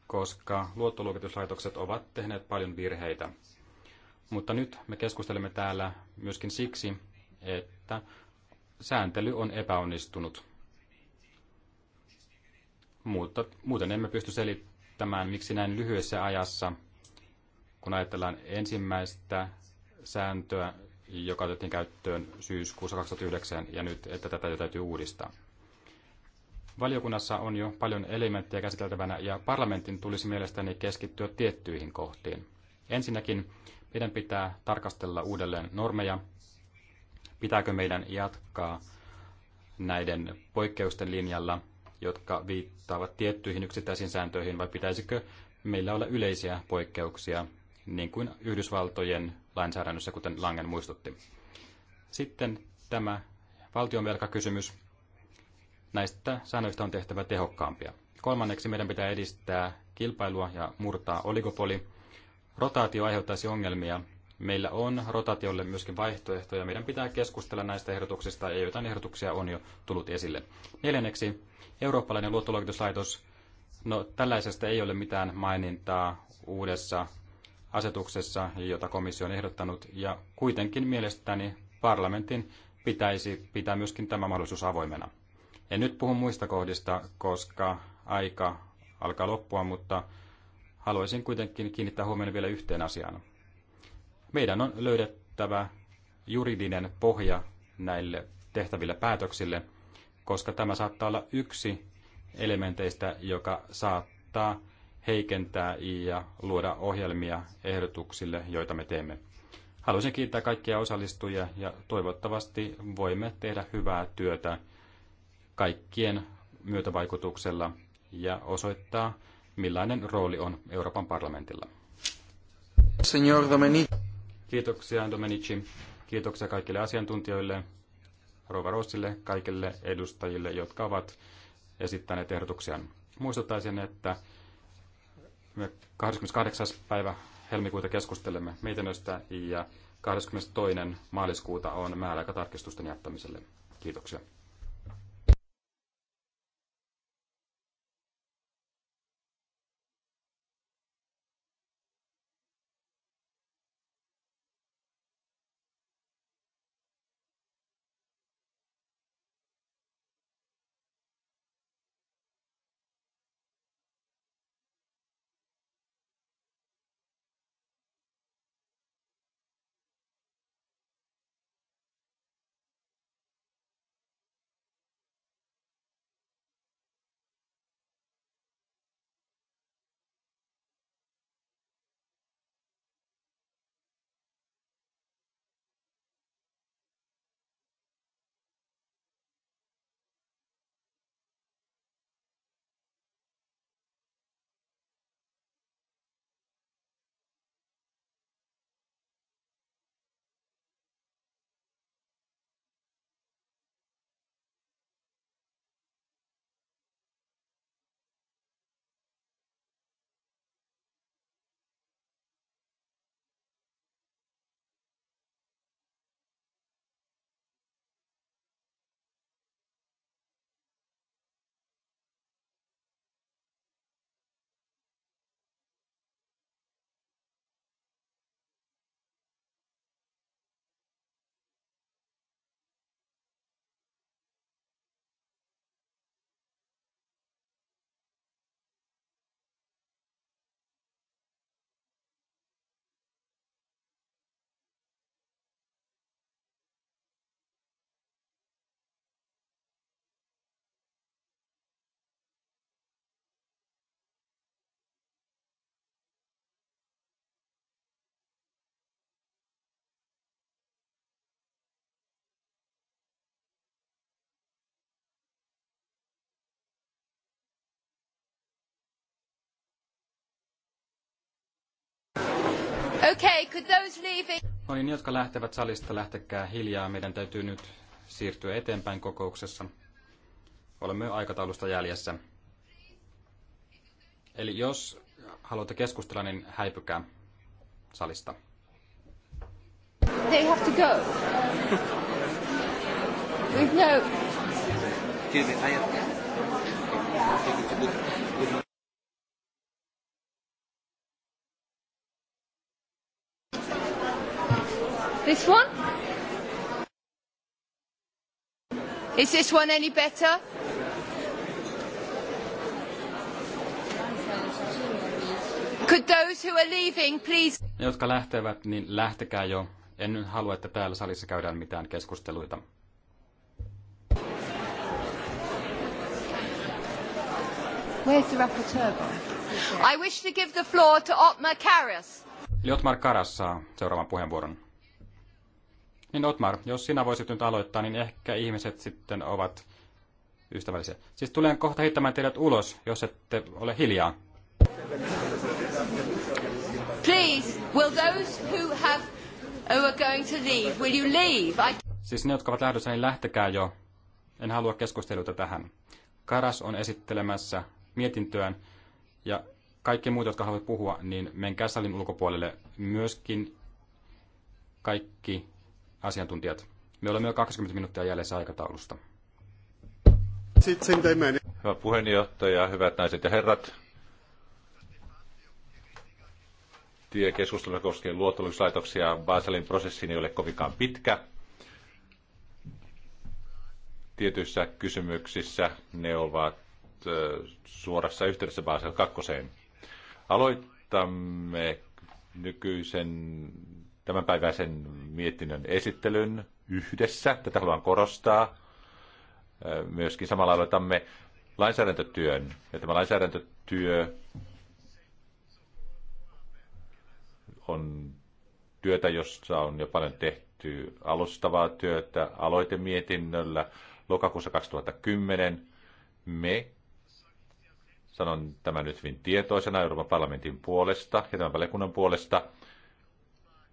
koska luottoluokituslaitokset ovat tehneet paljon virheitä. Mutta nyt me keskustelemme täällä myöskin siksi, että sääntely on epäonnistunut. Mutta muuten emme pysty selittämään, miksi näin lyhyessä ajassa, kun ajatellaan ensimmäistä sääntöä, joka otettiin käyttöön syyskuussa 2009 ja nyt, että tätä jo täytyy uudistaa. Valiokunnassa on jo paljon elementtejä käsiteltävänä ja parlamentin tulisi mielestäni keskittyä tiettyihin kohtiin. Ensinnäkin meidän pitää tarkastella uudelleen normeja. Pitääkö meidän jatkaa näiden poikkeusten linjalla, jotka viittaavat tiettyihin yksittäisiin sääntöihin, vai pitäisikö meillä olla yleisiä poikkeuksia, niin kuin Yhdysvaltojen lainsäädännössä, kuten Langen muistutti. Sitten tämä valtionvelkakysymys. Näistä säännöistä on tehtävä tehokkaampia. Kolmanneksi meidän pitää edistää kilpailua ja murtaa oligopoli rotaatio aiheuttaisi ongelmia. Meillä on rotaatiolle myöskin vaihtoehtoja. Meidän pitää keskustella näistä ehdotuksista ja joitain ehdotuksia on jo tullut esille. Neljänneksi, eurooppalainen luottoluokituslaitos. No, tällaisesta ei ole mitään mainintaa uudessa asetuksessa, jota komissio on ehdottanut, ja kuitenkin mielestäni parlamentin pitäisi pitää myöskin tämä mahdollisuus avoimena. En nyt puhu muista kohdista, koska aika alkaa loppua, mutta Haluaisin kuitenkin kiinnittää huomioon vielä yhteen asiaan. Meidän on löydettävä juridinen pohja näille tehtäville päätöksille, koska tämä saattaa olla yksi elementeistä, joka saattaa heikentää ja luoda ohjelmia ehdotuksille, joita me teemme. Haluaisin kiittää kaikkia osallistujia ja toivottavasti voimme tehdä hyvää työtä kaikkien myötävaikutuksella ja osoittaa millainen rooli on Euroopan parlamentilla. Signor Domenici. Kiitoksia Domenici. Kiitoksia kaikille asiantuntijoille, Rova Rossille, kaikille edustajille, jotka ovat esittäneet ehdotuksiaan. Muistuttaisin, että me 28. päivä helmikuuta keskustelemme mietinnöstä ja 22. maaliskuuta on määräaika tarkistusten jättämiselle. Kiitoksia. Okay, could those leaving... No niin, jotka lähtevät salista, lähtekää hiljaa. Meidän täytyy nyt siirtyä eteenpäin kokouksessa. Olemme aikataulusta jäljessä. Eli jos haluatte keskustella, niin häipykää salista. They have to go. We've no... Give me, I have... This one? Is this one any better? Could those who are leaving, please... Ne, jotka lähtevät, niin lähtekää jo. En nyt halua, että täällä salissa käydään mitään keskusteluita. Where's the rapporteur I wish to give the floor to Otmar Karas. Eli Otmar Karas saa seuraavan puheenvuoron. Niin Otmar, jos sinä voisit nyt aloittaa, niin ehkä ihmiset sitten ovat ystävällisiä. Siis tulen kohta heittämään teidät ulos, jos ette ole hiljaa. Please, will those who have who are going to leave, will you leave? I... Siis ne, jotka ovat lähdössä, niin lähtekää jo. En halua keskusteluta tähän. Karas on esittelemässä mietintöään ja kaikki muut, jotka haluavat puhua, niin menkää salin ulkopuolelle. Myöskin kaikki asiantuntijat. Me olemme jo 20 minuuttia jäljessä aikataulusta. Hyvä puheenjohtaja, hyvät naiset ja herrat. Tie keskustelua koskien luottoluokituslaitoksia Baselin prosessiin ei ole kovinkaan pitkä. Tietyissä kysymyksissä ne ovat suorassa yhteydessä Basel 2. Aloitamme nykyisen tämänpäiväisen mietinnön esittelyn yhdessä. Tätä haluan korostaa. Myöskin samalla aloitamme lainsäädäntötyön. Ja tämä lainsäädäntötyö on työtä, jossa on jo paljon tehty alustavaa työtä aloitemietinnöllä lokakuussa 2010. Me, sanon tämän nyt hyvin tietoisena Euroopan parlamentin puolesta ja tämän valiokunnan puolesta,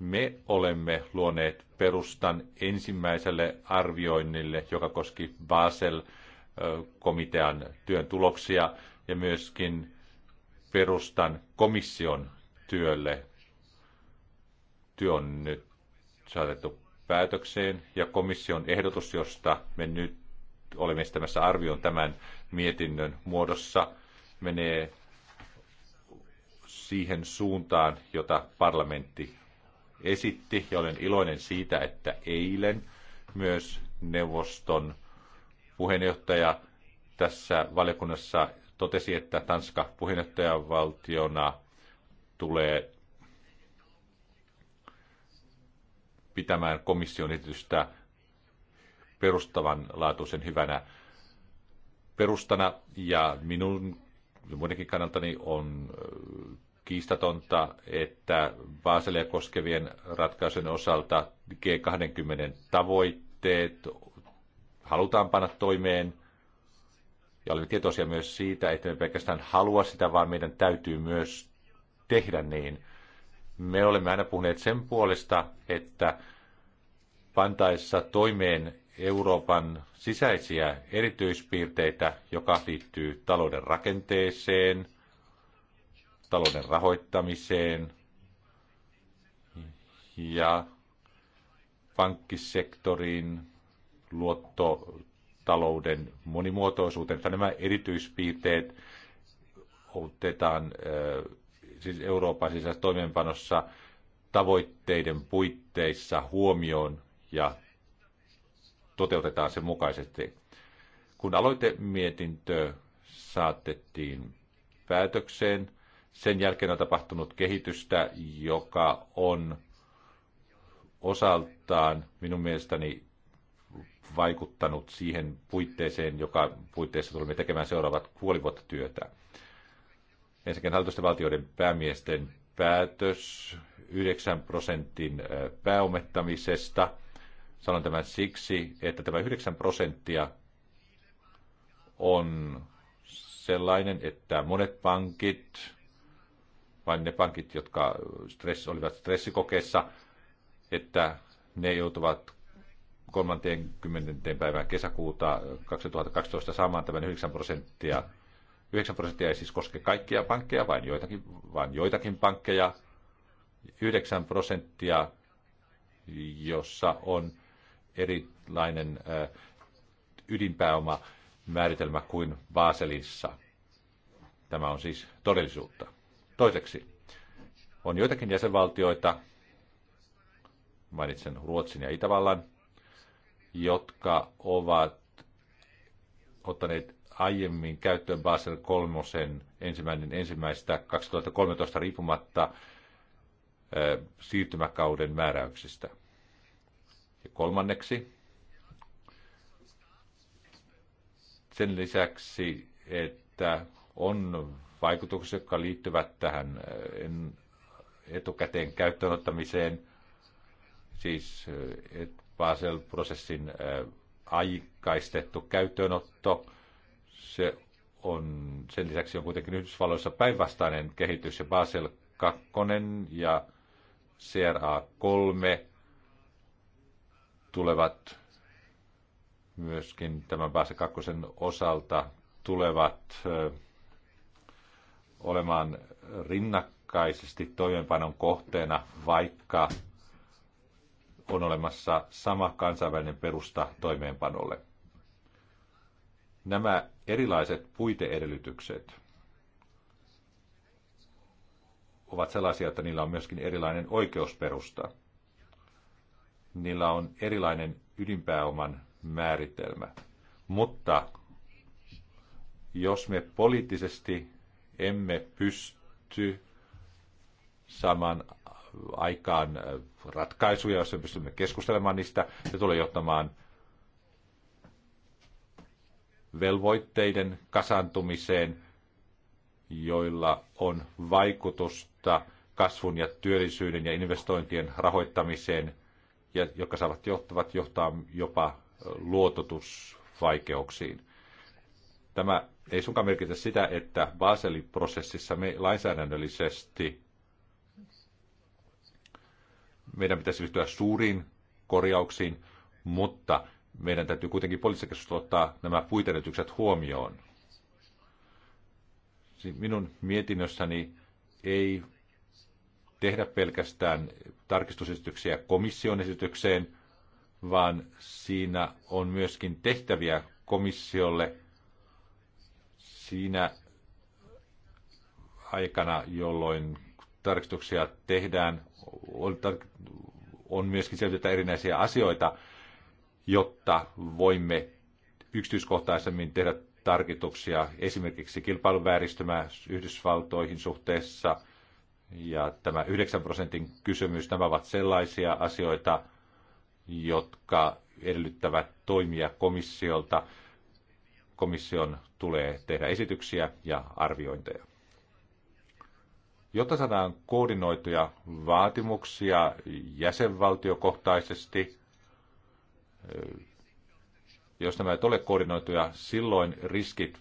me olemme luoneet perustan ensimmäiselle arvioinnille, joka koski Basel-komitean työn tuloksia ja myöskin perustan komission työlle. Työ on nyt saatettu päätökseen ja komission ehdotus, josta me nyt olemme estämässä arvion tämän mietinnön muodossa, menee siihen suuntaan, jota parlamentti esitti, ja olen iloinen siitä, että eilen myös neuvoston puheenjohtaja tässä valiokunnassa totesi, että Tanska puheenjohtajavaltiona tulee pitämään komission esitystä perustavanlaatuisen hyvänä perustana, ja minun ja muidenkin kannaltani on kiistatonta, että Baselia koskevien ratkaisujen osalta G20 tavoitteet halutaan panna toimeen. Ja olemme tietoisia myös siitä, että me pelkästään halua sitä, vaan meidän täytyy myös tehdä niin. Me olemme aina puhuneet sen puolesta, että pantaessa toimeen Euroopan sisäisiä erityispiirteitä, joka liittyy talouden rakenteeseen, talouden rahoittamiseen ja pankkisektorin luottotalouden monimuotoisuuteen. Nämä erityispiirteet otetaan siis Euroopan sisäisessä toimeenpanossa tavoitteiden puitteissa huomioon ja toteutetaan sen mukaisesti. Kun aloitemietintö saatettiin päätökseen, sen jälkeen on tapahtunut kehitystä, joka on osaltaan minun mielestäni vaikuttanut siihen puitteeseen, joka puitteissa tulemme tekemään seuraavat puoli vuotta työtä. Ensinnäkin hallitusten valtioiden päämiesten päätös 9 prosentin pääomettamisesta. Sanon tämän siksi, että tämä 9 prosenttia on sellainen, että monet pankit, vain ne pankit, jotka stress, olivat stressikokeessa, että ne joutuvat 30. päivään kesäkuuta 2012 saamaan tämän 9 prosenttia. 9 prosenttia ei siis koske kaikkia pankkeja, vain joitakin, vain joitakin pankkeja. 9 prosenttia, jossa on erilainen äh, ydinpääoma määritelmä kuin Baselissa. Tämä on siis todellisuutta. Toiseksi, on joitakin jäsenvaltioita, mainitsen Ruotsin ja Itävallan, jotka ovat ottaneet aiemmin käyttöön Basel kolmosen ensimmäinen ensimmäistä 2013 riippumatta siirtymäkauden määräyksistä. Ja kolmanneksi, sen lisäksi, että on vaikutukset, jotka liittyvät tähän eh, etukäteen käyttöönottamiseen, siis eh, Basel-prosessin eh, aikaistettu käyttöönotto, se on sen lisäksi on kuitenkin Yhdysvalloissa päinvastainen kehitys ja Basel 2 ja CRA 3 tulevat myöskin tämän Basel 2 osalta tulevat olemaan rinnakkaisesti toimeenpanon kohteena, vaikka on olemassa sama kansainvälinen perusta toimeenpanolle. Nämä erilaiset puiteedellytykset ovat sellaisia, että niillä on myöskin erilainen oikeusperusta. Niillä on erilainen ydinpääoman määritelmä. Mutta jos me poliittisesti emme pysty saamaan aikaan äh, ratkaisuja, jos me pystymme keskustelemaan niistä, se tulee johtamaan velvoitteiden kasantumiseen, joilla on vaikutusta kasvun ja työllisyyden ja investointien rahoittamiseen, ja jotka saavat johtavat johtaa jopa äh, luototusvaikeuksiin. Tämä ei sunkaan merkitä sitä, että Baselin prosessissa me lainsäädännöllisesti meidän pitäisi ryhtyä suuriin korjauksiin, mutta meidän täytyy kuitenkin poliittisessa ottaa nämä puitedellytykset huomioon. Minun mietinnössäni ei tehdä pelkästään tarkistusesityksiä komission esitykseen, vaan siinä on myöskin tehtäviä komissiolle siinä aikana, jolloin tarkistuksia tehdään, on, on myöskin selvitetä erinäisiä asioita, jotta voimme yksityiskohtaisemmin tehdä tarkistuksia esimerkiksi kilpailuvääristymä Yhdysvaltoihin suhteessa ja tämä 9 prosentin kysymys, nämä ovat sellaisia asioita, jotka edellyttävät toimia komissiolta. Komission tulee tehdä esityksiä ja arviointeja. Jotta saadaan koordinoituja vaatimuksia jäsenvaltiokohtaisesti, eh, jos nämä eivät ole koordinoituja, silloin riskit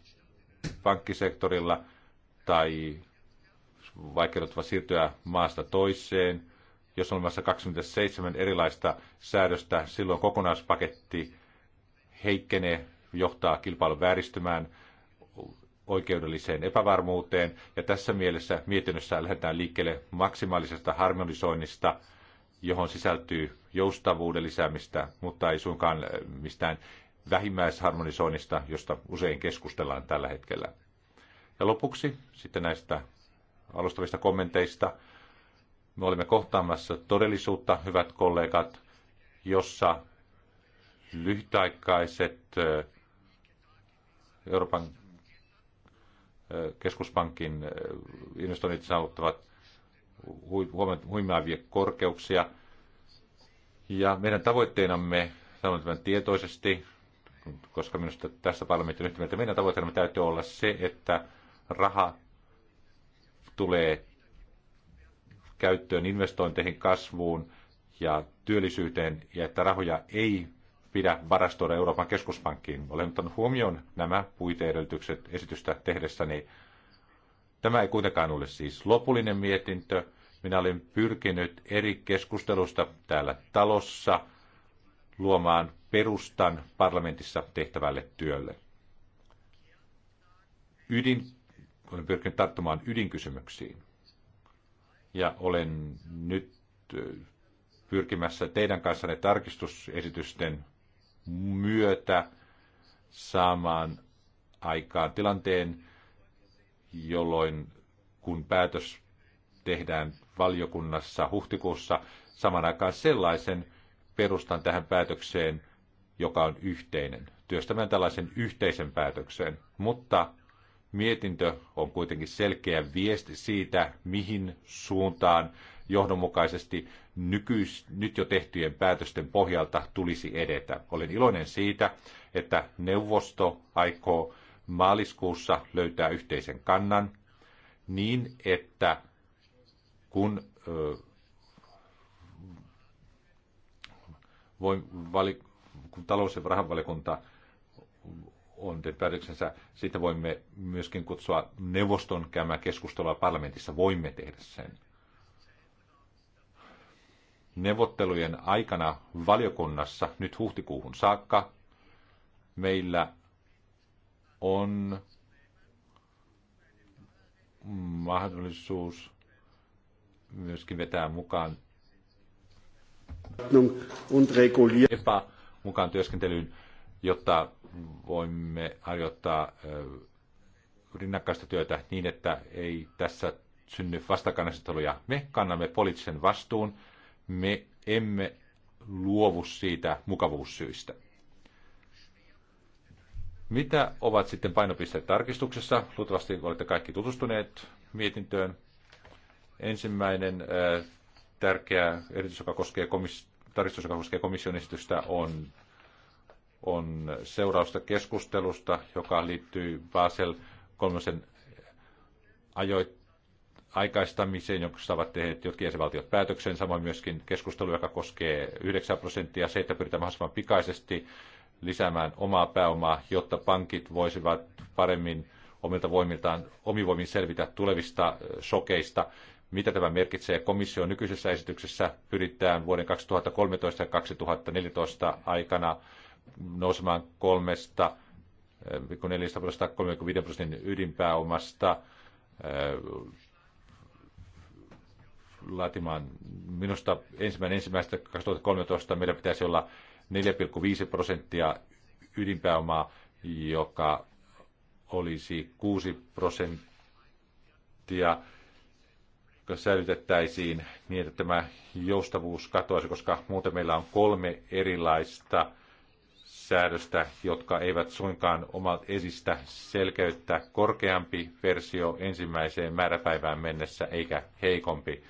pankkisektorilla tai vaikeudet siirtyä maasta toiseen. Jos on olemassa 27 erilaista säädöstä, silloin kokonaispaketti heikkenee, johtaa kilpailun vääristymään – oikeudelliseen epävarmuuteen, ja tässä mielessä mietinnössä lähdetään liikkeelle maksimaalisesta harmonisoinnista, johon sisältyy joustavuuden lisäämistä, mutta ei suinkaan äh, mistään vähimmäisharmonisoinnista, josta usein keskustellaan tällä hetkellä. Ja lopuksi sitten näistä alustavista kommenteista. Me olemme kohtaamassa todellisuutta, hyvät kollegat, jossa lyhytaikaiset äh, Euroopan keskuspankin eh, investoinnit saavuttavat huimaavia korkeuksia. Ja meidän tavoitteenamme, sanon tämän tietoisesti, koska minusta tässä parlamentin yhtä mieltä, meidän tavoitteenamme täytyy olla se, että raha tulee käyttöön investointeihin, kasvuun ja työllisyyteen, ja että rahoja ei pidä varastoida Euroopan keskuspankkiin. Olen ottanut huomioon nämä puiteedellytykset esitystä tehdessäni. Tämä ei kuitenkaan ole siis lopullinen mietintö. Minä olen pyrkinyt eri keskustelusta täällä talossa luomaan perustan parlamentissa tehtävälle työlle. Ydin, olen pyrkinyt tarttumaan ydinkysymyksiin. Ja olen nyt pyrkimässä teidän kanssanne tarkistusesitysten myötä saamaan aikaan tilanteen, jolloin kun päätös tehdään valiokunnassa huhtikuussa, saman aikaan sellaisen perustan tähän päätökseen, joka on yhteinen. Työstämään tällaisen yhteisen päätöksen, mutta mietintö on kuitenkin selkeä viesti siitä, mihin suuntaan johdonmukaisesti nykyis, nyt jo tehtyjen päätösten pohjalta tulisi edetä. Olen iloinen siitä, että neuvosto aikoo maaliskuussa löytää yhteisen kannan niin, että kun ö, voi, vali, kun talous- ja rahanvaliokunta on tehnyt päätöksensä, siitä voimme myöskin kutsua neuvoston käymään keskustelua parlamentissa. Voimme tehdä sen neuvottelujen aikana valiokunnassa nyt huhtikuuhun saakka meillä on mahdollisuus myöskin vetää mukaan epä mukaan työskentelyyn, jotta voimme harjoittaa rinnakkaista työtä niin, että ei tässä synny vastakkainasetteluja. Me kannamme poliittisen vastuun me emme luovu siitä mukavuussyistä. Mitä ovat sitten painopisteet tarkistuksessa? Luultavasti olette kaikki tutustuneet mietintöön. Ensimmäinen äh, tärkeä erityis, joka koskee komis- tarkistus, joka koskee komission esitystä, on, on seurausta keskustelusta, joka liittyy Basel kolmosen ajoittamiseen aikaistamiseen, jonka ovat tehneet jotkin jäsenvaltiot päätöksen, samoin myöskin keskustelu, joka koskee 9 prosenttia, se, että pyritään mahdollisimman pikaisesti lisäämään omaa pääomaa, jotta pankit voisivat paremmin omilta voimiltaan, omivoimin selvitä tulevista sokeista. Mitä tämä merkitsee? Komission nykyisessä esityksessä pyritään vuoden 2013 ja 2014 aikana nousemaan kolmesta 35 prosentin ydinpääomasta laatimaan. Minusta ensimmäinen ensimmäistä 2013 meillä pitäisi olla 4,5 prosenttia ydinpääomaa, joka olisi 6 prosenttia, joka säilytettäisiin niin, että tämä joustavuus katoaisi, koska muuten meillä on kolme erilaista säädöstä, jotka eivät suinkaan omat esistä selkeyttä korkeampi versio ensimmäiseen määräpäivään mennessä eikä heikompi.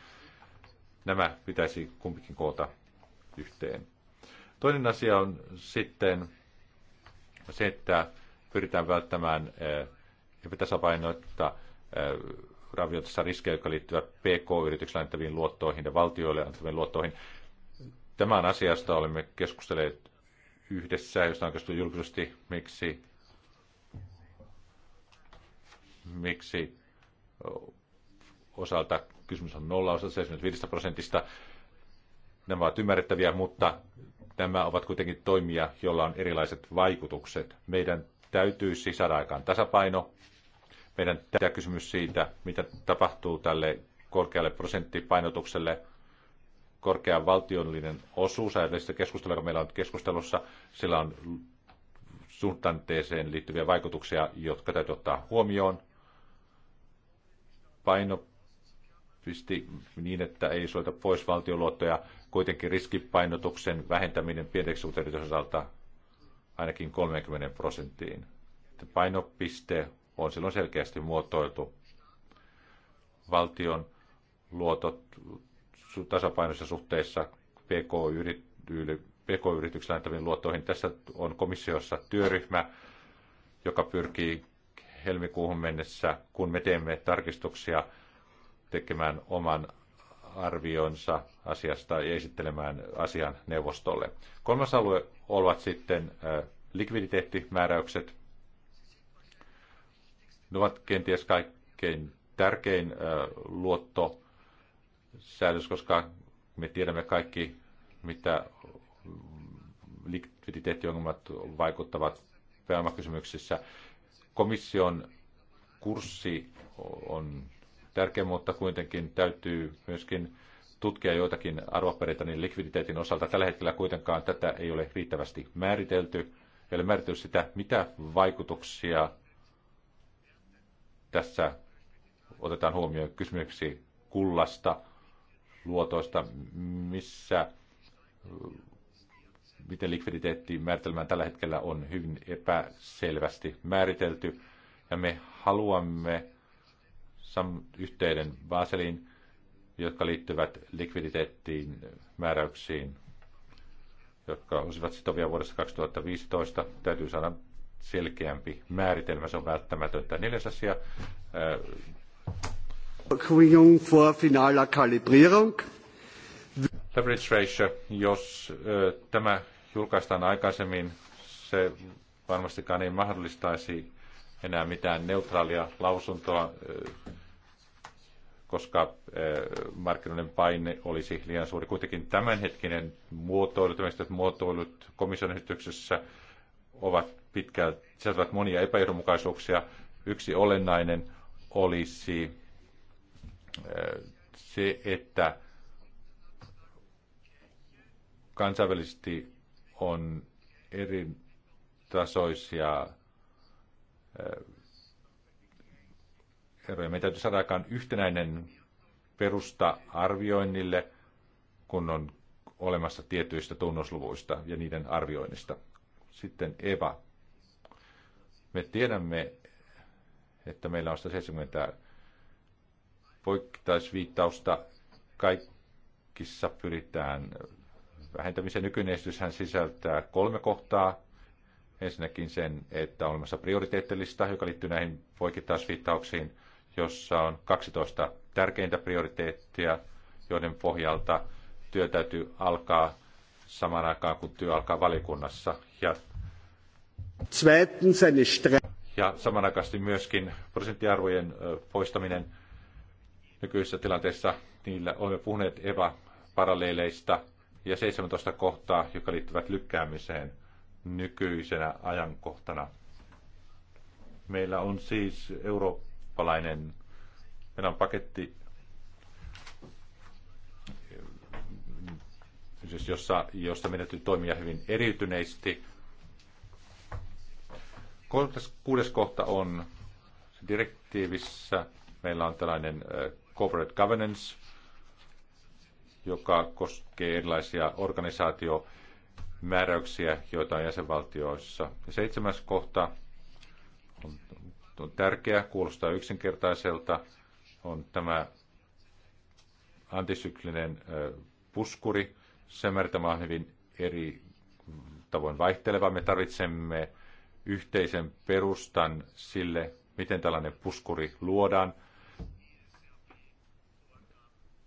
Nämä pitäisi kumpikin koota yhteen. Toinen asia on sitten se, että pyritään välttämään eh, epätasapainoita eh, ravintoissa riskejä, jotka liittyvät PK-yrityksillä annettaviin luottoihin ja valtioille annettaviin luottoihin. Tämän asiasta olemme keskustelleet yhdessä, josta on keskusteltu julkisesti, miksi, miksi osalta kysymys on nollaosasta, 75 prosentista. Nämä ovat ymmärrettäviä, mutta nämä ovat kuitenkin toimia, joilla on erilaiset vaikutukset. Meidän täytyisi saada aikaan tasapaino. Meidän tämä kysymys siitä, mitä tapahtuu tälle korkealle prosenttipainotukselle, korkea valtionlinen osuus, ajatellisesta keskustelua, joka meillä on keskustelussa, sillä on suhtanteeseen liittyviä vaikutuksia, jotka täytyy ottaa huomioon. Paino pisti niin, että ei soita pois valtioluottoja. Kuitenkin riskipainotuksen vähentäminen pieneksi osalta ainakin 30 prosenttiin. Painopiste on silloin selkeästi muotoiltu. Valtion luotot tasapainoisessa suhteessa PK-yrityksellä antaviin luottoihin. Tässä on komissiossa työryhmä, joka pyrkii helmikuuhun mennessä, kun me teemme tarkistuksia tekemään oman arvionsa asiasta ja esittelemään asian neuvostolle. Kolmas alue ovat sitten likviditeettimääräykset. Ne ovat kenties kaikkein tärkein luottosäädös, koska me tiedämme kaikki, mitä likviditeettiongelmat vaikuttavat pääomakysymyksissä. Komission kurssi on tärkeä, mutta kuitenkin täytyy myöskin tutkia joitakin arvopereita niin likviditeetin osalta. Tällä hetkellä kuitenkaan tätä ei ole riittävästi määritelty. eli määritelty sitä, mitä vaikutuksia tässä otetaan huomioon kysymyksi kullasta, luotoista, missä, miten likviditeetti määritelmään tällä hetkellä on hyvin epäselvästi määritelty. Ja me haluamme yhteyden Baselin, jotka liittyvät likviditeettiin, määräyksiin, jotka olisivat sitovia vuodesta 2015. Täytyy saada selkeämpi määritelmä, se on välttämätöntä. Neljäs asia. vor finaler Kalibrierung. Leverage ratio, jos tämä julkaistaan aikaisemmin, se varmastikaan ei mahdollistaisi enää mitään neutraalia lausuntoa, koska markkinoiden paine olisi liian suuri. Kuitenkin tämänhetkinen muotoilu, tämmöiset muotoilut komission esityksessä ovat pitkälti, sisältävät monia epäjohdonmukaisuuksia. Yksi olennainen olisi se, että kansainvälisesti on eri tasoisia eroja. Meidän täytyy saada aikaan yhtenäinen perusta arvioinnille, kun on olemassa tietyistä tunnusluvuista ja niiden arvioinnista. Sitten Eva. Me tiedämme, että meillä on 170 poikittaisviittausta. Kaikissa pyritään vähentämiseen. Nykyinen esityshän sisältää kolme kohtaa, Ensinnäkin sen, että on olemassa prioriteettilista, joka liittyy näihin poikittaisviittauksiin, jossa on 12 tärkeintä prioriteettia, joiden pohjalta työ täytyy alkaa samaan aikaan, kun työ alkaa valikunnassa. Ja, ja samanaikaisesti myöskin prosenttiarvojen poistaminen nykyisessä tilanteessa, niillä olemme puhuneet EVA-paralleeleista ja 17 kohtaa, jotka liittyvät lykkäämiseen nykyisenä ajankohtana. Meillä on siis eurooppalainen, meillä on paketti, siis jossa, jossa meidän täytyy toimia hyvin eriytyneesti. Kuudes kohta on direktiivissä. Meillä on tällainen corporate governance, joka koskee erilaisia organisaatio- määräyksiä, joita on jäsenvaltioissa. Ja seitsemäs kohta on, on tärkeä, kuulostaa yksinkertaiselta, on tämä antisyklinen puskuri. Se määritelmä on hyvin eri tavoin vaihteleva. Me tarvitsemme yhteisen perustan sille, miten tällainen puskuri luodaan.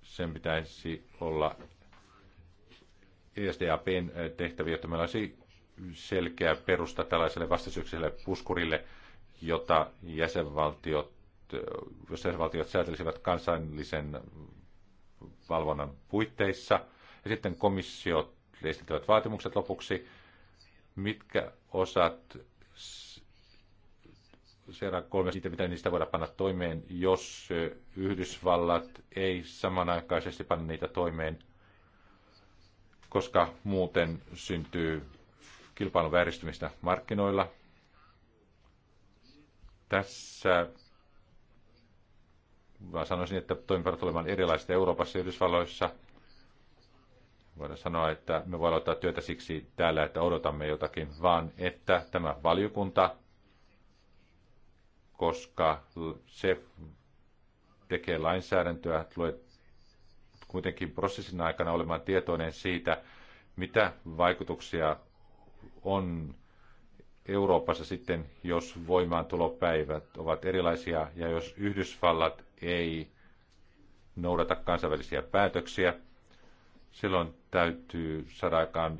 Sen pitäisi olla SDAPn eh, tehtäviä, jotta meillä olisi selkeä perusta tällaiselle vastasyksiselle puskurille, jota jäsenvaltiot, eh, jos jäsenvaltiot säätelisivät kansallisen valvonnan puitteissa. Ja sitten komissiot esittävät vaatimukset lopuksi, mitkä osat seura kolme siitä, mitä niistä voidaan panna toimeen, jos eh, Yhdysvallat ei samanaikaisesti panna niitä toimeen koska muuten syntyy kilpailun vääristymistä markkinoilla. Tässä mä sanoisin, että toimivat olemaan erilaiset Euroopassa ja Yhdysvalloissa. Voidaan sanoa, että me voimme aloittaa työtä siksi täällä, että odotamme jotakin, vaan että tämä valiokunta, koska se tekee lainsäädäntöä, kuitenkin prosessin aikana olemaan tietoinen siitä, mitä vaikutuksia on Euroopassa sitten, jos voimaantulopäivät ovat erilaisia ja jos Yhdysvallat ei noudata kansainvälisiä päätöksiä, silloin täytyy saada aikaan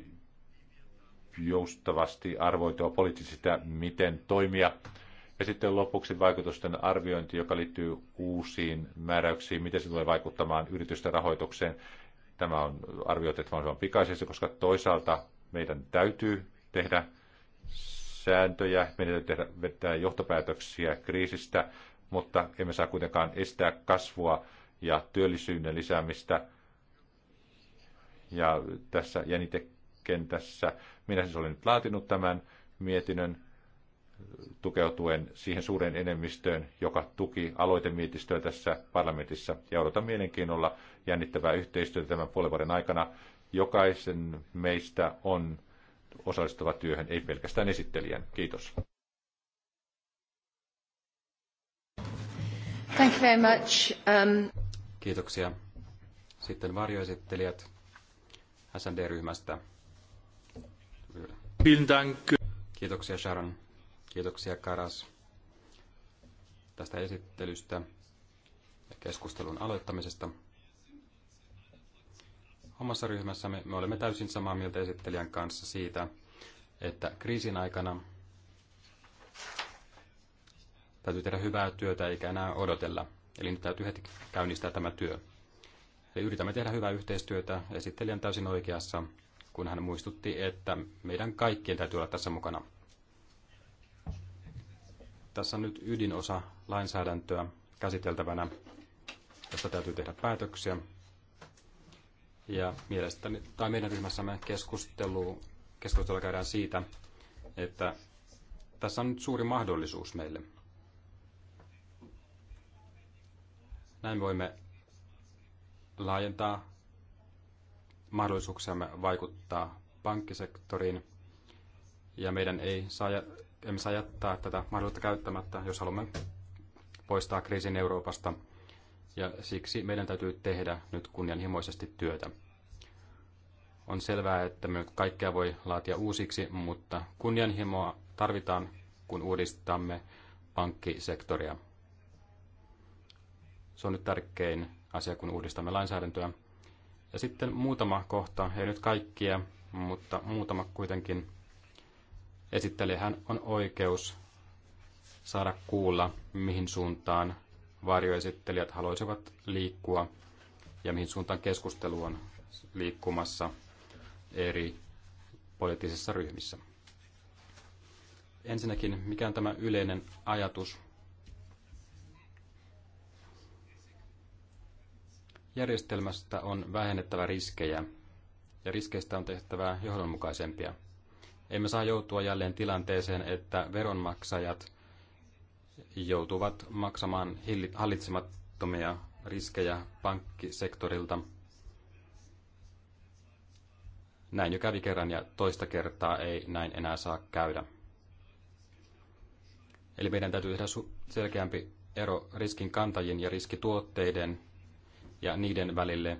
joustavasti arvoitua poliittisesti sitä, miten toimia ja sitten lopuksi vaikutusten arviointi, joka liittyy uusiin määräyksiin, miten se tulee vaikuttamaan yritysten rahoitukseen. Tämä on arvioitu, että on pikaisesti, koska toisaalta meidän täytyy tehdä sääntöjä, meidän täytyy tehdä, vetää johtopäätöksiä kriisistä, mutta emme saa kuitenkaan estää kasvua ja työllisyyden lisäämistä. Ja tässä jännitekentässä, minä siis olen nyt laatinut tämän mietinnön, tukeutuen siihen suureen enemmistöön, joka tuki aloitemietistöä tässä parlamentissa. Ja odotan mielenkiinnolla jännittävää yhteistyötä tämän puolen vuoden aikana. Jokaisen meistä on osallistuva työhön, ei pelkästään esittelijän. Kiitos. Thank you very much. Um... Kiitoksia. Sitten varjoesittelijät SND-ryhmästä. Kiitoksia Sharon. Kiitoksia Karas tästä esittelystä ja keskustelun aloittamisesta. Omassa ryhmässämme me olemme täysin samaa mieltä esittelijän kanssa siitä, että kriisin aikana täytyy tehdä hyvää työtä eikä enää odotella. Eli nyt täytyy heti käynnistää tämä työ. Eli yritämme tehdä hyvää yhteistyötä. Esittelijän täysin oikeassa, kun hän muistutti, että meidän kaikkien täytyy olla tässä mukana. Tässä on nyt ydinosa lainsäädäntöä käsiteltävänä, josta täytyy tehdä päätöksiä. Ja mielestäni, tai meidän ryhmässämme keskustelu, keskustelua käydään siitä, että tässä on nyt suuri mahdollisuus meille. Näin voimme laajentaa mahdollisuuksiamme vaikuttaa pankkisektoriin. Ja meidän ei saa emme saa jättää tätä mahdollisuutta käyttämättä, jos haluamme poistaa kriisin Euroopasta. Ja siksi meidän täytyy tehdä nyt kunnianhimoisesti työtä. On selvää, että me kaikkea voi laatia uusiksi, mutta kunnianhimoa tarvitaan, kun uudistamme pankkisektoria. Se on nyt tärkein asia, kun uudistamme lainsäädäntöä. Ja sitten muutama kohta, ei nyt kaikkia, mutta muutama kuitenkin esittelijähän on oikeus saada kuulla, mihin suuntaan varjoesittelijät haluaisivat liikkua ja mihin suuntaan keskustelu on liikkumassa eri poliittisissa ryhmissä. Ensinnäkin, mikä on tämä yleinen ajatus? Järjestelmästä on vähennettävä riskejä ja riskeistä on tehtävä johdonmukaisempia – emme saa joutua jälleen tilanteeseen, että veronmaksajat joutuvat maksamaan hallitsemattomia riskejä pankkisektorilta. Näin jo kävi kerran ja toista kertaa ei näin enää saa käydä. Eli meidän täytyy tehdä selkeämpi ero riskin kantajien ja riskituotteiden ja niiden välille,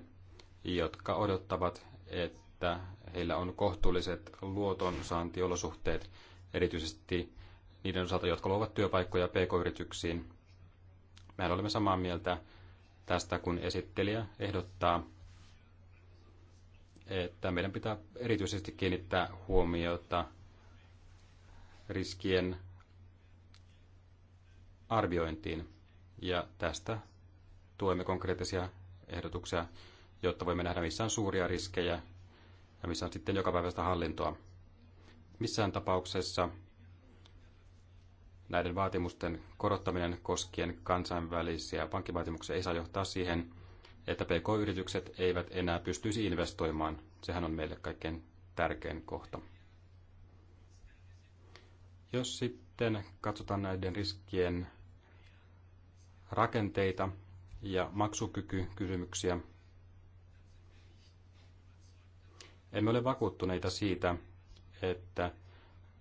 jotka odottavat, että heillä on kohtuulliset luotonsaantiolosuhteet, erityisesti niiden osalta, jotka luovat työpaikkoja pk-yrityksiin. Mehän olemme samaa mieltä tästä, kun esittelijä ehdottaa, että meidän pitää erityisesti kiinnittää huomiota riskien arviointiin. Ja tästä tuemme konkreettisia ehdotuksia, jotta voimme nähdä missä on suuria riskejä ja missä on sitten jokapäiväistä hallintoa. Missään tapauksessa näiden vaatimusten korottaminen koskien kansainvälisiä pankkivaatimuksia ei saa johtaa siihen, että PK-yritykset eivät enää pystyisi investoimaan. Sehän on meille kaikkein tärkein kohta. Jos sitten katsotaan näiden riskien rakenteita ja maksukykykysymyksiä, Emme ole vakuuttuneita siitä, että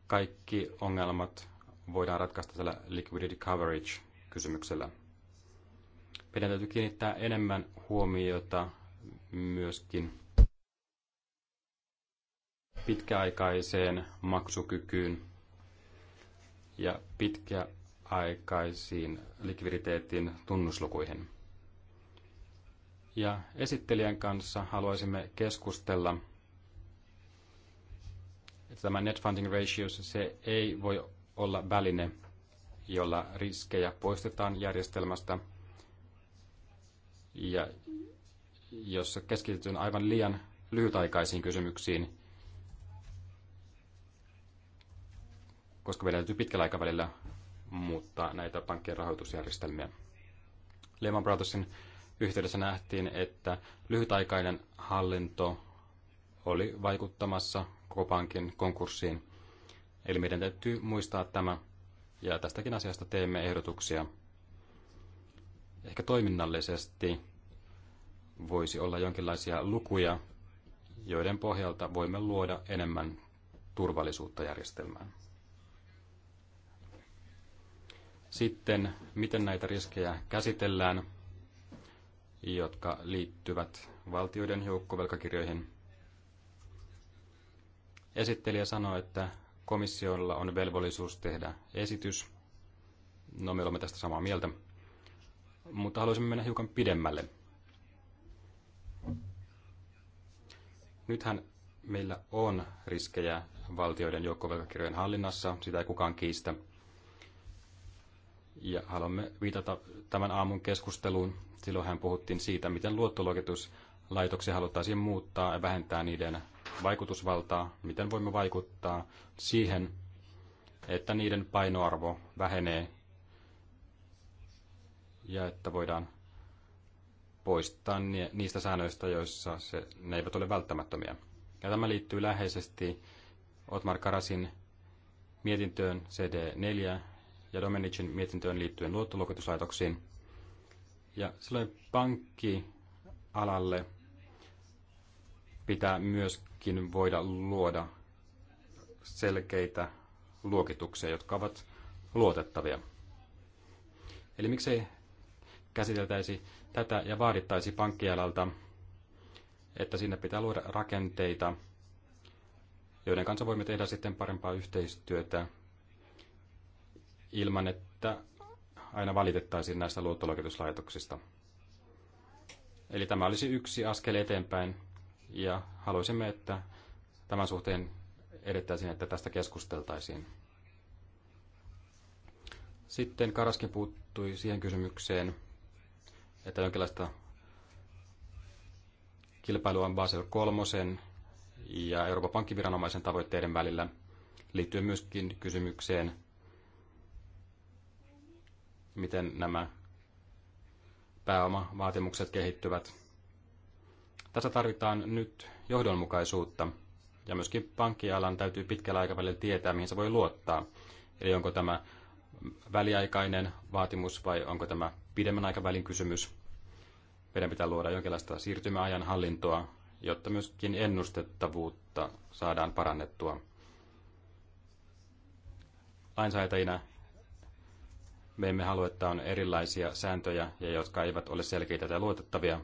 kaikki ongelmat voidaan ratkaista tällä liquidity coverage kysymyksellä. Meidän täytyy kiinnittää enemmän huomiota myöskin pitkäaikaiseen maksukykyyn ja pitkäaikaisiin likviditeetin tunnuslukuihin. Ja esittelijän kanssa haluaisimme keskustella tämä net funding ratios, se ei voi olla väline, jolla riskejä poistetaan järjestelmästä. Ja jos keskitytään aivan liian lyhytaikaisiin kysymyksiin, koska meidän täytyy pitkällä aikavälillä muuttaa näitä pankkien rahoitusjärjestelmiä. Lehman Brothersin yhteydessä nähtiin, että lyhytaikainen hallinto oli vaikuttamassa koko pankin konkurssiin. Eli meidän täytyy muistaa tämä, ja tästäkin asiasta teemme ehdotuksia. Ehkä toiminnallisesti voisi olla jonkinlaisia lukuja, joiden pohjalta voimme luoda enemmän turvallisuutta järjestelmään. Sitten, miten näitä riskejä käsitellään, jotka liittyvät valtioiden joukkovelkakirjoihin. Esittelijä sanoi, että komissiolla on velvollisuus tehdä esitys. No, me olemme tästä samaa mieltä. Mutta haluaisimme mennä hiukan pidemmälle. Nythän meillä on riskejä valtioiden joukkovelkakirjojen hallinnassa, sitä ei kukaan kiistä. Ja haluamme viitata tämän aamun keskusteluun. Silloinhan puhuttiin siitä, miten luottoluokituslaitoksia haluttaisiin muuttaa ja vähentää niiden vaikutusvaltaa, miten voimme vaikuttaa siihen, että niiden painoarvo vähenee ja että voidaan poistaa niistä säännöistä, joissa se, ne eivät ole välttämättömiä. Ja tämä liittyy läheisesti Otmar Karasin mietintöön CD4 ja Domenicin mietintöön liittyen luottoluokituslaitoksiin. Ja silloin pankkialalle pitää myöskin voida luoda selkeitä luokituksia, jotka ovat luotettavia. Eli miksei käsiteltäisi tätä ja vaadittaisi pankkialalta, että sinne pitää luoda rakenteita, joiden kanssa voimme tehdä sitten parempaa yhteistyötä ilman, että aina valitettaisiin näistä luottoluokituslaitoksista. Eli tämä olisi yksi askel eteenpäin ja haluaisimme, että tämän suhteen edettäisiin, että tästä keskusteltaisiin. Sitten Karaskin puuttui siihen kysymykseen, että jonkinlaista kilpailua on Basel kolmosen ja Euroopan pankkiviranomaisen tavoitteiden välillä liittyen myöskin kysymykseen, miten nämä pääomavaatimukset kehittyvät – tässä tarvitaan nyt johdonmukaisuutta ja myöskin pankkialan täytyy pitkällä aikavälillä tietää, mihin se voi luottaa. Eli onko tämä väliaikainen vaatimus vai onko tämä pidemmän aikavälin kysymys. Meidän pitää luoda jonkinlaista siirtymäajan hallintoa, jotta myöskin ennustettavuutta saadaan parannettua. Lainsäätäjinä me emme halua, että on erilaisia sääntöjä ja jotka eivät ole selkeitä tai luotettavia,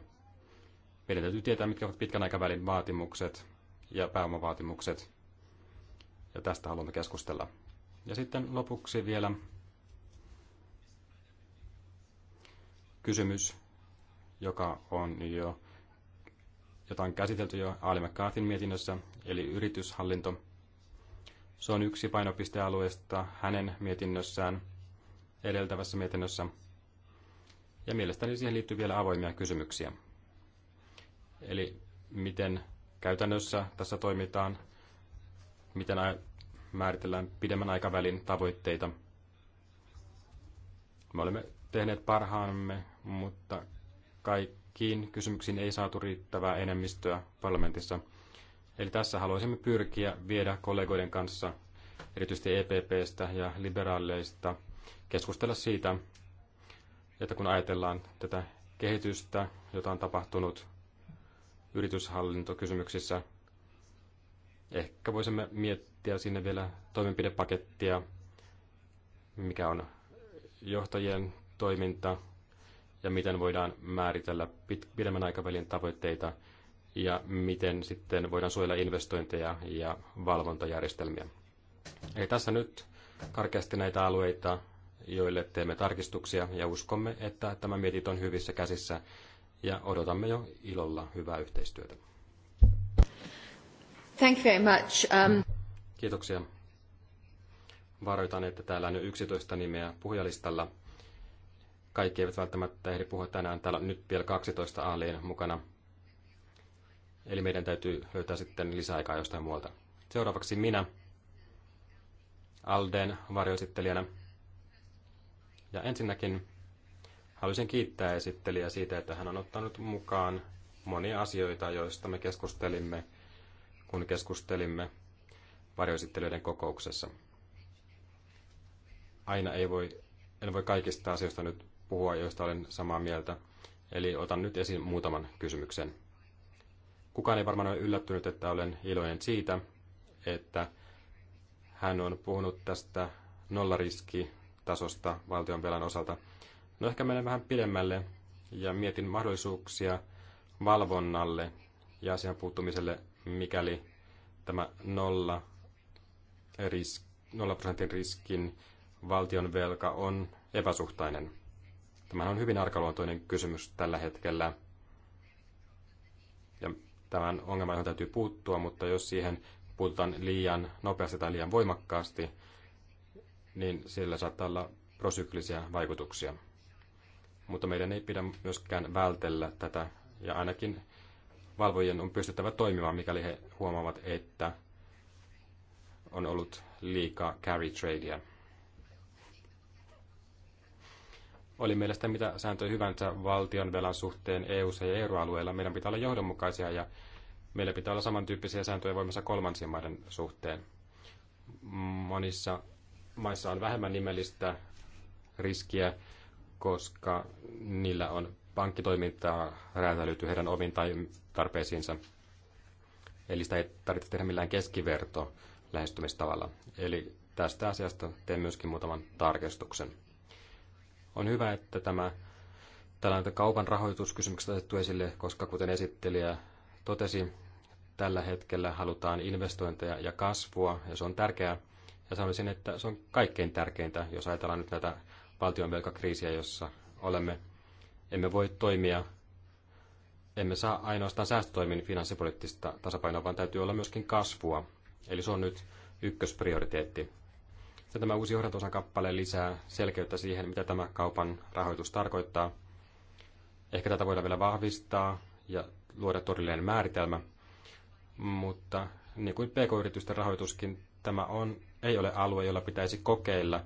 meidän täytyy tietää, mitkä ovat pitkän aikavälin vaatimukset ja pääomavaatimukset. Ja tästä haluamme keskustella. Ja sitten lopuksi vielä kysymys, joka on jo, jota on käsitelty jo Ali McCarthyn mietinnössä, eli yrityshallinto. Se on yksi painopistealueesta hänen mietinnössään, edeltävässä mietinnössä. Ja mielestäni siihen liittyy vielä avoimia kysymyksiä. Eli miten käytännössä tässä toimitaan, miten määritellään pidemmän aikavälin tavoitteita. Me olemme tehneet parhaamme, mutta kaikkiin kysymyksiin ei saatu riittävää enemmistöä parlamentissa. Eli tässä haluaisimme pyrkiä viedä kollegoiden kanssa, erityisesti EPPstä ja liberaaleista, keskustella siitä, että kun ajatellaan tätä kehitystä, jota on tapahtunut yrityshallintokysymyksissä. Ehkä voisimme miettiä sinne vielä toimenpidepakettia, mikä on johtajien toiminta ja miten voidaan määritellä pidemmän aikavälin tavoitteita ja miten sitten voidaan suojella investointeja ja valvontajärjestelmiä. Eli tässä nyt karkeasti näitä alueita, joille teemme tarkistuksia ja uskomme, että tämä mietit on hyvissä käsissä ja odotamme jo ilolla hyvää yhteistyötä. Thank you very much. Um... Kiitoksia. Varoitan, että täällä on jo 11 nimeä puhujalistalla. Kaikki eivät välttämättä ehdi puhua tänään. Täällä on nyt vielä 12 aaliin mukana. Eli meidän täytyy löytää sitten lisäaikaa jostain muualta. Seuraavaksi minä, Alden varjoesittelijänä. Ja ensinnäkin Haluaisin kiittää esittelijä siitä, että hän on ottanut mukaan monia asioita, joista me keskustelimme, kun keskustelimme varjoesittelijöiden kokouksessa. Aina ei voi, en voi kaikista asioista nyt puhua, joista olen samaa mieltä, eli otan nyt esiin muutaman kysymyksen. Kukaan ei varmaan ole yllättynyt, että olen iloinen siitä, että hän on puhunut tästä nollariskitasosta valtionvelan osalta – No ehkä menen vähän pidemmälle ja mietin mahdollisuuksia valvonnalle ja asian puuttumiselle, mikäli tämä nolla, risk, nolla prosentin riskin valtion velka on epäsuhtainen. tämä on hyvin arkaluontoinen kysymys tällä hetkellä. Ja tämän ongelman täytyy puuttua, mutta jos siihen puututaan liian nopeasti tai liian voimakkaasti, niin sillä saattaa olla prosyklisiä vaikutuksia mutta meidän ei pidä myöskään vältellä tätä, ja ainakin valvojien on pystyttävä toimimaan, mikäli he huomaavat, että on ollut liikaa carry tradea. Oli mielestä mitä sääntöi hyvänsä valtion velan suhteen eu ja euroalueella. Meidän pitää olla johdonmukaisia ja meillä pitää olla samantyyppisiä sääntöjä voimassa kolmansien maiden suhteen. Monissa maissa on vähemmän nimellistä riskiä koska niillä on pankkitoimintaa räätälöity heidän omiin tarpeisiinsa. Eli sitä ei tarvitse tehdä millään keskiverto lähestymistavalla. Eli tästä asiasta teen myöskin muutaman tarkistuksen. On hyvä, että tämä tällainen kaupan rahoituskysymykset otettu esille, koska kuten esittelijä totesi, tällä hetkellä halutaan investointeja ja kasvua, ja se on tärkeää. Ja sanoisin, että se on kaikkein tärkeintä, jos ajatellaan nyt näitä valtionvelkakriisiä, jossa olemme. Emme voi toimia, emme saa ainoastaan säästötoimin finanssipoliittista tasapainoa, vaan täytyy olla myöskin kasvua. Eli se on nyt ykkösprioriteetti. Ja tämä uusi johdantosan kappale lisää selkeyttä siihen, mitä tämä kaupan rahoitus tarkoittaa. Ehkä tätä voidaan vielä vahvistaa ja luoda todellinen määritelmä, mutta niin kuin pk-yritysten rahoituskin, tämä on, ei ole alue, jolla pitäisi kokeilla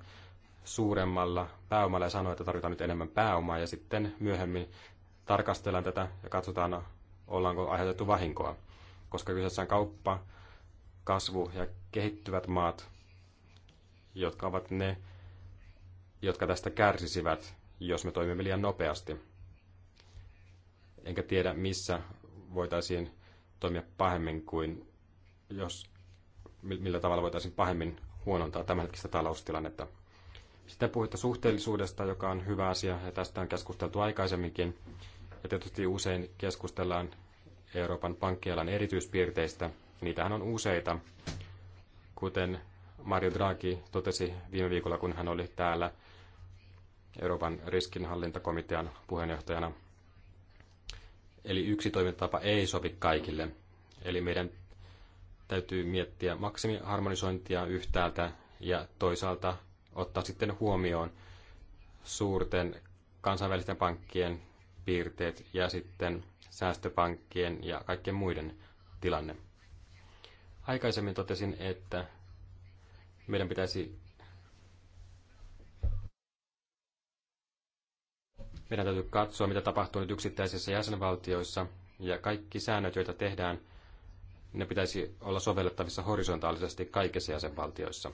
suuremmalla pääomalla ja sanoo, että tarvitaan nyt enemmän pääomaa ja sitten myöhemmin tarkastellaan tätä ja katsotaan, ollaanko aiheutettu vahinkoa. Koska kyseessä on kauppa, kasvu ja kehittyvät maat, jotka ovat ne, jotka tästä kärsisivät, jos me toimimme liian nopeasti. Enkä tiedä, missä voitaisiin toimia pahemmin kuin jos, millä tavalla voitaisiin pahemmin huonontaa tämänhetkistä taloustilannetta. Sitten puhuitte suhteellisuudesta, joka on hyvä asia, ja tästä on keskusteltu aikaisemminkin. Ja tietysti usein keskustellaan Euroopan pankkialan erityispiirteistä. Niitähän on useita, kuten Mario Draghi totesi viime viikolla, kun hän oli täällä Euroopan riskinhallintakomitean puheenjohtajana. Eli yksi toimintatapa ei sovi kaikille. Eli meidän täytyy miettiä maksimiharmonisointia yhtäältä ja toisaalta ottaa sitten huomioon suurten kansainvälisten pankkien piirteet ja sitten säästöpankkien ja kaikkien muiden tilanne. Aikaisemmin totesin, että meidän pitäisi meidän täytyy katsoa, mitä tapahtuu nyt yksittäisissä jäsenvaltioissa, ja kaikki säännöt, joita tehdään, ne pitäisi olla sovellettavissa horisontaalisesti kaikissa jäsenvaltioissa.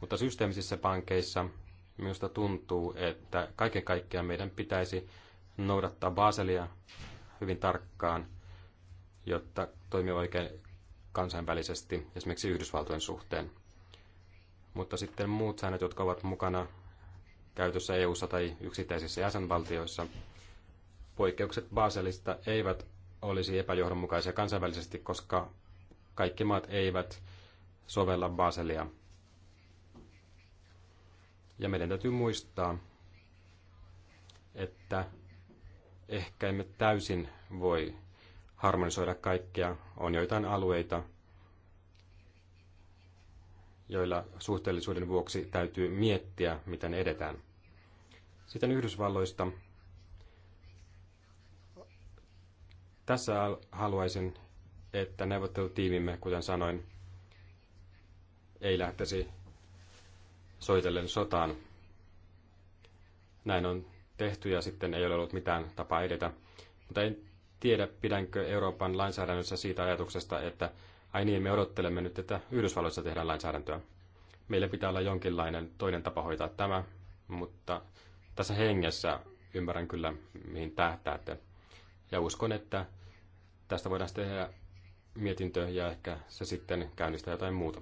Mutta systeemisissä pankeissa minusta tuntuu, että kaiken kaikkiaan meidän pitäisi noudattaa Baselia hyvin tarkkaan, jotta toimii oikein kansainvälisesti, esimerkiksi Yhdysvaltojen suhteen. Mutta sitten muut säännöt, jotka ovat mukana käytössä eu tai yksittäisissä jäsenvaltioissa, poikkeukset Baselista eivät olisi epäjohdonmukaisia kansainvälisesti, koska kaikki maat eivät sovella Baselia – ja meidän täytyy muistaa, että ehkä emme täysin voi harmonisoida kaikkea. On joitain alueita, joilla suhteellisuuden vuoksi täytyy miettiä, miten edetään. Sitten Yhdysvalloista. Tässä haluaisin, että neuvottelutiimimme, kuten sanoin, ei lähtisi soitellen sotaan. Näin on tehty ja sitten ei ole ollut mitään tapaa edetä. Mutta en tiedä, pidänkö Euroopan lainsäädännössä siitä ajatuksesta, että ai niin, me odottelemme nyt, että Yhdysvalloissa tehdään lainsäädäntöä. Meillä pitää olla jonkinlainen toinen tapa hoitaa tämä, mutta tässä hengessä ymmärrän kyllä, mihin tähtäätte. Ja uskon, että tästä voidaan tehdä mietintö ja ehkä se sitten käynnistää jotain muuta.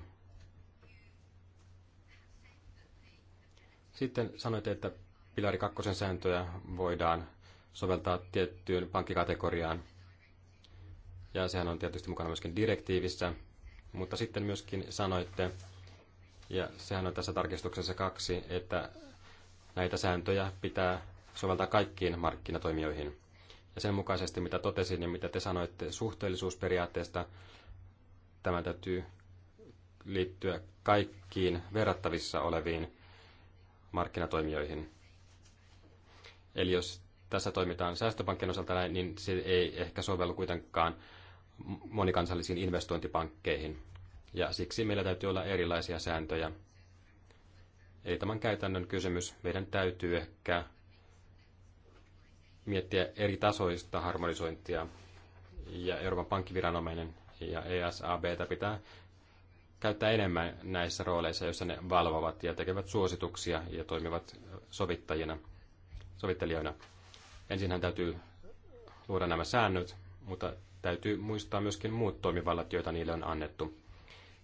Sitten sanoitte, että pilari kakkosen sääntöjä voidaan soveltaa tiettyyn pankkikategoriaan. Ja sehän on tietysti mukana myöskin direktiivissä. Mutta sitten myöskin sanoitte, ja sehän on tässä tarkistuksessa kaksi, että näitä sääntöjä pitää soveltaa kaikkiin markkinatoimijoihin. Ja sen mukaisesti, mitä totesin ja mitä te sanoitte suhteellisuusperiaatteesta, tämä täytyy liittyä kaikkiin verrattavissa oleviin markkinatoimijoihin. Eli jos tässä toimitaan säästöpankkien osalta näin, niin se ei ehkä sovellu kuitenkaan monikansallisiin investointipankkeihin. Ja siksi meillä täytyy olla erilaisia sääntöjä. Eli tämän käytännön kysymys meidän täytyy ehkä miettiä eri tasoista harmonisointia. Ja Euroopan pankkiviranomainen ja ESAB pitää käyttää enemmän näissä rooleissa, joissa ne valvovat ja tekevät suosituksia ja toimivat sovittajina, sovittelijoina. Ensinhän täytyy luoda nämä säännöt, mutta täytyy muistaa myöskin muut toimivallat, joita niille on annettu.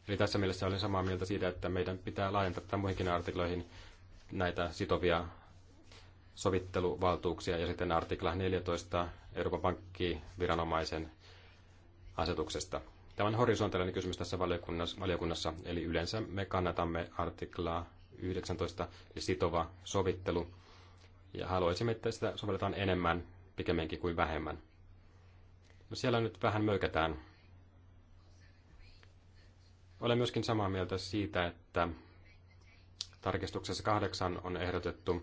Eli tässä mielessä olen samaa mieltä siitä, että meidän pitää laajentaa tämän muihinkin artikloihin näitä sitovia sovitteluvaltuuksia ja sitten artikla 14 Euroopan pankkiviranomaisen asetuksesta – Tämä on horisontaalinen kysymys tässä valiokunnassa, valiokunnassa, eli yleensä me kannatamme artiklaa 19, eli sitova sovittelu, ja haluaisimme, että sitä sovelletaan enemmän pikemminkin kuin vähemmän. No siellä nyt vähän möykätään. Olen myöskin samaa mieltä siitä, että tarkistuksessa kahdeksan on ehdotettu,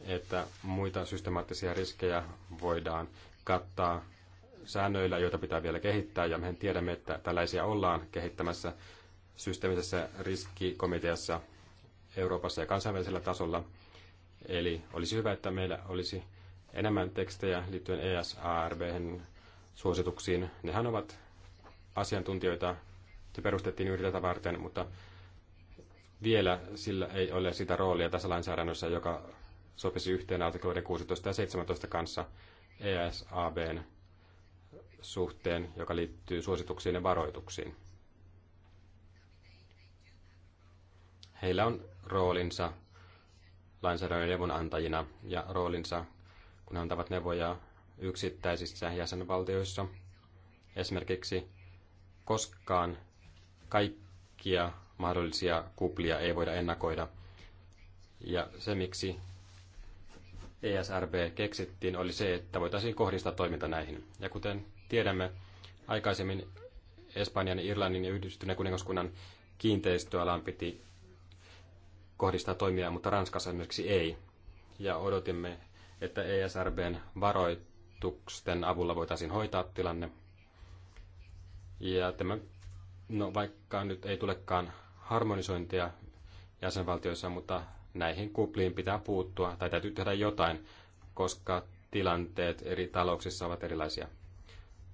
että muita systemaattisia riskejä voidaan kattaa säännöillä, joita pitää vielä kehittää, ja mehän tiedämme, että tällaisia ollaan kehittämässä systeemisessä riskikomiteassa Euroopassa ja kansainvälisellä tasolla. Eli olisi hyvä, että meillä olisi enemmän tekstejä liittyen ESARBn suosituksiin. Nehän ovat asiantuntijoita, se perustettiin juuri tätä varten, mutta vielä sillä ei ole sitä roolia tässä lainsäädännössä, joka sopisi yhteen artikloiden 16 ja 17 kanssa ESABn suhteen, joka liittyy suosituksiin ja varoituksiin. Heillä on roolinsa lainsäädännön neuvonantajina ja roolinsa, kun he antavat neuvoja yksittäisissä jäsenvaltioissa. Esimerkiksi koskaan kaikkia mahdollisia kuplia ei voida ennakoida. Ja se, miksi ESRB keksittiin, oli se, että voitaisiin kohdistaa toiminta näihin. Ja kuten tiedämme, aikaisemmin Espanjan, Irlannin ja Yhdistyneen kuningaskunnan kiinteistöalan piti kohdistaa toimia, mutta Ranskassa esimerkiksi ei. Ja odotimme, että ESRBn varoituksen avulla voitaisiin hoitaa tilanne. Ja tämä, no vaikka nyt ei tulekaan harmonisointia jäsenvaltioissa, mutta näihin kupliin pitää puuttua tai täytyy tehdä jotain, koska tilanteet eri talouksissa ovat erilaisia.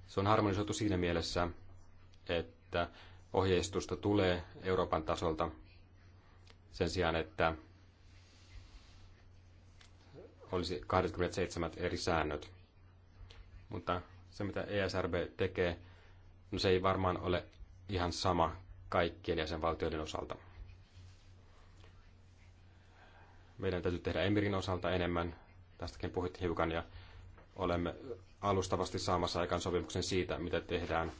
Se on harmonisoitu siinä mielessä, että ohjeistusta tulee Euroopan tasolta sen sijaan, että olisi 27 eri säännöt. Mutta se, mitä ESRB tekee, no se ei varmaan ole ihan sama kaikkien jäsenvaltioiden osalta. Meidän täytyy tehdä Emirin osalta enemmän, tästäkin puhuttiin hiukan, ja olemme alustavasti saamassa aikaan sopimuksen siitä, mitä tehdään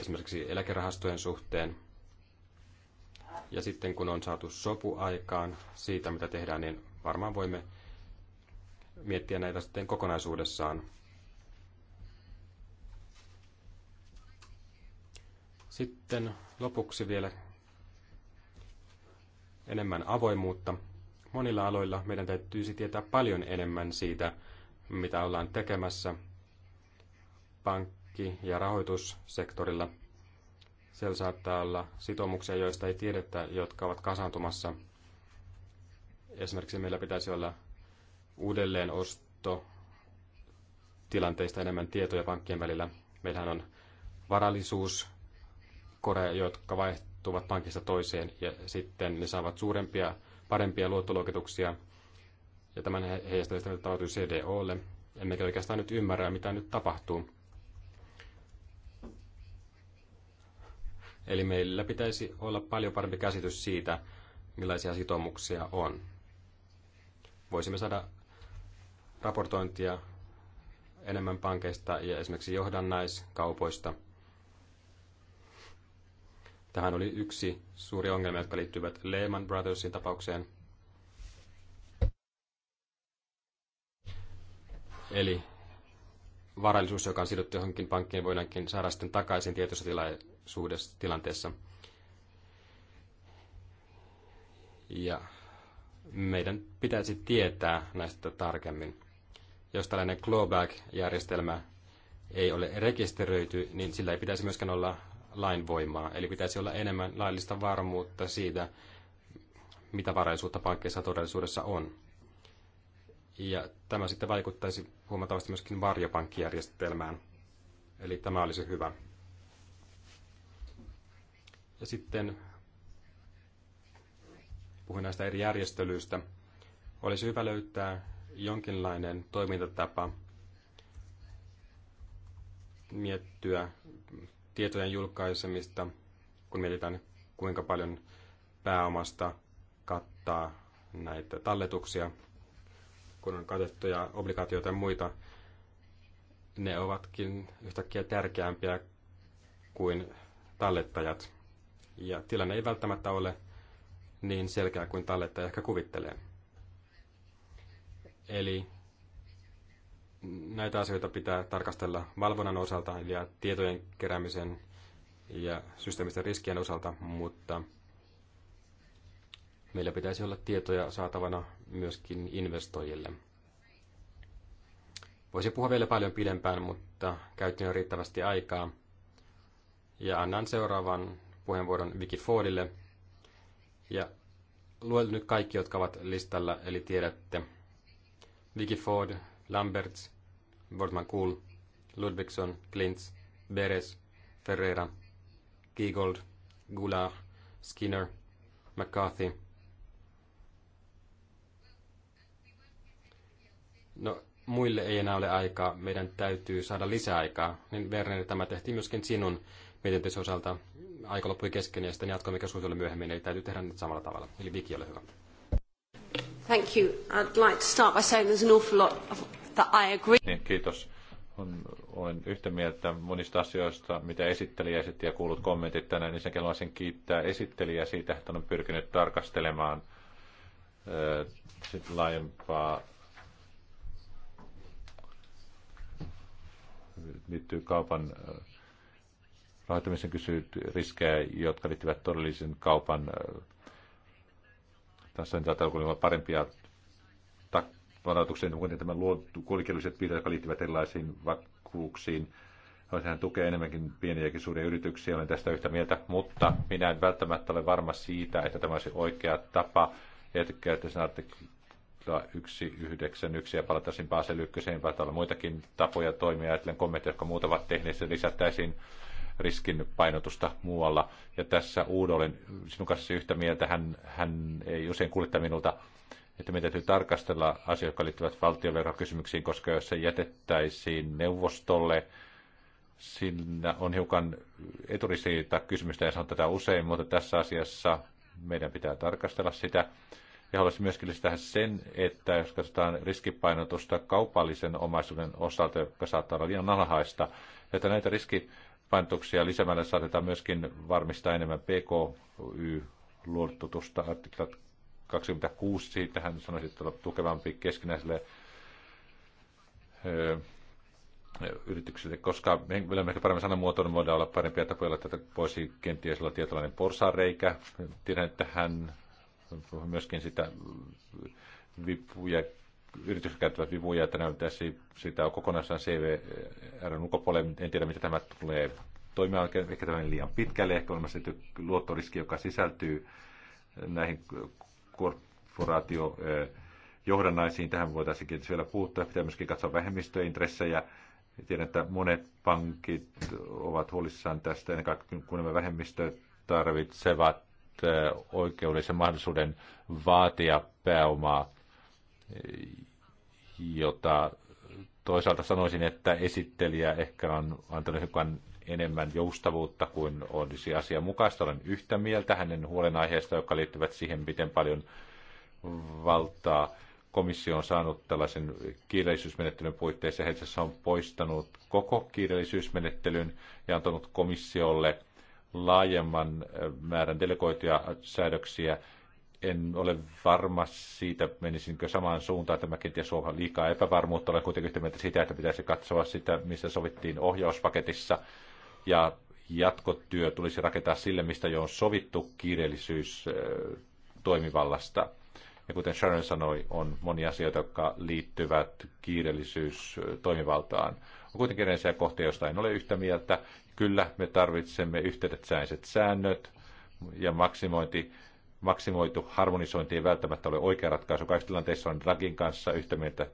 esimerkiksi eläkerahastojen suhteen. Ja sitten kun on saatu sopu aikaan siitä, mitä tehdään, niin varmaan voimme miettiä näitä sitten kokonaisuudessaan. Sitten lopuksi vielä enemmän avoimuutta. Monilla aloilla meidän täytyisi tietää paljon enemmän siitä, mitä ollaan tekemässä pankki- ja rahoitussektorilla. Siellä saattaa olla sitoumuksia, joista ei tiedetä, jotka ovat kasaantumassa. Esimerkiksi meillä pitäisi olla uudelleenosto tilanteista enemmän tietoja pankkien välillä. Meillähän on varallisuus, koreja, jotka vaihtuvat pankista toiseen ja sitten ne saavat suurempia, parempia luottoluokituksia. Ja tämän heijastamista nyt CDOlle. Emmekä oikeastaan nyt ymmärrä, mitä nyt tapahtuu. Eli meillä pitäisi olla paljon parempi käsitys siitä, millaisia sitoumuksia on. Voisimme saada raportointia enemmän pankeista ja esimerkiksi johdannaiskaupoista. Tähän oli yksi suuri ongelma, jotka liittyvät Lehman Brothersin tapaukseen. Eli varallisuus, joka on sidottu johonkin pankkiin, voidaankin saada sitten takaisin tietyssä tilanteessa. Ja meidän pitäisi tietää näistä tarkemmin. Jos tällainen clawback-järjestelmä ei ole rekisteröity, niin sillä ei pitäisi myöskään olla lainvoimaa. Eli pitäisi olla enemmän laillista varmuutta siitä, mitä varallisuutta pankkeissa todellisuudessa on. Ja tämä sitten vaikuttaisi huomattavasti myöskin varjopankkijärjestelmään. Eli tämä olisi hyvä. Ja sitten puhuin näistä eri järjestelyistä. Olisi hyvä löytää jonkinlainen toimintatapa miettiä tietojen julkaisemista, kun mietitään kuinka paljon pääomasta kattaa näitä talletuksia – kun on katettuja obligaatioita ja muita, ne ovatkin yhtäkkiä tärkeämpiä kuin tallettajat. Ja tilanne ei välttämättä ole niin selkeä kuin tallettaja ehkä kuvittelee. Eli näitä asioita pitää tarkastella valvonnan osalta ja tietojen keräämisen ja systeemisten riskien osalta, mutta meillä pitäisi olla tietoja saatavana myöskin investoijille. Voisin puhua vielä paljon pidempään, mutta käytin jo riittävästi aikaa. Ja annan seuraavan puheenvuoron Vicky Fordille. Ja luen nyt kaikki, jotka ovat listalla, eli tiedätte. Vicky Ford, Lamberts, Wortman Kuhl, Ludvigson, Klintz, Beres, Ferreira, Giegold, Goulart, Skinner, McCarthy, no muille ei enää ole aikaa, meidän täytyy saada lisäaikaa. Niin Werner, tämä tehtiin myöskin sinun mietintösi osalta. Aika loppui kesken ja sitten jatkoimme keskustelua myöhemmin, eli täytyy tehdä nyt samalla tavalla. Eli Viki, ole hyvä. Thank you. I'd like to start by saying there's an awful lot of that I agree. Niin, kiitos. On, olen yhtä mieltä monista asioista, mitä esittelijä esitti ja kuulut kommentit tänään. niin sen haluaisin kiittää esittelijä siitä, että on pyrkinyt tarkastelemaan ö, sit laajempaa liittyy kaupan rahoittamisen kysyy riskejä, jotka liittyvät todellisen kaupan tässä on tätä olla parempia varoituksia, niin kuten tämä kuolikieliset piirteet, jotka liittyvät erilaisiin vakuuksiin. Sehän tukee enemmänkin pieniä ja suuria yrityksiä, olen tästä yhtä mieltä, mutta minä en välttämättä ole varma siitä, että tämä olisi oikea tapa, että sen artik- yhdeksän, yksi ja palataan Basel ykköseen. vaan olla muitakin tapoja toimia, ajatellen kommentteja, jotka muut ovat tehneet, se lisättäisiin riskin painotusta muualla. Ja tässä Uudo, olen sinun kanssa yhtä mieltä, hän, hän ei usein kuulittaa minulta, että meidän täytyy tarkastella asioita, jotka liittyvät valtionverokysymyksiin, koska jos se jätettäisiin neuvostolle, siinä on hiukan eturisiita kysymystä, ja sanon tätä usein, mutta tässä asiassa meidän pitää tarkastella sitä. Ja haluaisin myöskin lisätä sen, että jos katsotaan riskipainotusta kaupallisen omaisuuden osalta, joka saattaa olla liian alhaista, että näitä riskipainotuksia lisäämällä saatetaan myöskin varmistaa enemmän PKY-luototusta. Artikla 26, siitähän sanoisin, että on tukevampi keskinäiselle yrityksille, koska meillä on ehkä paremmin sanamuotoinen, voidaan olla parempia tapoja, että voisi kenties olla tietynlainen porsareikä. Tiedän, että hän myöskin sitä vipuja, yritykset käyttävät vipuja, että näyttäisi sitä on kokonaisaan CVRn ulkopuolelle. En tiedä, mitä tämä tulee toimia ehkä tämä liian pitkälle, ehkä olemassa luottoriski, joka sisältyy näihin korporaatiojohdannaisiin Tähän voitaisiin tietysti vielä puuttua. Pitää myöskin katsoa vähemmistöintressejä. Tiedän, että monet pankit ovat huolissaan tästä, ennen kaikkea kun nämä vähemmistöt tarvitsevat oikeudellisen mahdollisuuden vaatia pääomaa, jota toisaalta sanoisin, että esittelijä ehkä on antanut hiukan enemmän joustavuutta kuin olisi mukaista. Olen yhtä mieltä hänen huolenaiheesta, joka liittyvät siihen, miten paljon valtaa komissio on saanut tällaisen kiireellisyysmenettelyn puitteissa. Helsingissä on poistanut koko kiireellisyysmenettelyn ja antanut komissiolle laajemman määrän delegoituja säädöksiä. En ole varma siitä, menisinkö samaan suuntaan. Tämä kenties on liikaa epävarmuutta. Olen kuitenkin yhtä mieltä sitä, että pitäisi katsoa sitä, missä sovittiin ohjauspaketissa. Ja jatkotyö tulisi rakentaa sille, mistä jo on sovittu kiireellisyys toimivallasta. Ja kuten Sharon sanoi, on monia asioita, jotka liittyvät kiireellisyys toimivaltaan. On kuitenkin erillisiä kohtia, joista en ole yhtä mieltä, Kyllä, me tarvitsemme yhteydet säiset säännöt ja maksimointi, maksimoitu harmonisointi ei välttämättä ole oikea ratkaisu. Kaikissa tilanteissa on Dragin kanssa yhtä mieltä.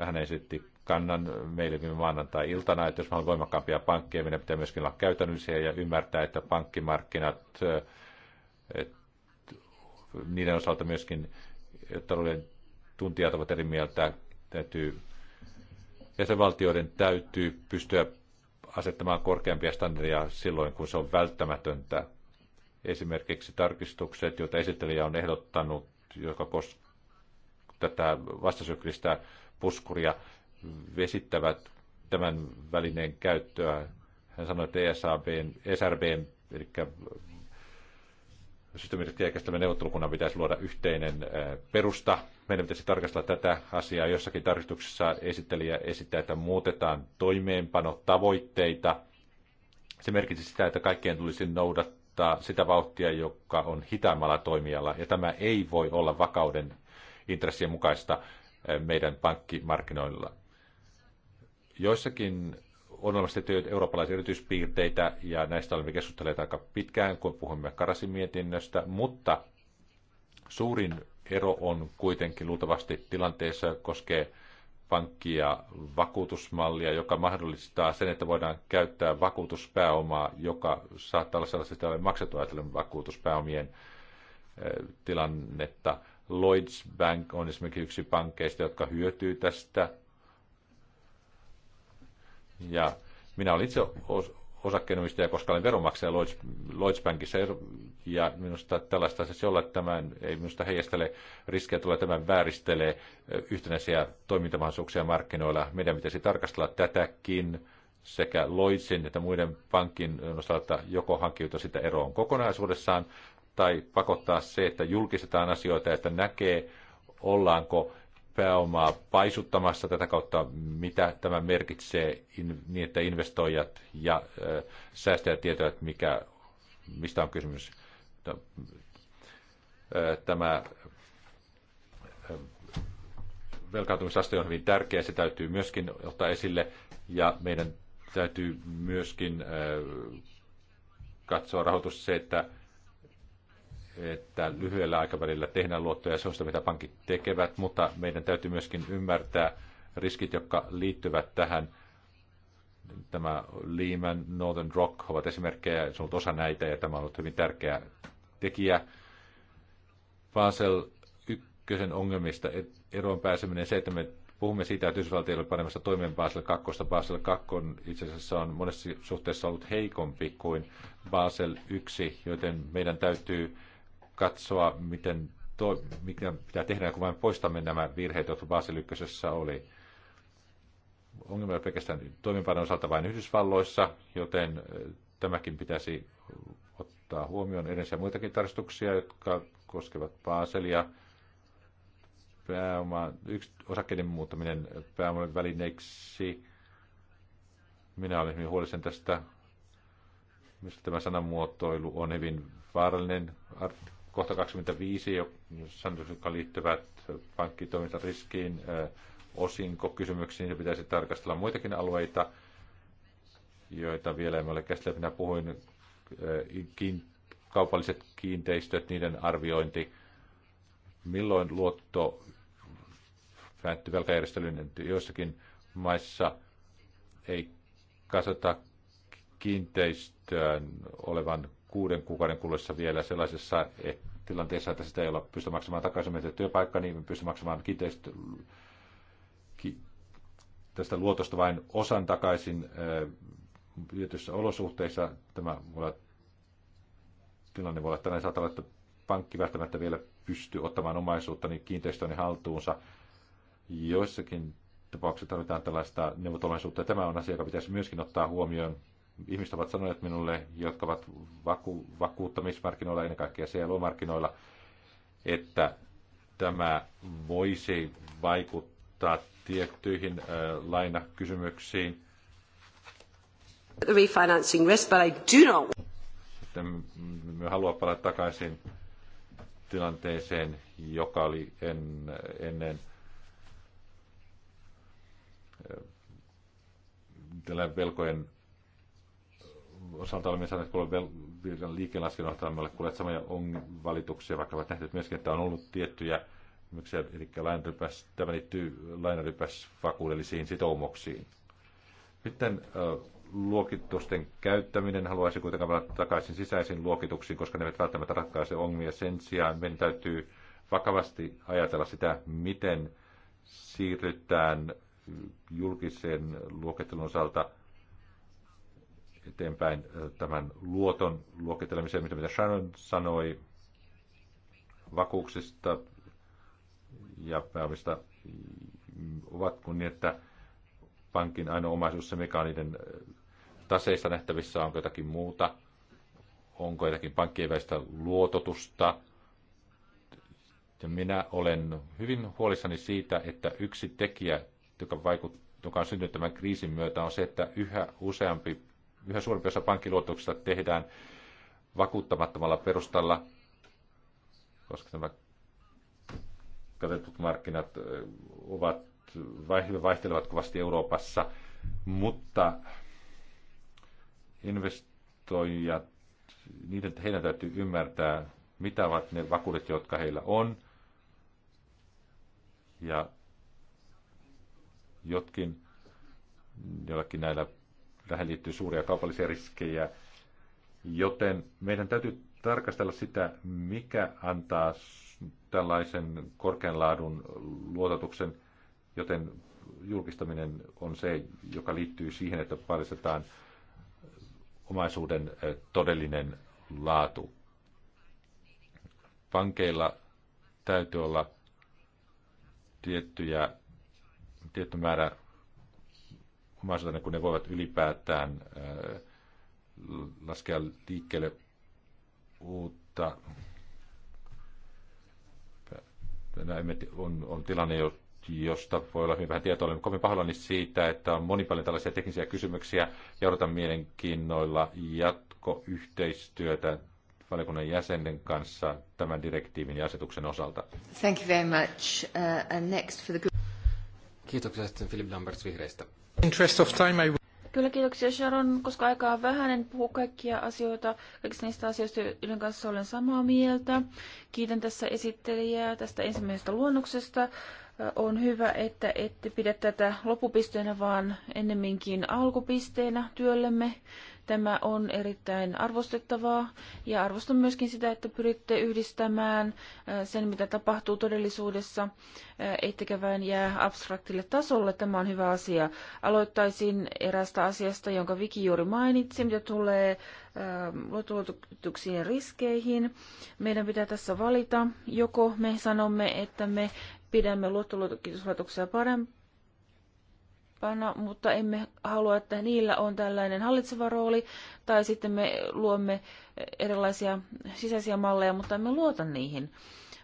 Hän esitti kannan meille viime maanantai-iltana, että jos on voimakkaampia pankkeja, meidän pitää myöskin olla käytännöllisiä ja ymmärtää, että pankkimarkkinat, että niiden osalta myöskin talouden tuntijat ovat eri mieltä, täytyy jäsenvaltioiden täytyy pystyä asettamaan korkeampia standardeja silloin, kun se on välttämätöntä. Esimerkiksi tarkistukset, joita esittelijä on ehdottanut, joka koskee tätä vastasyklistä puskuria, vesittävät tämän välineen käyttöä. Hän sanoi, että ESRBn, ESRBn eli systeemityöjärjestelmä neuvottelukunnan pitäisi luoda yhteinen perusta. Meidän pitäisi tarkastella tätä asiaa. Jossakin tarkistuksessa esittelijä esittää, että muutetaan toimeenpanotavoitteita. Se merkitsi sitä, että kaikkien tulisi noudattaa sitä vauhtia, joka on hitaimmalla toimijalla. Ja tämä ei voi olla vakauden intressien mukaista meidän pankkimarkkinoilla. Joissakin on olemassa tiettyjä eurooppalaisia erityispiirteitä, ja näistä olemme keskustelleet aika pitkään, kun puhumme Karasin mietinnöstä, mutta suurin ero on kuitenkin luultavasti tilanteessa, joka koskee pankki- ja vakuutusmallia, joka mahdollistaa sen, että voidaan käyttää vakuutuspääomaa, joka saattaa olla sellaisesta, jota vakuutuspääomien eh, tilannetta. Lloyds Bank on esimerkiksi yksi pankkeista, jotka hyötyy tästä ja minä olin itse osakkeenomistaja, koska olin veronmaksaja Lloyds, Lloyds Bankissa, ja minusta tällaista se olla, että tämä ei minusta heijastele riskejä, tulee tämän vääristelee yhtenäisiä toimintamahdollisuuksia markkinoilla. Meidän pitäisi tarkastella tätäkin sekä Lloydsin että muiden pankin osalta joko hankkiutua sitä eroon kokonaisuudessaan, tai pakottaa se, että julkistetaan asioita, että näkee, ollaanko pääomaa paisuttamassa tätä kautta, mitä tämä merkitsee niin, että investoijat ja säästäjät tietävät, mikä, mistä on kysymys. No, tämä velkaantumisaste on hyvin tärkeä, se täytyy myöskin ottaa esille ja meidän täytyy myöskin katsoa rahoitus se, että että lyhyellä aikavälillä tehdään luottoja, se on sitä, mitä pankit tekevät, mutta meidän täytyy myöskin ymmärtää riskit, jotka liittyvät tähän. Tämä Lehman, Northern Rock ovat esimerkkejä, se on ollut osa näitä ja tämä on ollut hyvin tärkeä tekijä. Basel ykkösen ongelmista eroon pääseminen se, että me puhumme siitä, että oli paremmassa toimeen Basel 2. Basel 2 itse asiassa on monessa suhteessa ollut heikompi kuin Basel 1, joten meidän täytyy katsoa, miten to, mikä pitää tehdä, kun vain poistamme nämä virheet, jotka Basel oli. Ongelma on pelkästään toimenpanon osalta vain Yhdysvalloissa, joten tämäkin pitäisi ottaa huomioon edellisiä muitakin tarkistuksia, jotka koskevat Baselia. Pääoma, yksi osakkeiden muuttaminen pääoman välineiksi. Minä olen hyvin huolissani tästä. Minusta tämä sanamuotoilu on hyvin vaarallinen kohta 25, säännöt, jotka liittyvät pankkitoiminnan riskiin, osinkokysymyksiin, ja pitäisi tarkastella muitakin alueita, joita vielä emme ole käsitelleet. Minä puhuin kaupalliset kiinteistöt, niiden arviointi, milloin luotto päättyy velkajärjestelyyn joissakin maissa ei kasvata kiinteistöön olevan kuuden kuukauden kuluessa vielä sellaisessa tilanteessa, että sitä ei olla pysty maksamaan takaisin meitä työpaikka, niin me pysty maksamaan kiinteistö, ki, tästä luotosta vain osan takaisin äh, tietyissä olosuhteissa. Tämä voi olla, tilanne voi olla tällainen saattaa olla, että pankki välttämättä vielä pystyy ottamaan omaisuutta niin kiinteistöni haltuunsa. Joissakin tapauksissa tarvitaan tällaista neuvotolaisuutta. Tämä on asia, joka pitäisi myöskin ottaa huomioon ihmiset ovat sanoneet minulle, jotka ovat vaku- vakuuttamismarkkinoilla, ennen kaikkea CLO-markkinoilla, että tämä voisi vaikuttaa tiettyihin äh, lainakysymyksiin. The refinancing risk, but I do not... Sitten me haluamme palata takaisin tilanteeseen, joka oli en, ennen äh, velkojen osalta olemme saaneet kuulla vielä liikelaskennon olemme kuulleet samoja valituksia, vaikka ovat nähneet myöskin, että on ollut tiettyjä eli lainarypäs, tämä liittyy lainarypäsvakuudellisiin sitoumuksiin. Sitten luokitusten käyttäminen haluaisi kuitenkin palata takaisin sisäisiin luokituksiin, koska ne eivät välttämättä ratkaise ongelmia. Sen sijaan meidän täytyy vakavasti ajatella sitä, miten siirrytään julkisen luokittelun osalta – eteenpäin tämän luoton luokittelemiseen, mitä Sharon sanoi vakuuksista ja pääomista, mm, ovat kun niin, että pankin ainoa omaisuus, se mikä on niiden taseista nähtävissä, onko jotakin muuta, onko jotakin pankkien väistä luototusta. Ja minä olen hyvin huolissani siitä, että yksi tekijä, joka, vaikut, joka on syntynyt tämän kriisin myötä, on se, että yhä useampi yhä suurempi osa pankkiluotoksista tehdään vakuuttamattomalla perustalla, koska nämä katetut markkinat ovat, vaihtelevat kovasti Euroopassa, mutta investoijat, niiden, heidän täytyy ymmärtää, mitä ovat ne vakuudet, jotka heillä on. Ja jotkin, jollakin näillä Tähän liittyy suuria kaupallisia riskejä, joten meidän täytyy tarkastella sitä, mikä antaa tällaisen korkean laadun luototuksen, joten julkistaminen on se, joka liittyy siihen, että paljastetaan omaisuuden eh, todellinen laatu. Pankeilla täytyy olla tiettyjä, tietty määrä mahdollisuuden, kun ne voivat ylipäätään äh, laskea liikkeelle uutta. On, on tilanne, josta voi olla hyvin vähän tietoa. Olen kovin pahoillani siitä, että on moni paljon tällaisia teknisiä kysymyksiä ja odotan mielenkiinnoilla jatkoyhteistyötä valiokunnan jäsenen kanssa tämän direktiivin ja asetuksen osalta. Thank you very much. Uh, and next for the... Kiitoksia sitten Philip Lambert vihreistä. Interest of time, I... Kyllä, kiitoksia Sharon. Koska aikaa on vähän, en puhu kaikkia asioita. Kaikista niistä asioista, joiden kanssa olen samaa mieltä. Kiitän tässä esittelijää tästä ensimmäisestä luonnoksesta. On hyvä, että ette pidä tätä loppupisteenä, vaan ennemminkin alkupisteenä työllemme. Tämä on erittäin arvostettavaa ja arvostan myöskin sitä, että pyritte yhdistämään äh, sen, mitä tapahtuu todellisuudessa, äh, ettekä vain jää abstraktille tasolle. Tämä on hyvä asia. Aloittaisin erästä asiasta, jonka Viki juuri mainitsi, mitä tulee ähm, luotuotuksien riskeihin. Meidän pitää tässä valita, joko me sanomme, että me pidämme luottoluokituslaitoksia parempaa, pana, mutta emme halua, että niillä on tällainen hallitseva rooli, tai sitten me luomme erilaisia sisäisiä malleja, mutta emme luota niihin.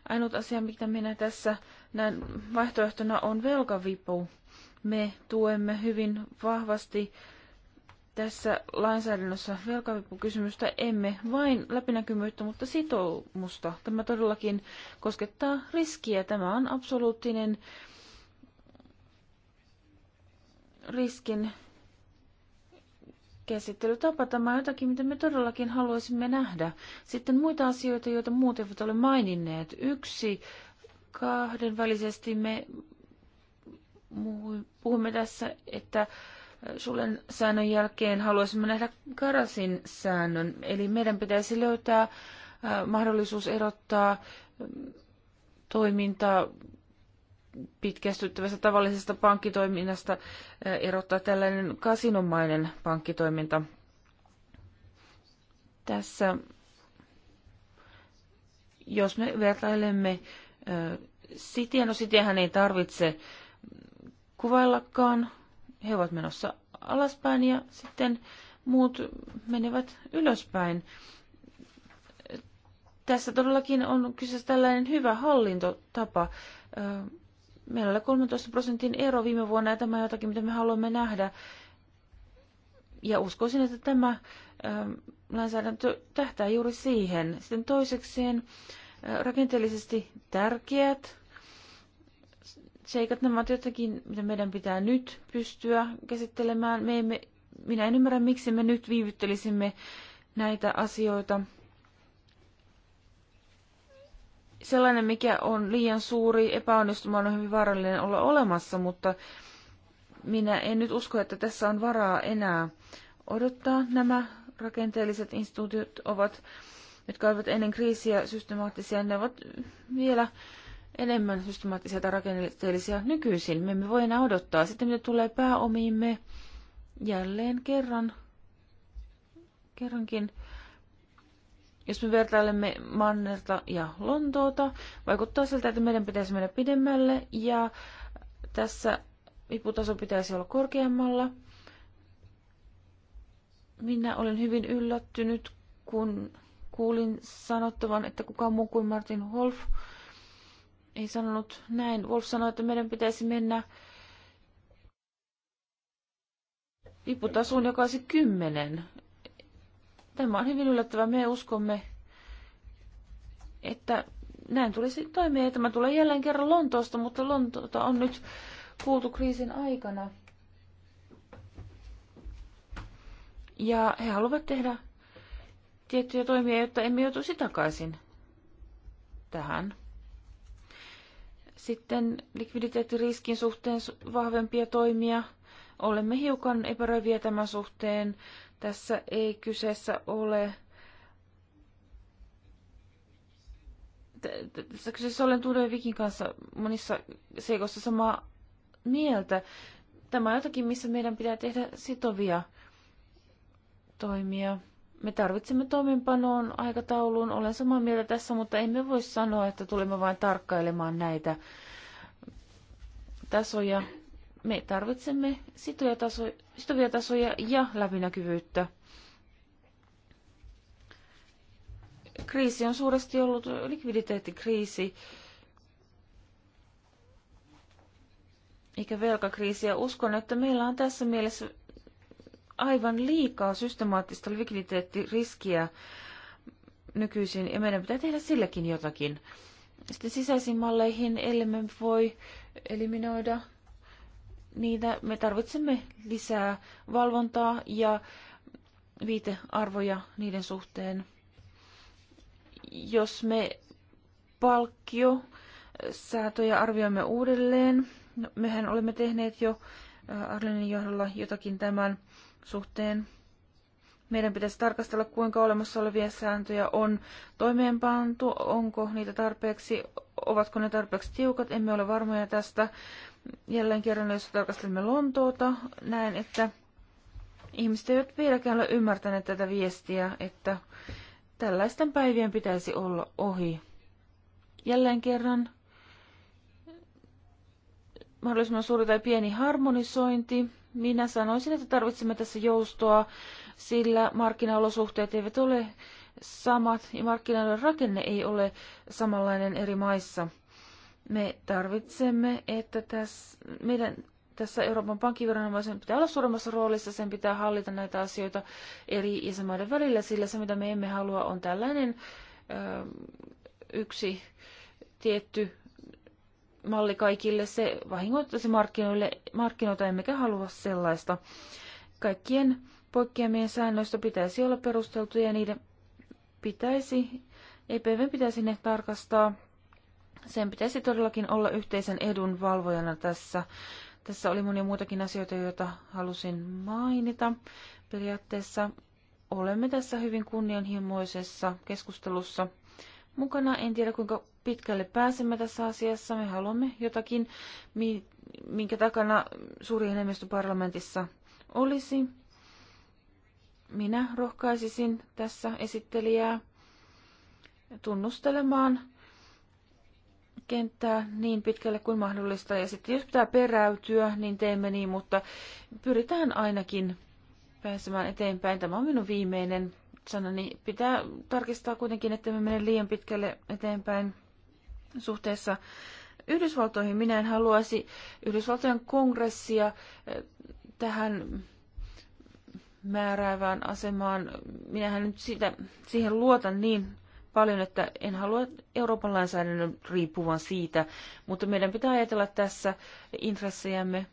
Ainut asia, mitä minä tässä näen vaihtoehtona, on velkavipu. Me tuemme hyvin vahvasti tässä lainsäädännössä velkavipukysymystä emme vain läpinäkymyyttä, mutta sitoumusta. Tämä todellakin koskettaa riskiä. Tämä on absoluuttinen äh, riskin käsittelytapa. Tämä on jotakin, mitä me todellakin haluaisimme nähdä. Sitten muita asioita, joita muut eivät ole maininneet. Yksi, kahdenvälisesti me puhumme tässä, että Sulen säännön jälkeen haluaisimme nähdä Karasin säännön. Eli meidän pitäisi löytää äh, mahdollisuus erottaa mm, toiminta pitkästyttävästä tavallisesta pankkitoiminnasta eh, erottaa tällainen kasinomainen pankkitoiminta. Tässä, jos me vertailemme Sitiä, eh, no Sitiähän ei tarvitse kuvaillakaan. He ovat menossa alaspäin ja sitten muut menevät ylöspäin. Tässä todellakin on kyseessä tällainen hyvä hallintotapa. Eh, Meillä oli 13 prosentin ero viime vuonna ja tämä on jotakin, mitä me haluamme nähdä. Ja uskoisin, että tämä äh, lainsäädäntö tähtää juuri siihen. Sitten toisekseen äh, rakenteellisesti tärkeät seikat, nämä ovat jotakin, mitä meidän pitää nyt pystyä käsittelemään. Me emme, minä en ymmärrä, miksi me nyt viivyttelisimme näitä asioita sellainen, mikä on liian suuri epäonnistuma, on hyvin vaarallinen olla olemassa, mutta minä en nyt usko, että tässä on varaa enää odottaa. Nämä rakenteelliset instituutiot ovat, jotka ovat ennen kriisiä systemaattisia, ne ovat vielä enemmän systemaattisia tai rakenteellisia nykyisin. Me emme voi enää odottaa. Sitten mitä tulee pääomiimme, jälleen kerran, kerrankin jos me vertailemme Mannerta ja Lontoota, vaikuttaa siltä, että meidän pitäisi mennä pidemmälle ja tässä viputaso pitäisi olla korkeammalla. Minä olen hyvin yllättynyt, kun kuulin sanottavan, että kukaan muu kuin Martin Wolf ei sanonut näin. Wolf sanoi, että meidän pitäisi mennä viputasoon, joka olisi kymmenen. Tämä on hyvin yllättävää. Me uskomme, että näin tulisi toimia. Tämä tulee jälleen kerran Lontoosta, mutta Lontoota on nyt kuultu kriisin aikana. Ja he haluavat tehdä tiettyjä toimia, jotta emme joutuisi takaisin tähän. Sitten likviditeettiriskin suhteen vahvempia toimia. Olemme hiukan epäröiviä tämän suhteen. Tässä ei kyseessä ole tässä kyseessä olen Tuude Vikin kanssa monissa seikoissa samaa mieltä. Tämä on jotakin, missä meidän pitää tehdä sitovia toimia. Me tarvitsemme toimenpanoon aikatauluun, olen samaa mieltä tässä, mutta emme voi sanoa, että tulemme vain tarkkailemaan näitä tasoja me tarvitsemme sitovia tasoja, sitovia tasoja ja läpinäkyvyyttä. Kriisi on suuresti ollut likviditeettikriisi, eikä velkakriisi. Ja uskon, että meillä on tässä mielessä aivan liikaa systemaattista likviditeettiriskiä nykyisin, ja meidän pitää tehdä silläkin jotakin. Sitten sisäisiin malleihin, ellei me voi eliminoida niitä. Me tarvitsemme lisää valvontaa ja viitearvoja niiden suhteen. Jos me palkkio säätöjä arvioimme uudelleen, no, mehän olemme tehneet jo äh, Arlenin johdolla jotakin tämän suhteen. Meidän pitäisi tarkastella, kuinka olemassa olevia sääntöjä on toimeenpantu, onko niitä tarpeeksi, ovatko ne tarpeeksi tiukat, emme ole varmoja tästä jälleen kerran, jos tarkastelemme Lontoota, näen, että ihmiset eivät vieläkään ole ymmärtäneet tätä viestiä, että tällaisten päivien pitäisi olla ohi. Jälleen kerran mahdollisimman suuri tai pieni harmonisointi. Minä sanoisin, että tarvitsemme tässä joustoa, sillä markkinaolosuhteet eivät ole samat ja markkinoiden rakenne ei ole samanlainen eri maissa. Me tarvitsemme, että tässä, meidän tässä Euroopan pankkiviranomaisen pitää olla suuremmassa roolissa, sen pitää hallita näitä asioita eri jäsenmaiden välillä, sillä se mitä me emme halua on tällainen ö, yksi tietty malli kaikille, se vahingoittaisi markkinoille, markkinoita, emmekä halua sellaista. Kaikkien poikkeamien säännöistä pitäisi olla perusteltuja ja niiden pitäisi, EPV pitäisi ne tarkastaa sen pitäisi todellakin olla yhteisen edun valvojana tässä. Tässä oli monia muitakin asioita, joita halusin mainita. Periaatteessa olemme tässä hyvin kunnianhimoisessa keskustelussa mukana. En tiedä, kuinka pitkälle pääsemme tässä asiassa. Me haluamme jotakin, minkä takana suuri enemmistö parlamentissa olisi. Minä rohkaisisin tässä esittelijää tunnustelemaan kenttää niin pitkälle kuin mahdollista. Ja sitten jos pitää peräytyä, niin teemme niin, mutta pyritään ainakin pääsemään eteenpäin. Tämä on minun viimeinen sanani. Pitää tarkistaa kuitenkin, että me mene liian pitkälle eteenpäin suhteessa Yhdysvaltoihin. Minä en haluaisi Yhdysvaltojen kongressia eh, tähän määräävään asemaan. Minähän nyt siitä, siihen luotan niin paljon, että en halua Euroopan lainsäädännön riippuvan siitä, mutta meidän pitää ajatella tässä intressejämme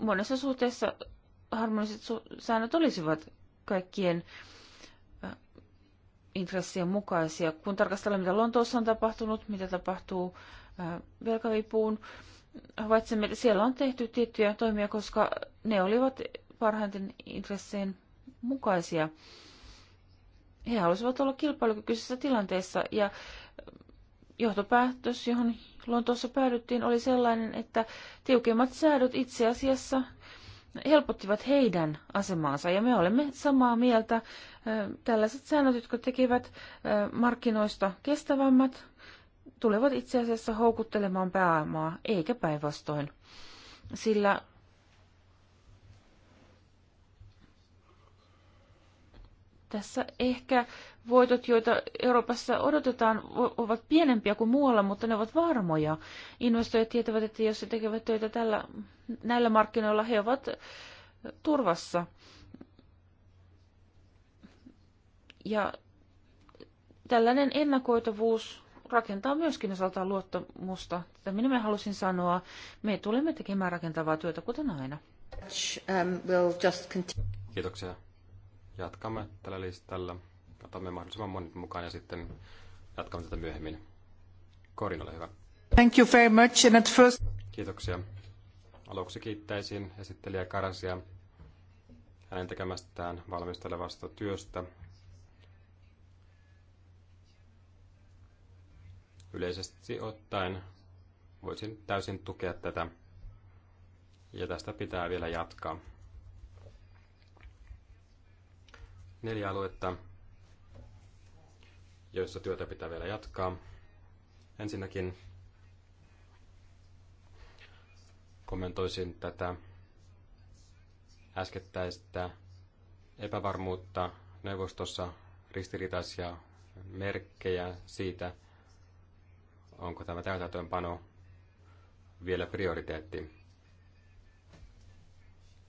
monessa suhteessa harmoniset su- säännöt olisivat kaikkien äh, intressien mukaisia. Kun tarkastellaan, mitä Lontoossa on tapahtunut, mitä tapahtuu äh, velkavipuun, havaitsemme, että siellä on tehty tiettyjä toimia, koska ne olivat parhaiten intressien mukaisia he halusivat olla kilpailukykyisessä tilanteessa ja johtopäätös, johon Lontoossa päädyttiin, oli sellainen, että tiukemmat säädöt itse asiassa helpottivat heidän asemaansa. Ja me olemme samaa mieltä. Tällaiset säännöt, jotka tekevät markkinoista kestävämmät, tulevat itse asiassa houkuttelemaan pääomaa, eikä päinvastoin. Sillä Tässä ehkä voitot, joita Euroopassa odotetaan, ovat pienempiä kuin muualla, mutta ne ovat varmoja. Investoijat tietävät, että jos he tekevät töitä tällä, näillä markkinoilla, he ovat turvassa. Ja tällainen ennakoitavuus rakentaa myöskin osaltaan luottamusta. Tätä minä halusin sanoa. Me tulemme tekemään rakentavaa työtä, kuten aina. Um, Kiitoksia jatkamme tällä listalla. Otamme mahdollisimman monet mukaan ja sitten jatkamme tätä myöhemmin. Korin, ole hyvä. Thank you very much. And at first... Kiitoksia. Aluksi kiittäisin esittelijä Karasia hänen tekemästään valmistelevasta työstä. Yleisesti ottaen voisin täysin tukea tätä ja tästä pitää vielä jatkaa. neljä aluetta, joissa työtä pitää vielä jatkaa. Ensinnäkin kommentoisin tätä äskettäistä epävarmuutta neuvostossa, ristiriitaisia merkkejä siitä, onko tämä täytäntöönpano vielä prioriteetti.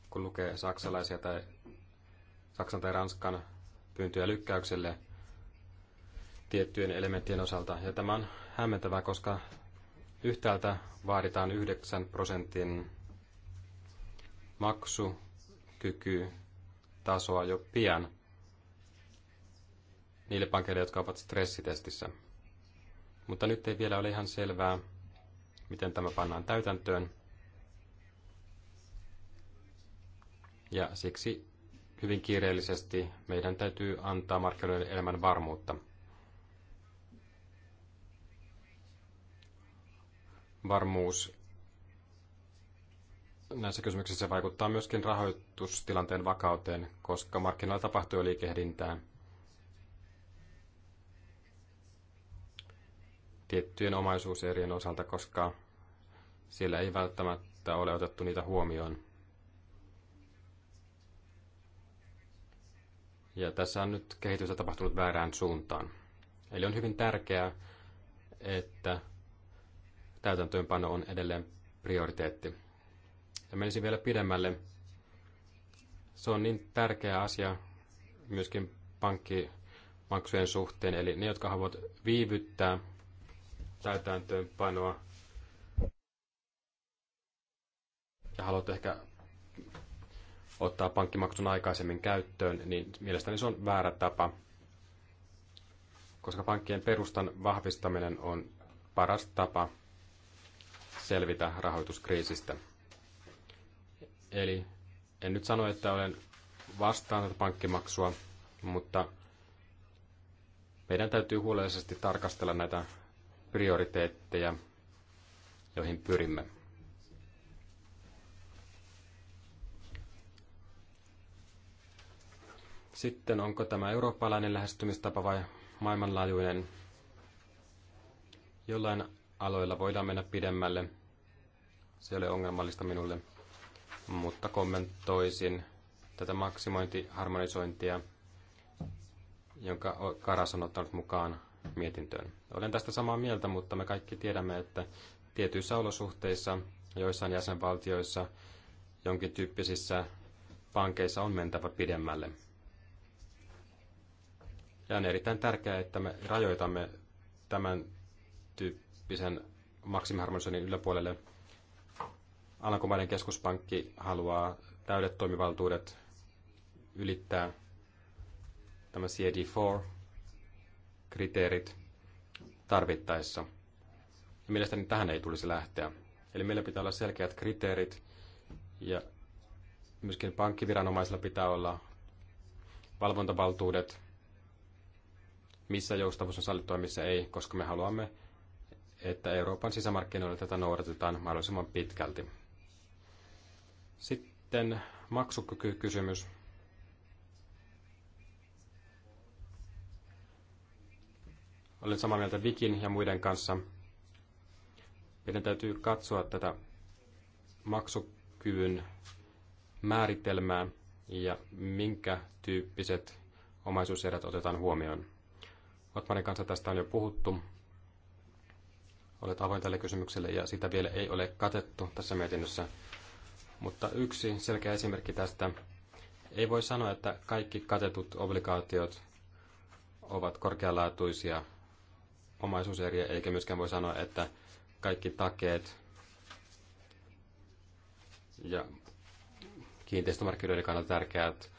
Kun lukee saksalaisia tai Saksan tai Ranskan pyyntöjä lykkäykselle tiettyjen elementtien osalta. Ja tämä on hämmentävää, koska yhtäältä vaaditaan 9 prosentin tasoa jo pian niille pankeille, jotka ovat stressitestissä. Mutta nyt ei vielä ole ihan selvää, miten tämä pannaan täytäntöön. Ja siksi hyvin kiireellisesti. Meidän täytyy antaa markkinoiden enemmän varmuutta. Varmuus näissä kysymyksissä vaikuttaa myöskin rahoitustilanteen vakauteen, koska markkinoilla tapahtuu jo liikehdintää. tiettyjen omaisuuserien osalta, koska siellä ei välttämättä ole otettu niitä huomioon. Ja tässä on nyt kehitystä tapahtunut väärään suuntaan. Eli on hyvin tärkeää, että täytäntöönpano on edelleen prioriteetti. Ja menisin vielä pidemmälle. Se on niin tärkeä asia myöskin pankkimaksujen suhteen, eli ne, jotka haluavat viivyttää täytäntöönpanoa ja haluat ehkä ottaa pankkimaksun aikaisemmin käyttöön, niin mielestäni se on väärä tapa, koska pankkien perustan vahvistaminen on paras tapa selvitä rahoituskriisistä. Eli en nyt sano, että olen vastaan tätä pankkimaksua, mutta meidän täytyy huolellisesti tarkastella näitä prioriteetteja, joihin pyrimme. Sitten onko tämä eurooppalainen lähestymistapa vai maailmanlaajuinen? Jollain aloilla voidaan mennä pidemmälle. Se ei ole ongelmallista minulle, mutta kommentoisin tätä maksimointiharmonisointia, jonka Karas on ottanut mukaan mietintöön. Olen tästä samaa mieltä, mutta me kaikki tiedämme, että tietyissä olosuhteissa, joissain jäsenvaltioissa, jonkin tyyppisissä pankeissa on mentävä pidemmälle. Ja on erittäin tärkeää, että me rajoitamme tämän tyyppisen maksimiharmonisoinnin yläpuolelle. Alankomaiden keskuspankki haluaa täydet toimivaltuudet ylittää tämä CD4-kriteerit tarvittaessa. Ja mielestäni tähän ei tulisi lähteä. Eli meillä pitää olla selkeät kriteerit ja myöskin pankkiviranomaisilla pitää olla valvontavaltuudet missä joustavuus on sallittua ja missä ei, koska me haluamme, että Euroopan sisämarkkinoilla tätä noudatetaan mahdollisimman pitkälti. Sitten maksukykykysymys. Olen samaa mieltä Vikin ja muiden kanssa. Meidän täytyy katsoa tätä maksukyvyn määritelmää ja minkä tyyppiset omaisuuserät otetaan huomioon. Otmanin kanssa tästä on jo puhuttu. Olet avoin tälle kysymykselle ja sitä vielä ei ole katettu tässä mietinnössä. Mutta yksi selkeä esimerkki tästä. Ei voi sanoa, että kaikki katetut obligaatiot ovat korkealaatuisia omaisuuseriä, eikä myöskään voi sanoa, että kaikki takeet ja kiinteistömarkkinoiden kannalta tärkeät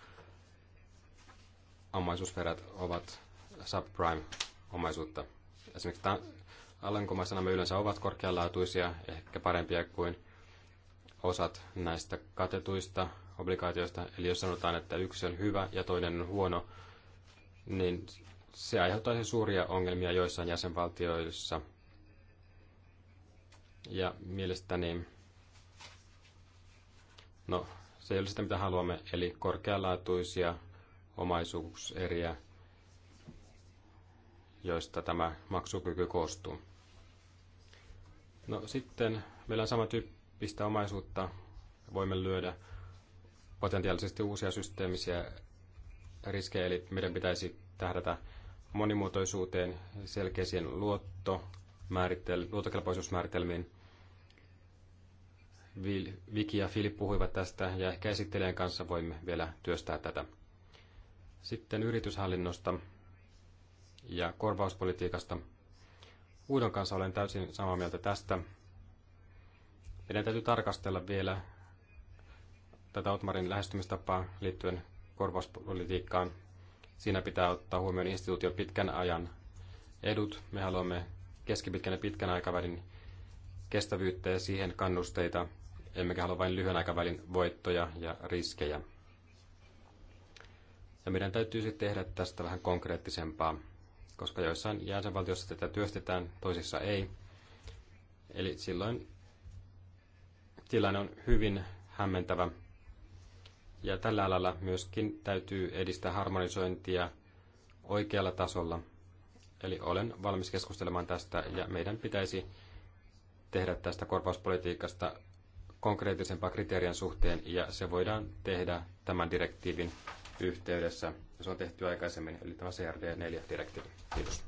omaisuusverät ovat subprime-omaisuutta. Esimerkiksi alankomaissa nämä yleensä ovat korkealaatuisia, ehkä parempia kuin osat näistä katetuista obligaatioista. Eli jos sanotaan, että yksi on hyvä ja toinen on huono, niin se aiheuttaisi suuria ongelmia joissain jäsenvaltioissa. Ja mielestäni, no se ei ole sitä mitä haluamme, eli korkealaatuisia omaisuuseriä joista tämä maksukyky koostuu. No sitten meillä on samantyyppistä omaisuutta. Voimme lyödä potentiaalisesti uusia systeemisiä riskejä, eli meidän pitäisi tähdätä monimuotoisuuteen, selkeisiin luotto, luottokelpoisuusmääritelmiin. Viki ja Filip puhuivat tästä ja ehkä esittelijän kanssa voimme vielä työstää tätä. Sitten yrityshallinnosta ja korvauspolitiikasta. Uudon kanssa olen täysin samaa mieltä tästä. Meidän täytyy tarkastella vielä tätä Otmarin lähestymistapaa liittyen korvauspolitiikkaan. Siinä pitää ottaa huomioon instituution pitkän ajan edut. Me haluamme keskipitkän ja pitkän aikavälin kestävyyttä ja siihen kannusteita, emmekä halua vain lyhyen aikavälin voittoja ja riskejä. Ja meidän täytyy sitten tehdä tästä vähän konkreettisempaa koska joissain jäsenvaltioissa tätä työstetään, toisissa ei. Eli silloin tilanne on hyvin hämmentävä. Ja tällä alalla myöskin täytyy edistää harmonisointia oikealla tasolla. Eli olen valmis keskustelemaan tästä ja meidän pitäisi tehdä tästä korvauspolitiikasta konkreettisempaa kriteerien suhteen ja se voidaan tehdä tämän direktiivin yhteydessä. Se on tehty aikaisemmin, eli tämä CRD4-direktiivi. Kiitos.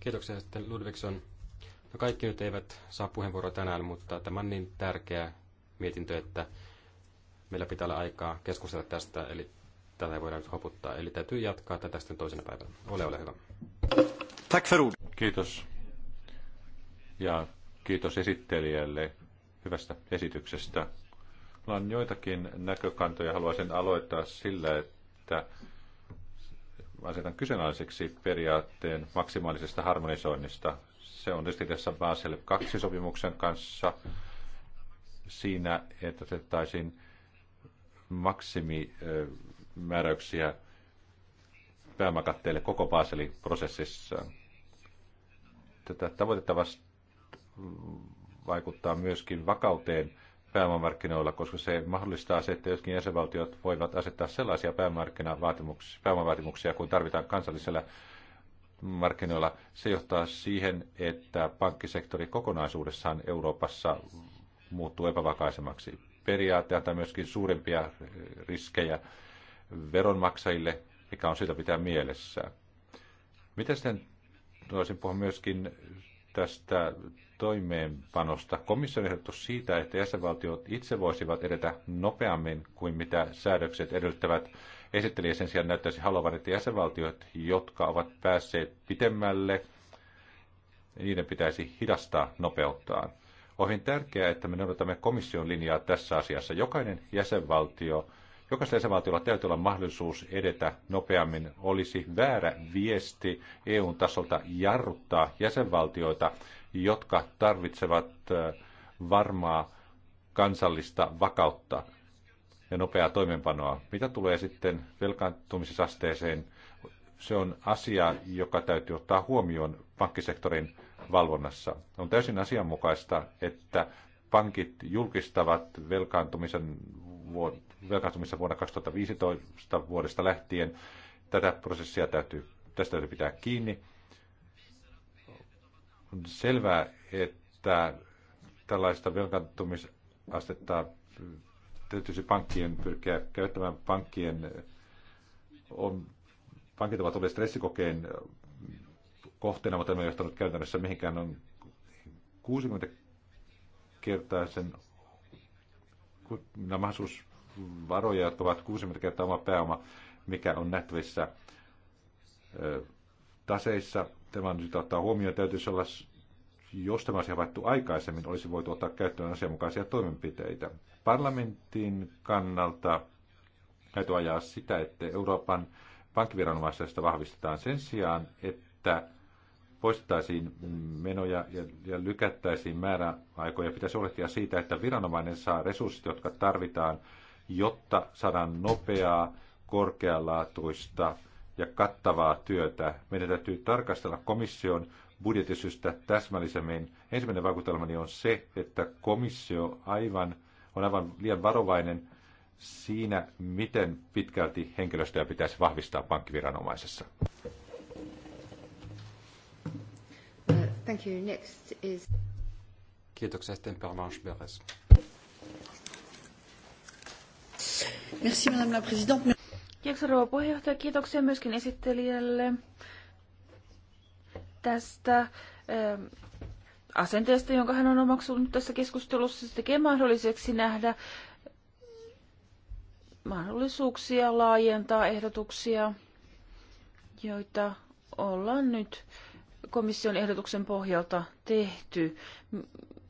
Kiitoksia sitten Ludvigson. No kaikki nyt eivät saa puheenvuoroa tänään, mutta tämä on niin tärkeä mietintö, että meillä pitää olla aikaa keskustella tästä, eli tätä ei voida nyt hoputtaa. Eli täytyy jatkaa tätä sitten toisena päivänä. Ole, ole hyvä. Tack för Kiitos. Ja kiitos esittelijälle hyvästä esityksestä. Minulla on joitakin näkökantoja. Haluaisin aloittaa sillä, että asetan kyseenalaiseksi periaatteen maksimaalisesta harmonisoinnista. Se on tässä Basel 2-sopimuksen kanssa siinä, että otettaisiin maksimimääräyksiä pääomakatteille koko Baselin prosessissa. Tätä tavoitetta vaikuttaa myöskin vakauteen – pääomamarkkinoilla, koska se mahdollistaa se, että jotkin jäsenvaltiot voivat asettaa sellaisia pääomavaatimuksia, pääomavaatimuksia kuin tarvitaan kansallisella markkinoilla. Se johtaa siihen, että pankkisektori kokonaisuudessaan Euroopassa muuttuu epävakaisemmaksi. Periaate antaa myöskin suurempia riskejä veronmaksajille, mikä on syytä pitää mielessä. Miten sitten voisin puhua myöskin tästä toimeenpanosta. Komission ehdotus siitä, että jäsenvaltiot itse voisivat edetä nopeammin kuin mitä säädökset edellyttävät, esittelijä sen sijaan näyttäisi haluavan, että jäsenvaltiot, jotka ovat päässeet pitemmälle, niiden pitäisi hidastaa nopeuttaan. On hyvin tärkeää, että me noudatamme komission linjaa tässä asiassa. Jokainen jäsenvaltio Jokaisella jäsenvaltiolla täytyy olla mahdollisuus edetä nopeammin. Olisi väärä viesti EUn tasolta jarruttaa jäsenvaltioita, jotka tarvitsevat varmaa kansallista vakautta ja nopeaa toimenpanoa. Mitä tulee sitten velkaantumisasteeseen, se on asia, joka täytyy ottaa huomioon pankkisektorin valvonnassa. On täysin asianmukaista, että pankit julkistavat velkaantumisen velkaantumissa vuonna 2015 vuodesta lähtien. Tätä prosessia täytyy, tästä täytyy pitää kiinni. On selvää, että tällaista velkaantumisastetta täytyisi pankkien pyrkiä käyttämään pankkien on, pankit ovat olleet stressikokeen kohteena, mutta emme ole johtanut käytännössä mihinkään on 60 kertaa sen mahdollisuus varoja, jotka ovat 60 kertaa oma pääoma, mikä on nähtävissä taseissa. Tämä on nyt ottaa huomioon. Täytyisi olla, jos tämä olisi havaittu aikaisemmin, olisi voitu ottaa käyttöön asianmukaisia toimenpiteitä. Parlamentin kannalta täytyy ajaa sitä, että Euroopan pankkiviranomaisesta vahvistetaan sen sijaan, että poistettaisiin menoja ja, ja lykättäisiin määräaikoja. Pitäisi huolehtia siitä, että viranomainen saa resurssit, jotka tarvitaan jotta saadaan nopeaa, korkealaatuista ja kattavaa työtä. Meidän täytyy tarkastella komission budjetisystä täsmällisemmin. Ensimmäinen vaikutelmani on se, että komissio aivan, on aivan liian varovainen siinä, miten pitkälti henkilöstöä pitäisi vahvistaa pankkiviranomaisessa. Thank you. Next is... Kiitoksia sitten Permanche Beres. Merci, Madame la Présidente. Kiitoksia rouva puheenjohtaja. Kiitoksia myöskin esittelijälle tästä ähm, asenteesta, jonka hän on omaksunut tässä keskustelussa. Se tekee mahdolliseksi nähdä mahdollisuuksia laajentaa ehdotuksia, joita ollaan nyt komission ehdotuksen pohjalta tehty.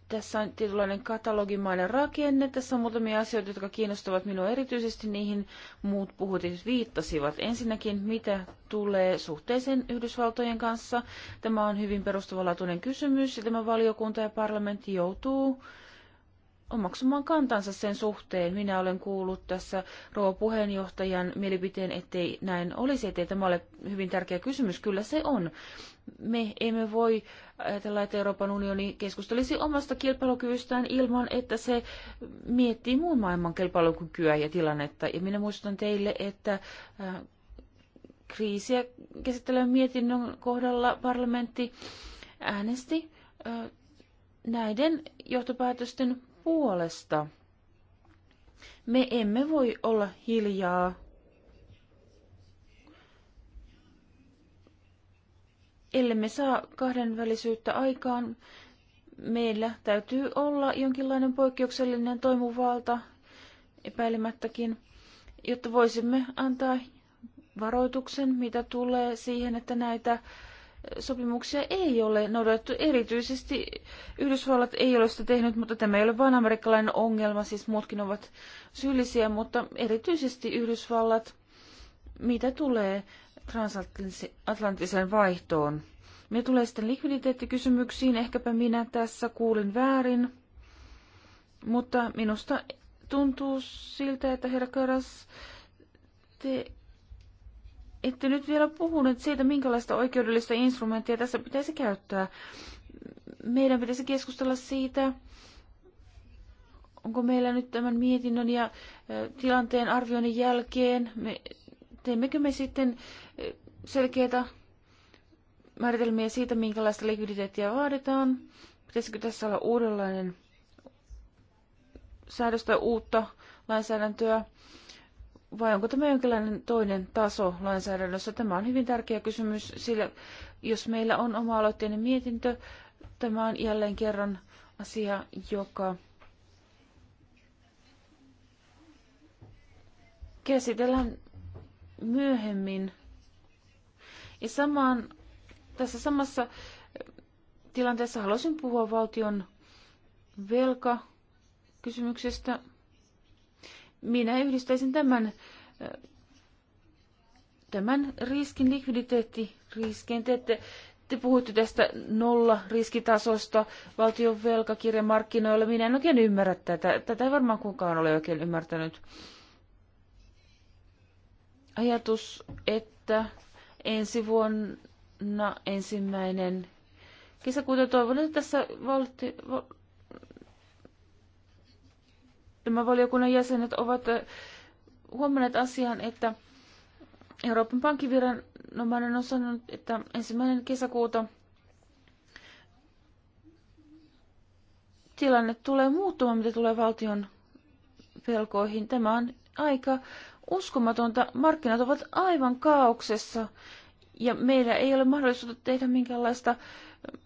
Tässä on tietynlainen katalogimainen rakenne. Tässä on muutamia asioita, jotka kiinnostavat minua erityisesti. Niihin muut puhut siis viittasivat. Ensinnäkin, mitä tulee suhteeseen Yhdysvaltojen kanssa. Tämä on hyvin perustavanlaatuinen kysymys ja tämä valiokunta ja parlamentti joutuu omaksumaan kantansa sen suhteen. Minä olen kuullut tässä rouva puheenjohtajan mielipiteen, ettei näin olisi, ettei tämä ole hyvin tärkeä kysymys. Kyllä se on me emme voi ajatella, että Euroopan unioni keskustelisi omasta kilpailukyvystään ilman, että se miettii muun maailman kilpailukykyä ja tilannetta. Ja minä muistutan teille, että äh, kriisiä käsittelevän mietinnön kohdalla parlamentti äänesti äh, näiden johtopäätösten puolesta. Me emme voi olla hiljaa ellemme saa kahdenvälisyyttä aikaan, meillä täytyy olla jonkinlainen poikkeuksellinen toimuvalta epäilemättäkin, jotta voisimme antaa varoituksen, mitä tulee siihen, että näitä sopimuksia ei ole noudatettu. Erityisesti Yhdysvallat ei ole sitä tehnyt, mutta tämä ei ole vain amerikkalainen ongelma, siis muutkin ovat syyllisiä, mutta erityisesti Yhdysvallat, mitä tulee transatlanttiseen vaihtoon. Me tulee sitten likviditeettikysymyksiin. Ehkäpä minä tässä kuulin väärin. Mutta minusta tuntuu siltä, että herra Karas, te ette nyt vielä puhuneet siitä, minkälaista oikeudellista instrumenttia tässä pitäisi käyttää. Meidän pitäisi keskustella siitä, onko meillä nyt tämän mietinnön ja tilanteen arvioinnin jälkeen me Teemmekö me sitten eh, selkeitä määritelmiä siitä, minkälaista likviditeettiä vaaditaan? Pitäisikö tässä olla uudenlainen säädöstä uutta lainsäädäntöä? Vai onko tämä jonkinlainen toinen taso lainsäädännössä? Tämä on hyvin tärkeä kysymys, sillä jos meillä on oma-aloitteinen mietintö, tämä on jälleen kerran asia, joka käsitellään myöhemmin. Ja samaan, tässä samassa eh, tilanteessa haluaisin puhua valtion velkakysymyksestä. Minä yhdistäisin tämän, eh, tämän riskin likviditeettiriskeen. Te, te, te puhuitte tästä nolla riskitasosta valtion velkakirjamarkkinoilla. Minä en oikein ymmärrä tätä. Tätä ei varmaan kukaan ole oikein ymmärtänyt ajatus, että ensi vuonna ensimmäinen kesäkuuta toivon, että tässä valti, val, tämä valiokunnan jäsenet ovat huomanneet asian, että Euroopan pankkiviranomainen on sanonut, että ensimmäinen kesäkuuta tilanne tulee muuttumaan, mitä tulee valtion pelkoihin. Tämä on aika uskomatonta. Markkinat ovat aivan kaauksessa ja meillä ei ole mahdollisuutta tehdä minkäänlaista eh,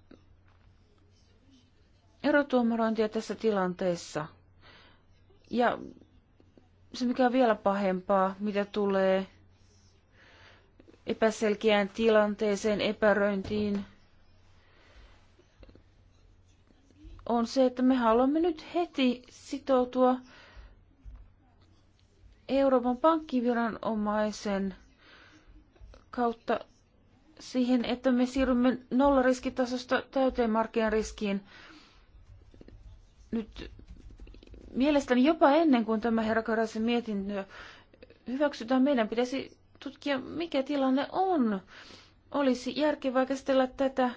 erotuomarointia tässä tilanteessa. Ja se, mikä on vielä pahempaa, mitä tulee epäselkeään tilanteeseen, epäröintiin, on se, että me haluamme nyt heti sitoutua Euroopan pankkiviranomaisen kautta siihen, että me siirrymme nollariskitasosta täyteen markkinariskiin nyt mielestäni jopa ennen kuin tämä herra Karasen mietintö hyväksytään, meidän pitäisi tutkia, mikä tilanne on. Olisi järkevää käsitellä tätä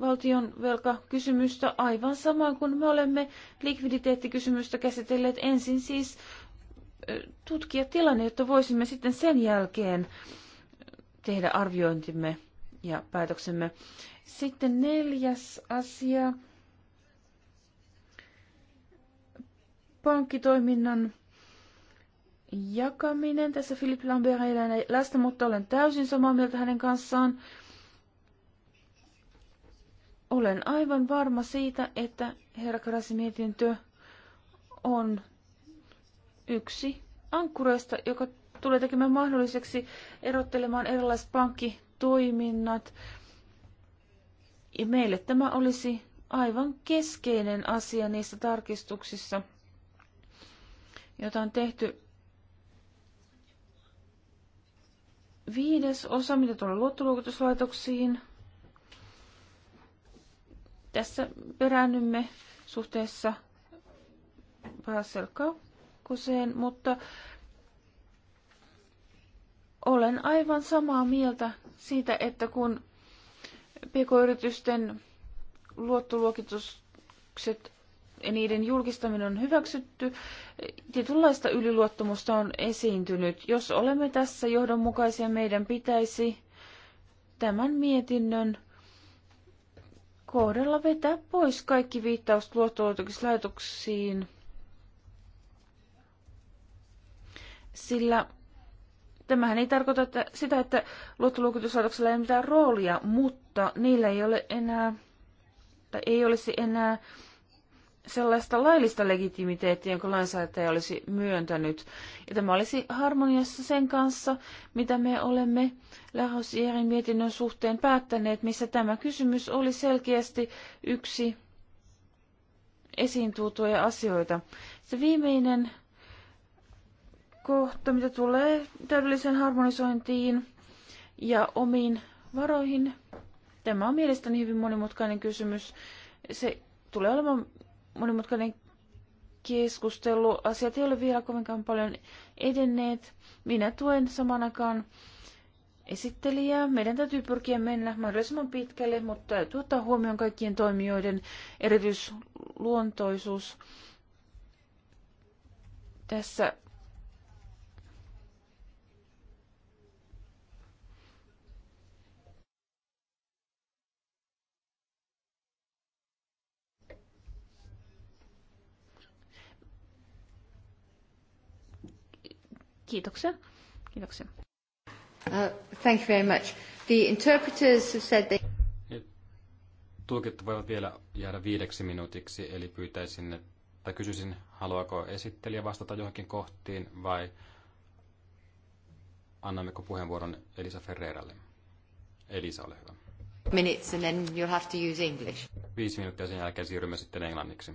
valtion velkakysymystä aivan samaan kuin me olemme likviditeettikysymystä käsitelleet ensin siis tutkia tilanne, jotta voisimme sitten sen jälkeen tehdä arviointimme ja päätöksemme. Sitten neljäs asia. Pankkitoiminnan jakaminen. Tässä Philippe Lambert ei läsnä, mutta olen täysin samaa mieltä hänen kanssaan. Olen aivan varma siitä, että herra Karasi mietintö on yksi ankkureista, joka tulee tekemään mahdolliseksi erottelemaan erilaiset pankkitoiminnat. Ja meille tämä olisi aivan keskeinen asia niissä tarkistuksissa, joita on tehty. Viides osa, mitä tulee luottoluokituslaitoksiin. Tässä peräännymme suhteessa Basel kakkoseen, mutta olen aivan samaa mieltä siitä, että kun pk-yritysten luottoluokitukset ja niiden julkistaminen on hyväksytty, tietynlaista yliluottamusta on esiintynyt. Jos olemme tässä johdonmukaisia, meidän pitäisi tämän mietinnön kohdalla vetää pois kaikki viittaukset luottoluokituslaitoksiin sillä tämähän ei tarkoita että sitä, että luottoluokituslaitoksella ei ole mitään roolia, mutta niillä ei ole enää, tai ei olisi enää sellaista laillista legitimiteettiä, jonka lainsäätäjä olisi myöntänyt. Ja tämä olisi harmoniassa sen kanssa, mitä me olemme Lahosierin mietinnön suhteen päättäneet, missä tämä kysymys oli selkeästi yksi esiin tuotuja asioita. Se viimeinen kohta, mitä tulee täydelliseen harmonisointiin ja omiin varoihin. Tämä on mielestäni hyvin monimutkainen kysymys. Se tulee olemaan monimutkainen keskustelu. Asiat ei ole vielä kovinkaan paljon edenneet. Minä tuen samanakaan esittelijää. Meidän täytyy pyrkiä mennä mahdollisimman pitkälle, mutta täytyy ottaa huomioon kaikkien toimijoiden erityisluontoisuus. Tässä Kiitoksia. Kiitoksia. Uh, thank you very much. The interpreters have said they... Tulkit voivat vielä jäädä viideksi minuutiksi, eli pyytäisin, että kysyisin, haluaako esittelijä vastata johonkin kohtiin vai annammeko puheenvuoron Elisa Ferreralle? Elisa, ole hyvä. Minutes and then you'll have to use English. Viisi minuuttia sen jälkeen siirrymme sitten englanniksi.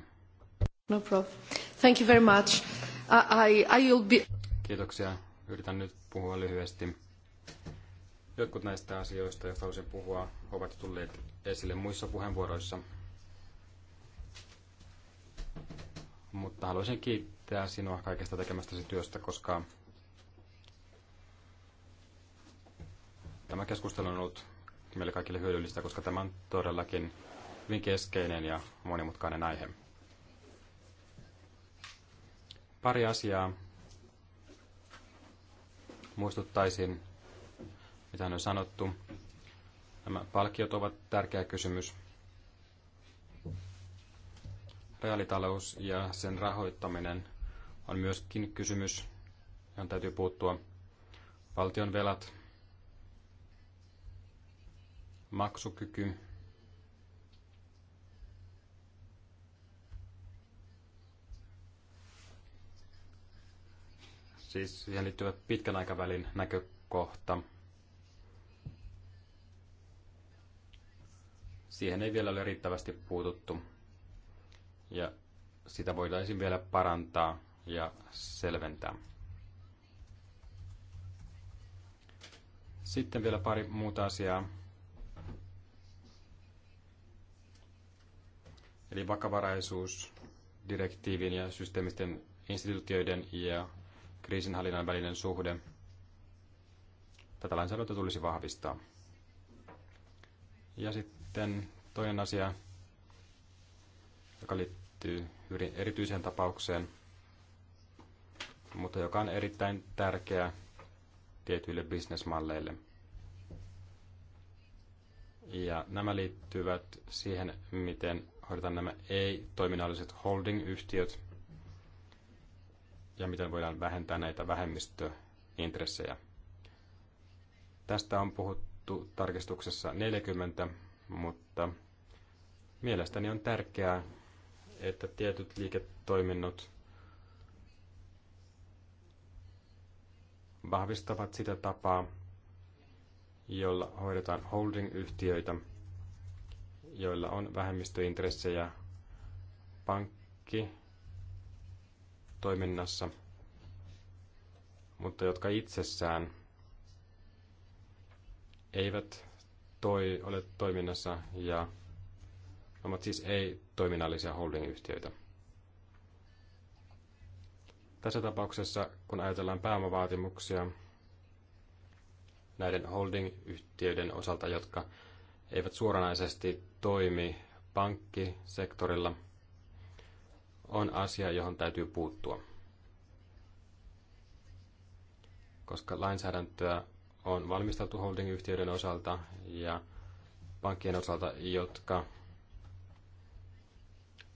No problem. Thank you very much. I, I, I will be... Kiitoksia. Yritän nyt puhua lyhyesti. Jotkut näistä asioista, joista haluaisin puhua, ovat tulleet esille muissa puheenvuoroissa. Mutta haluaisin kiittää sinua kaikesta tekemästäsi työstä, koska tämä keskustelu on ollut meille kaikille hyödyllistä, koska tämä on todellakin hyvin keskeinen ja monimutkainen aihe. Pari asiaa, muistuttaisin, mitä on sanottu. Nämä palkkiot ovat tärkeä kysymys. Reaalitalous ja sen rahoittaminen on myöskin kysymys, johon täytyy puuttua. Valtion velat, maksukyky, siis siihen liittyvä pitkän aikavälin näkökohta. Siihen ei vielä ole riittävästi puututtu. Ja sitä voitaisiin vielä parantaa ja selventää. Sitten vielä pari muuta asiaa. Eli vakavaraisuus direktiivin ja systeemisten instituutioiden ja kriisinhallinnan välinen suhde. Tätä lainsäädäntöä tulisi vahvistaa. Ja sitten toinen asia, joka liittyy hyvin erityiseen tapaukseen, mutta joka on erittäin tärkeä tietyille bisnesmalleille. Ja nämä liittyvät siihen, miten hoidetaan nämä ei-toiminnalliset holding-yhtiöt – ja miten voidaan vähentää näitä vähemmistöintressejä. Tästä on puhuttu tarkistuksessa 40, mutta mielestäni on tärkeää, että tietyt liiketoiminnot vahvistavat sitä tapaa, jolla hoidetaan holding-yhtiöitä, joilla on vähemmistöintressejä, pankki, toiminnassa, mutta jotka itsessään eivät toi, ole toiminnassa ja ovat siis ei-toiminnallisia holdingyhtiöitä. Tässä tapauksessa, kun ajatellaan pääomavaatimuksia näiden holdingyhtiöiden osalta, jotka eivät suoranaisesti toimi pankkisektorilla, on asia, johon täytyy puuttua. Koska lainsäädäntöä on valmisteltu holdingyhtiöiden osalta ja pankkien osalta, jotka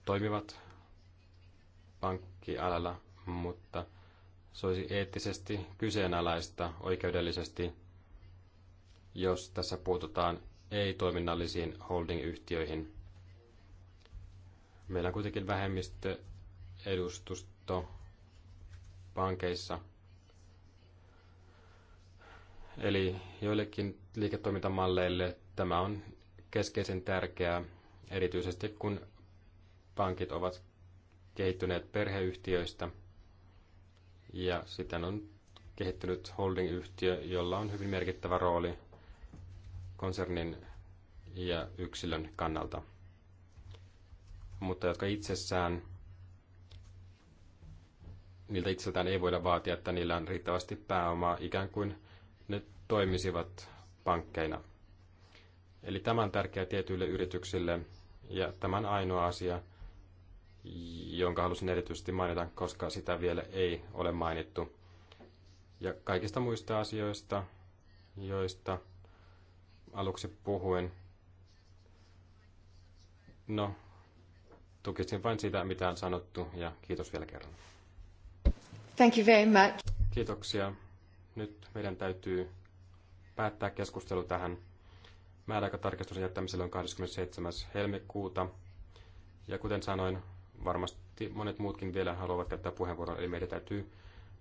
toimivat pankkialalla, mutta se olisi eettisesti kyseenalaista oikeudellisesti, jos tässä puututaan ei-toiminnallisiin holdingyhtiöihin. Meillä on kuitenkin vähemmistö edustusto pankeissa. Eli joillekin liiketoimintamalleille tämä on keskeisen tärkeää, erityisesti kun pankit ovat kehittyneet perheyhtiöistä ja sitten on kehittynyt holdingyhtiö, jolla on hyvin merkittävä rooli konsernin ja yksilön kannalta, mutta jotka itsessään niiltä itseltään ei voida vaatia, että niillä on riittävästi pääomaa, ikään kuin ne toimisivat pankkeina. Eli tämä on tärkeä tietyille yrityksille, ja tämän ainoa asia, jonka halusin erityisesti mainita, koska sitä vielä ei ole mainittu. Ja kaikista muista asioista, joista aluksi puhuin, no, tukisin vain sitä, mitä on sanottu, ja kiitos vielä kerran. Thank you very much. Kiitoksia. Nyt meidän täytyy päättää keskustelu tähän. Määräaikatarkistuksen jättämiselle on 27. helmikuuta. Ja kuten sanoin, varmasti monet muutkin vielä haluavat käyttää puheenvuoron, eli meidän täytyy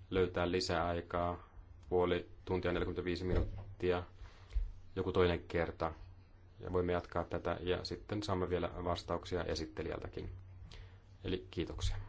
löytää lisää aikaa puoli tuntia 45 minuuttia joku toinen kerta. Ja voimme jatkaa tätä ja sitten saamme vielä vastauksia esittelijältäkin. Eli kiitoksia.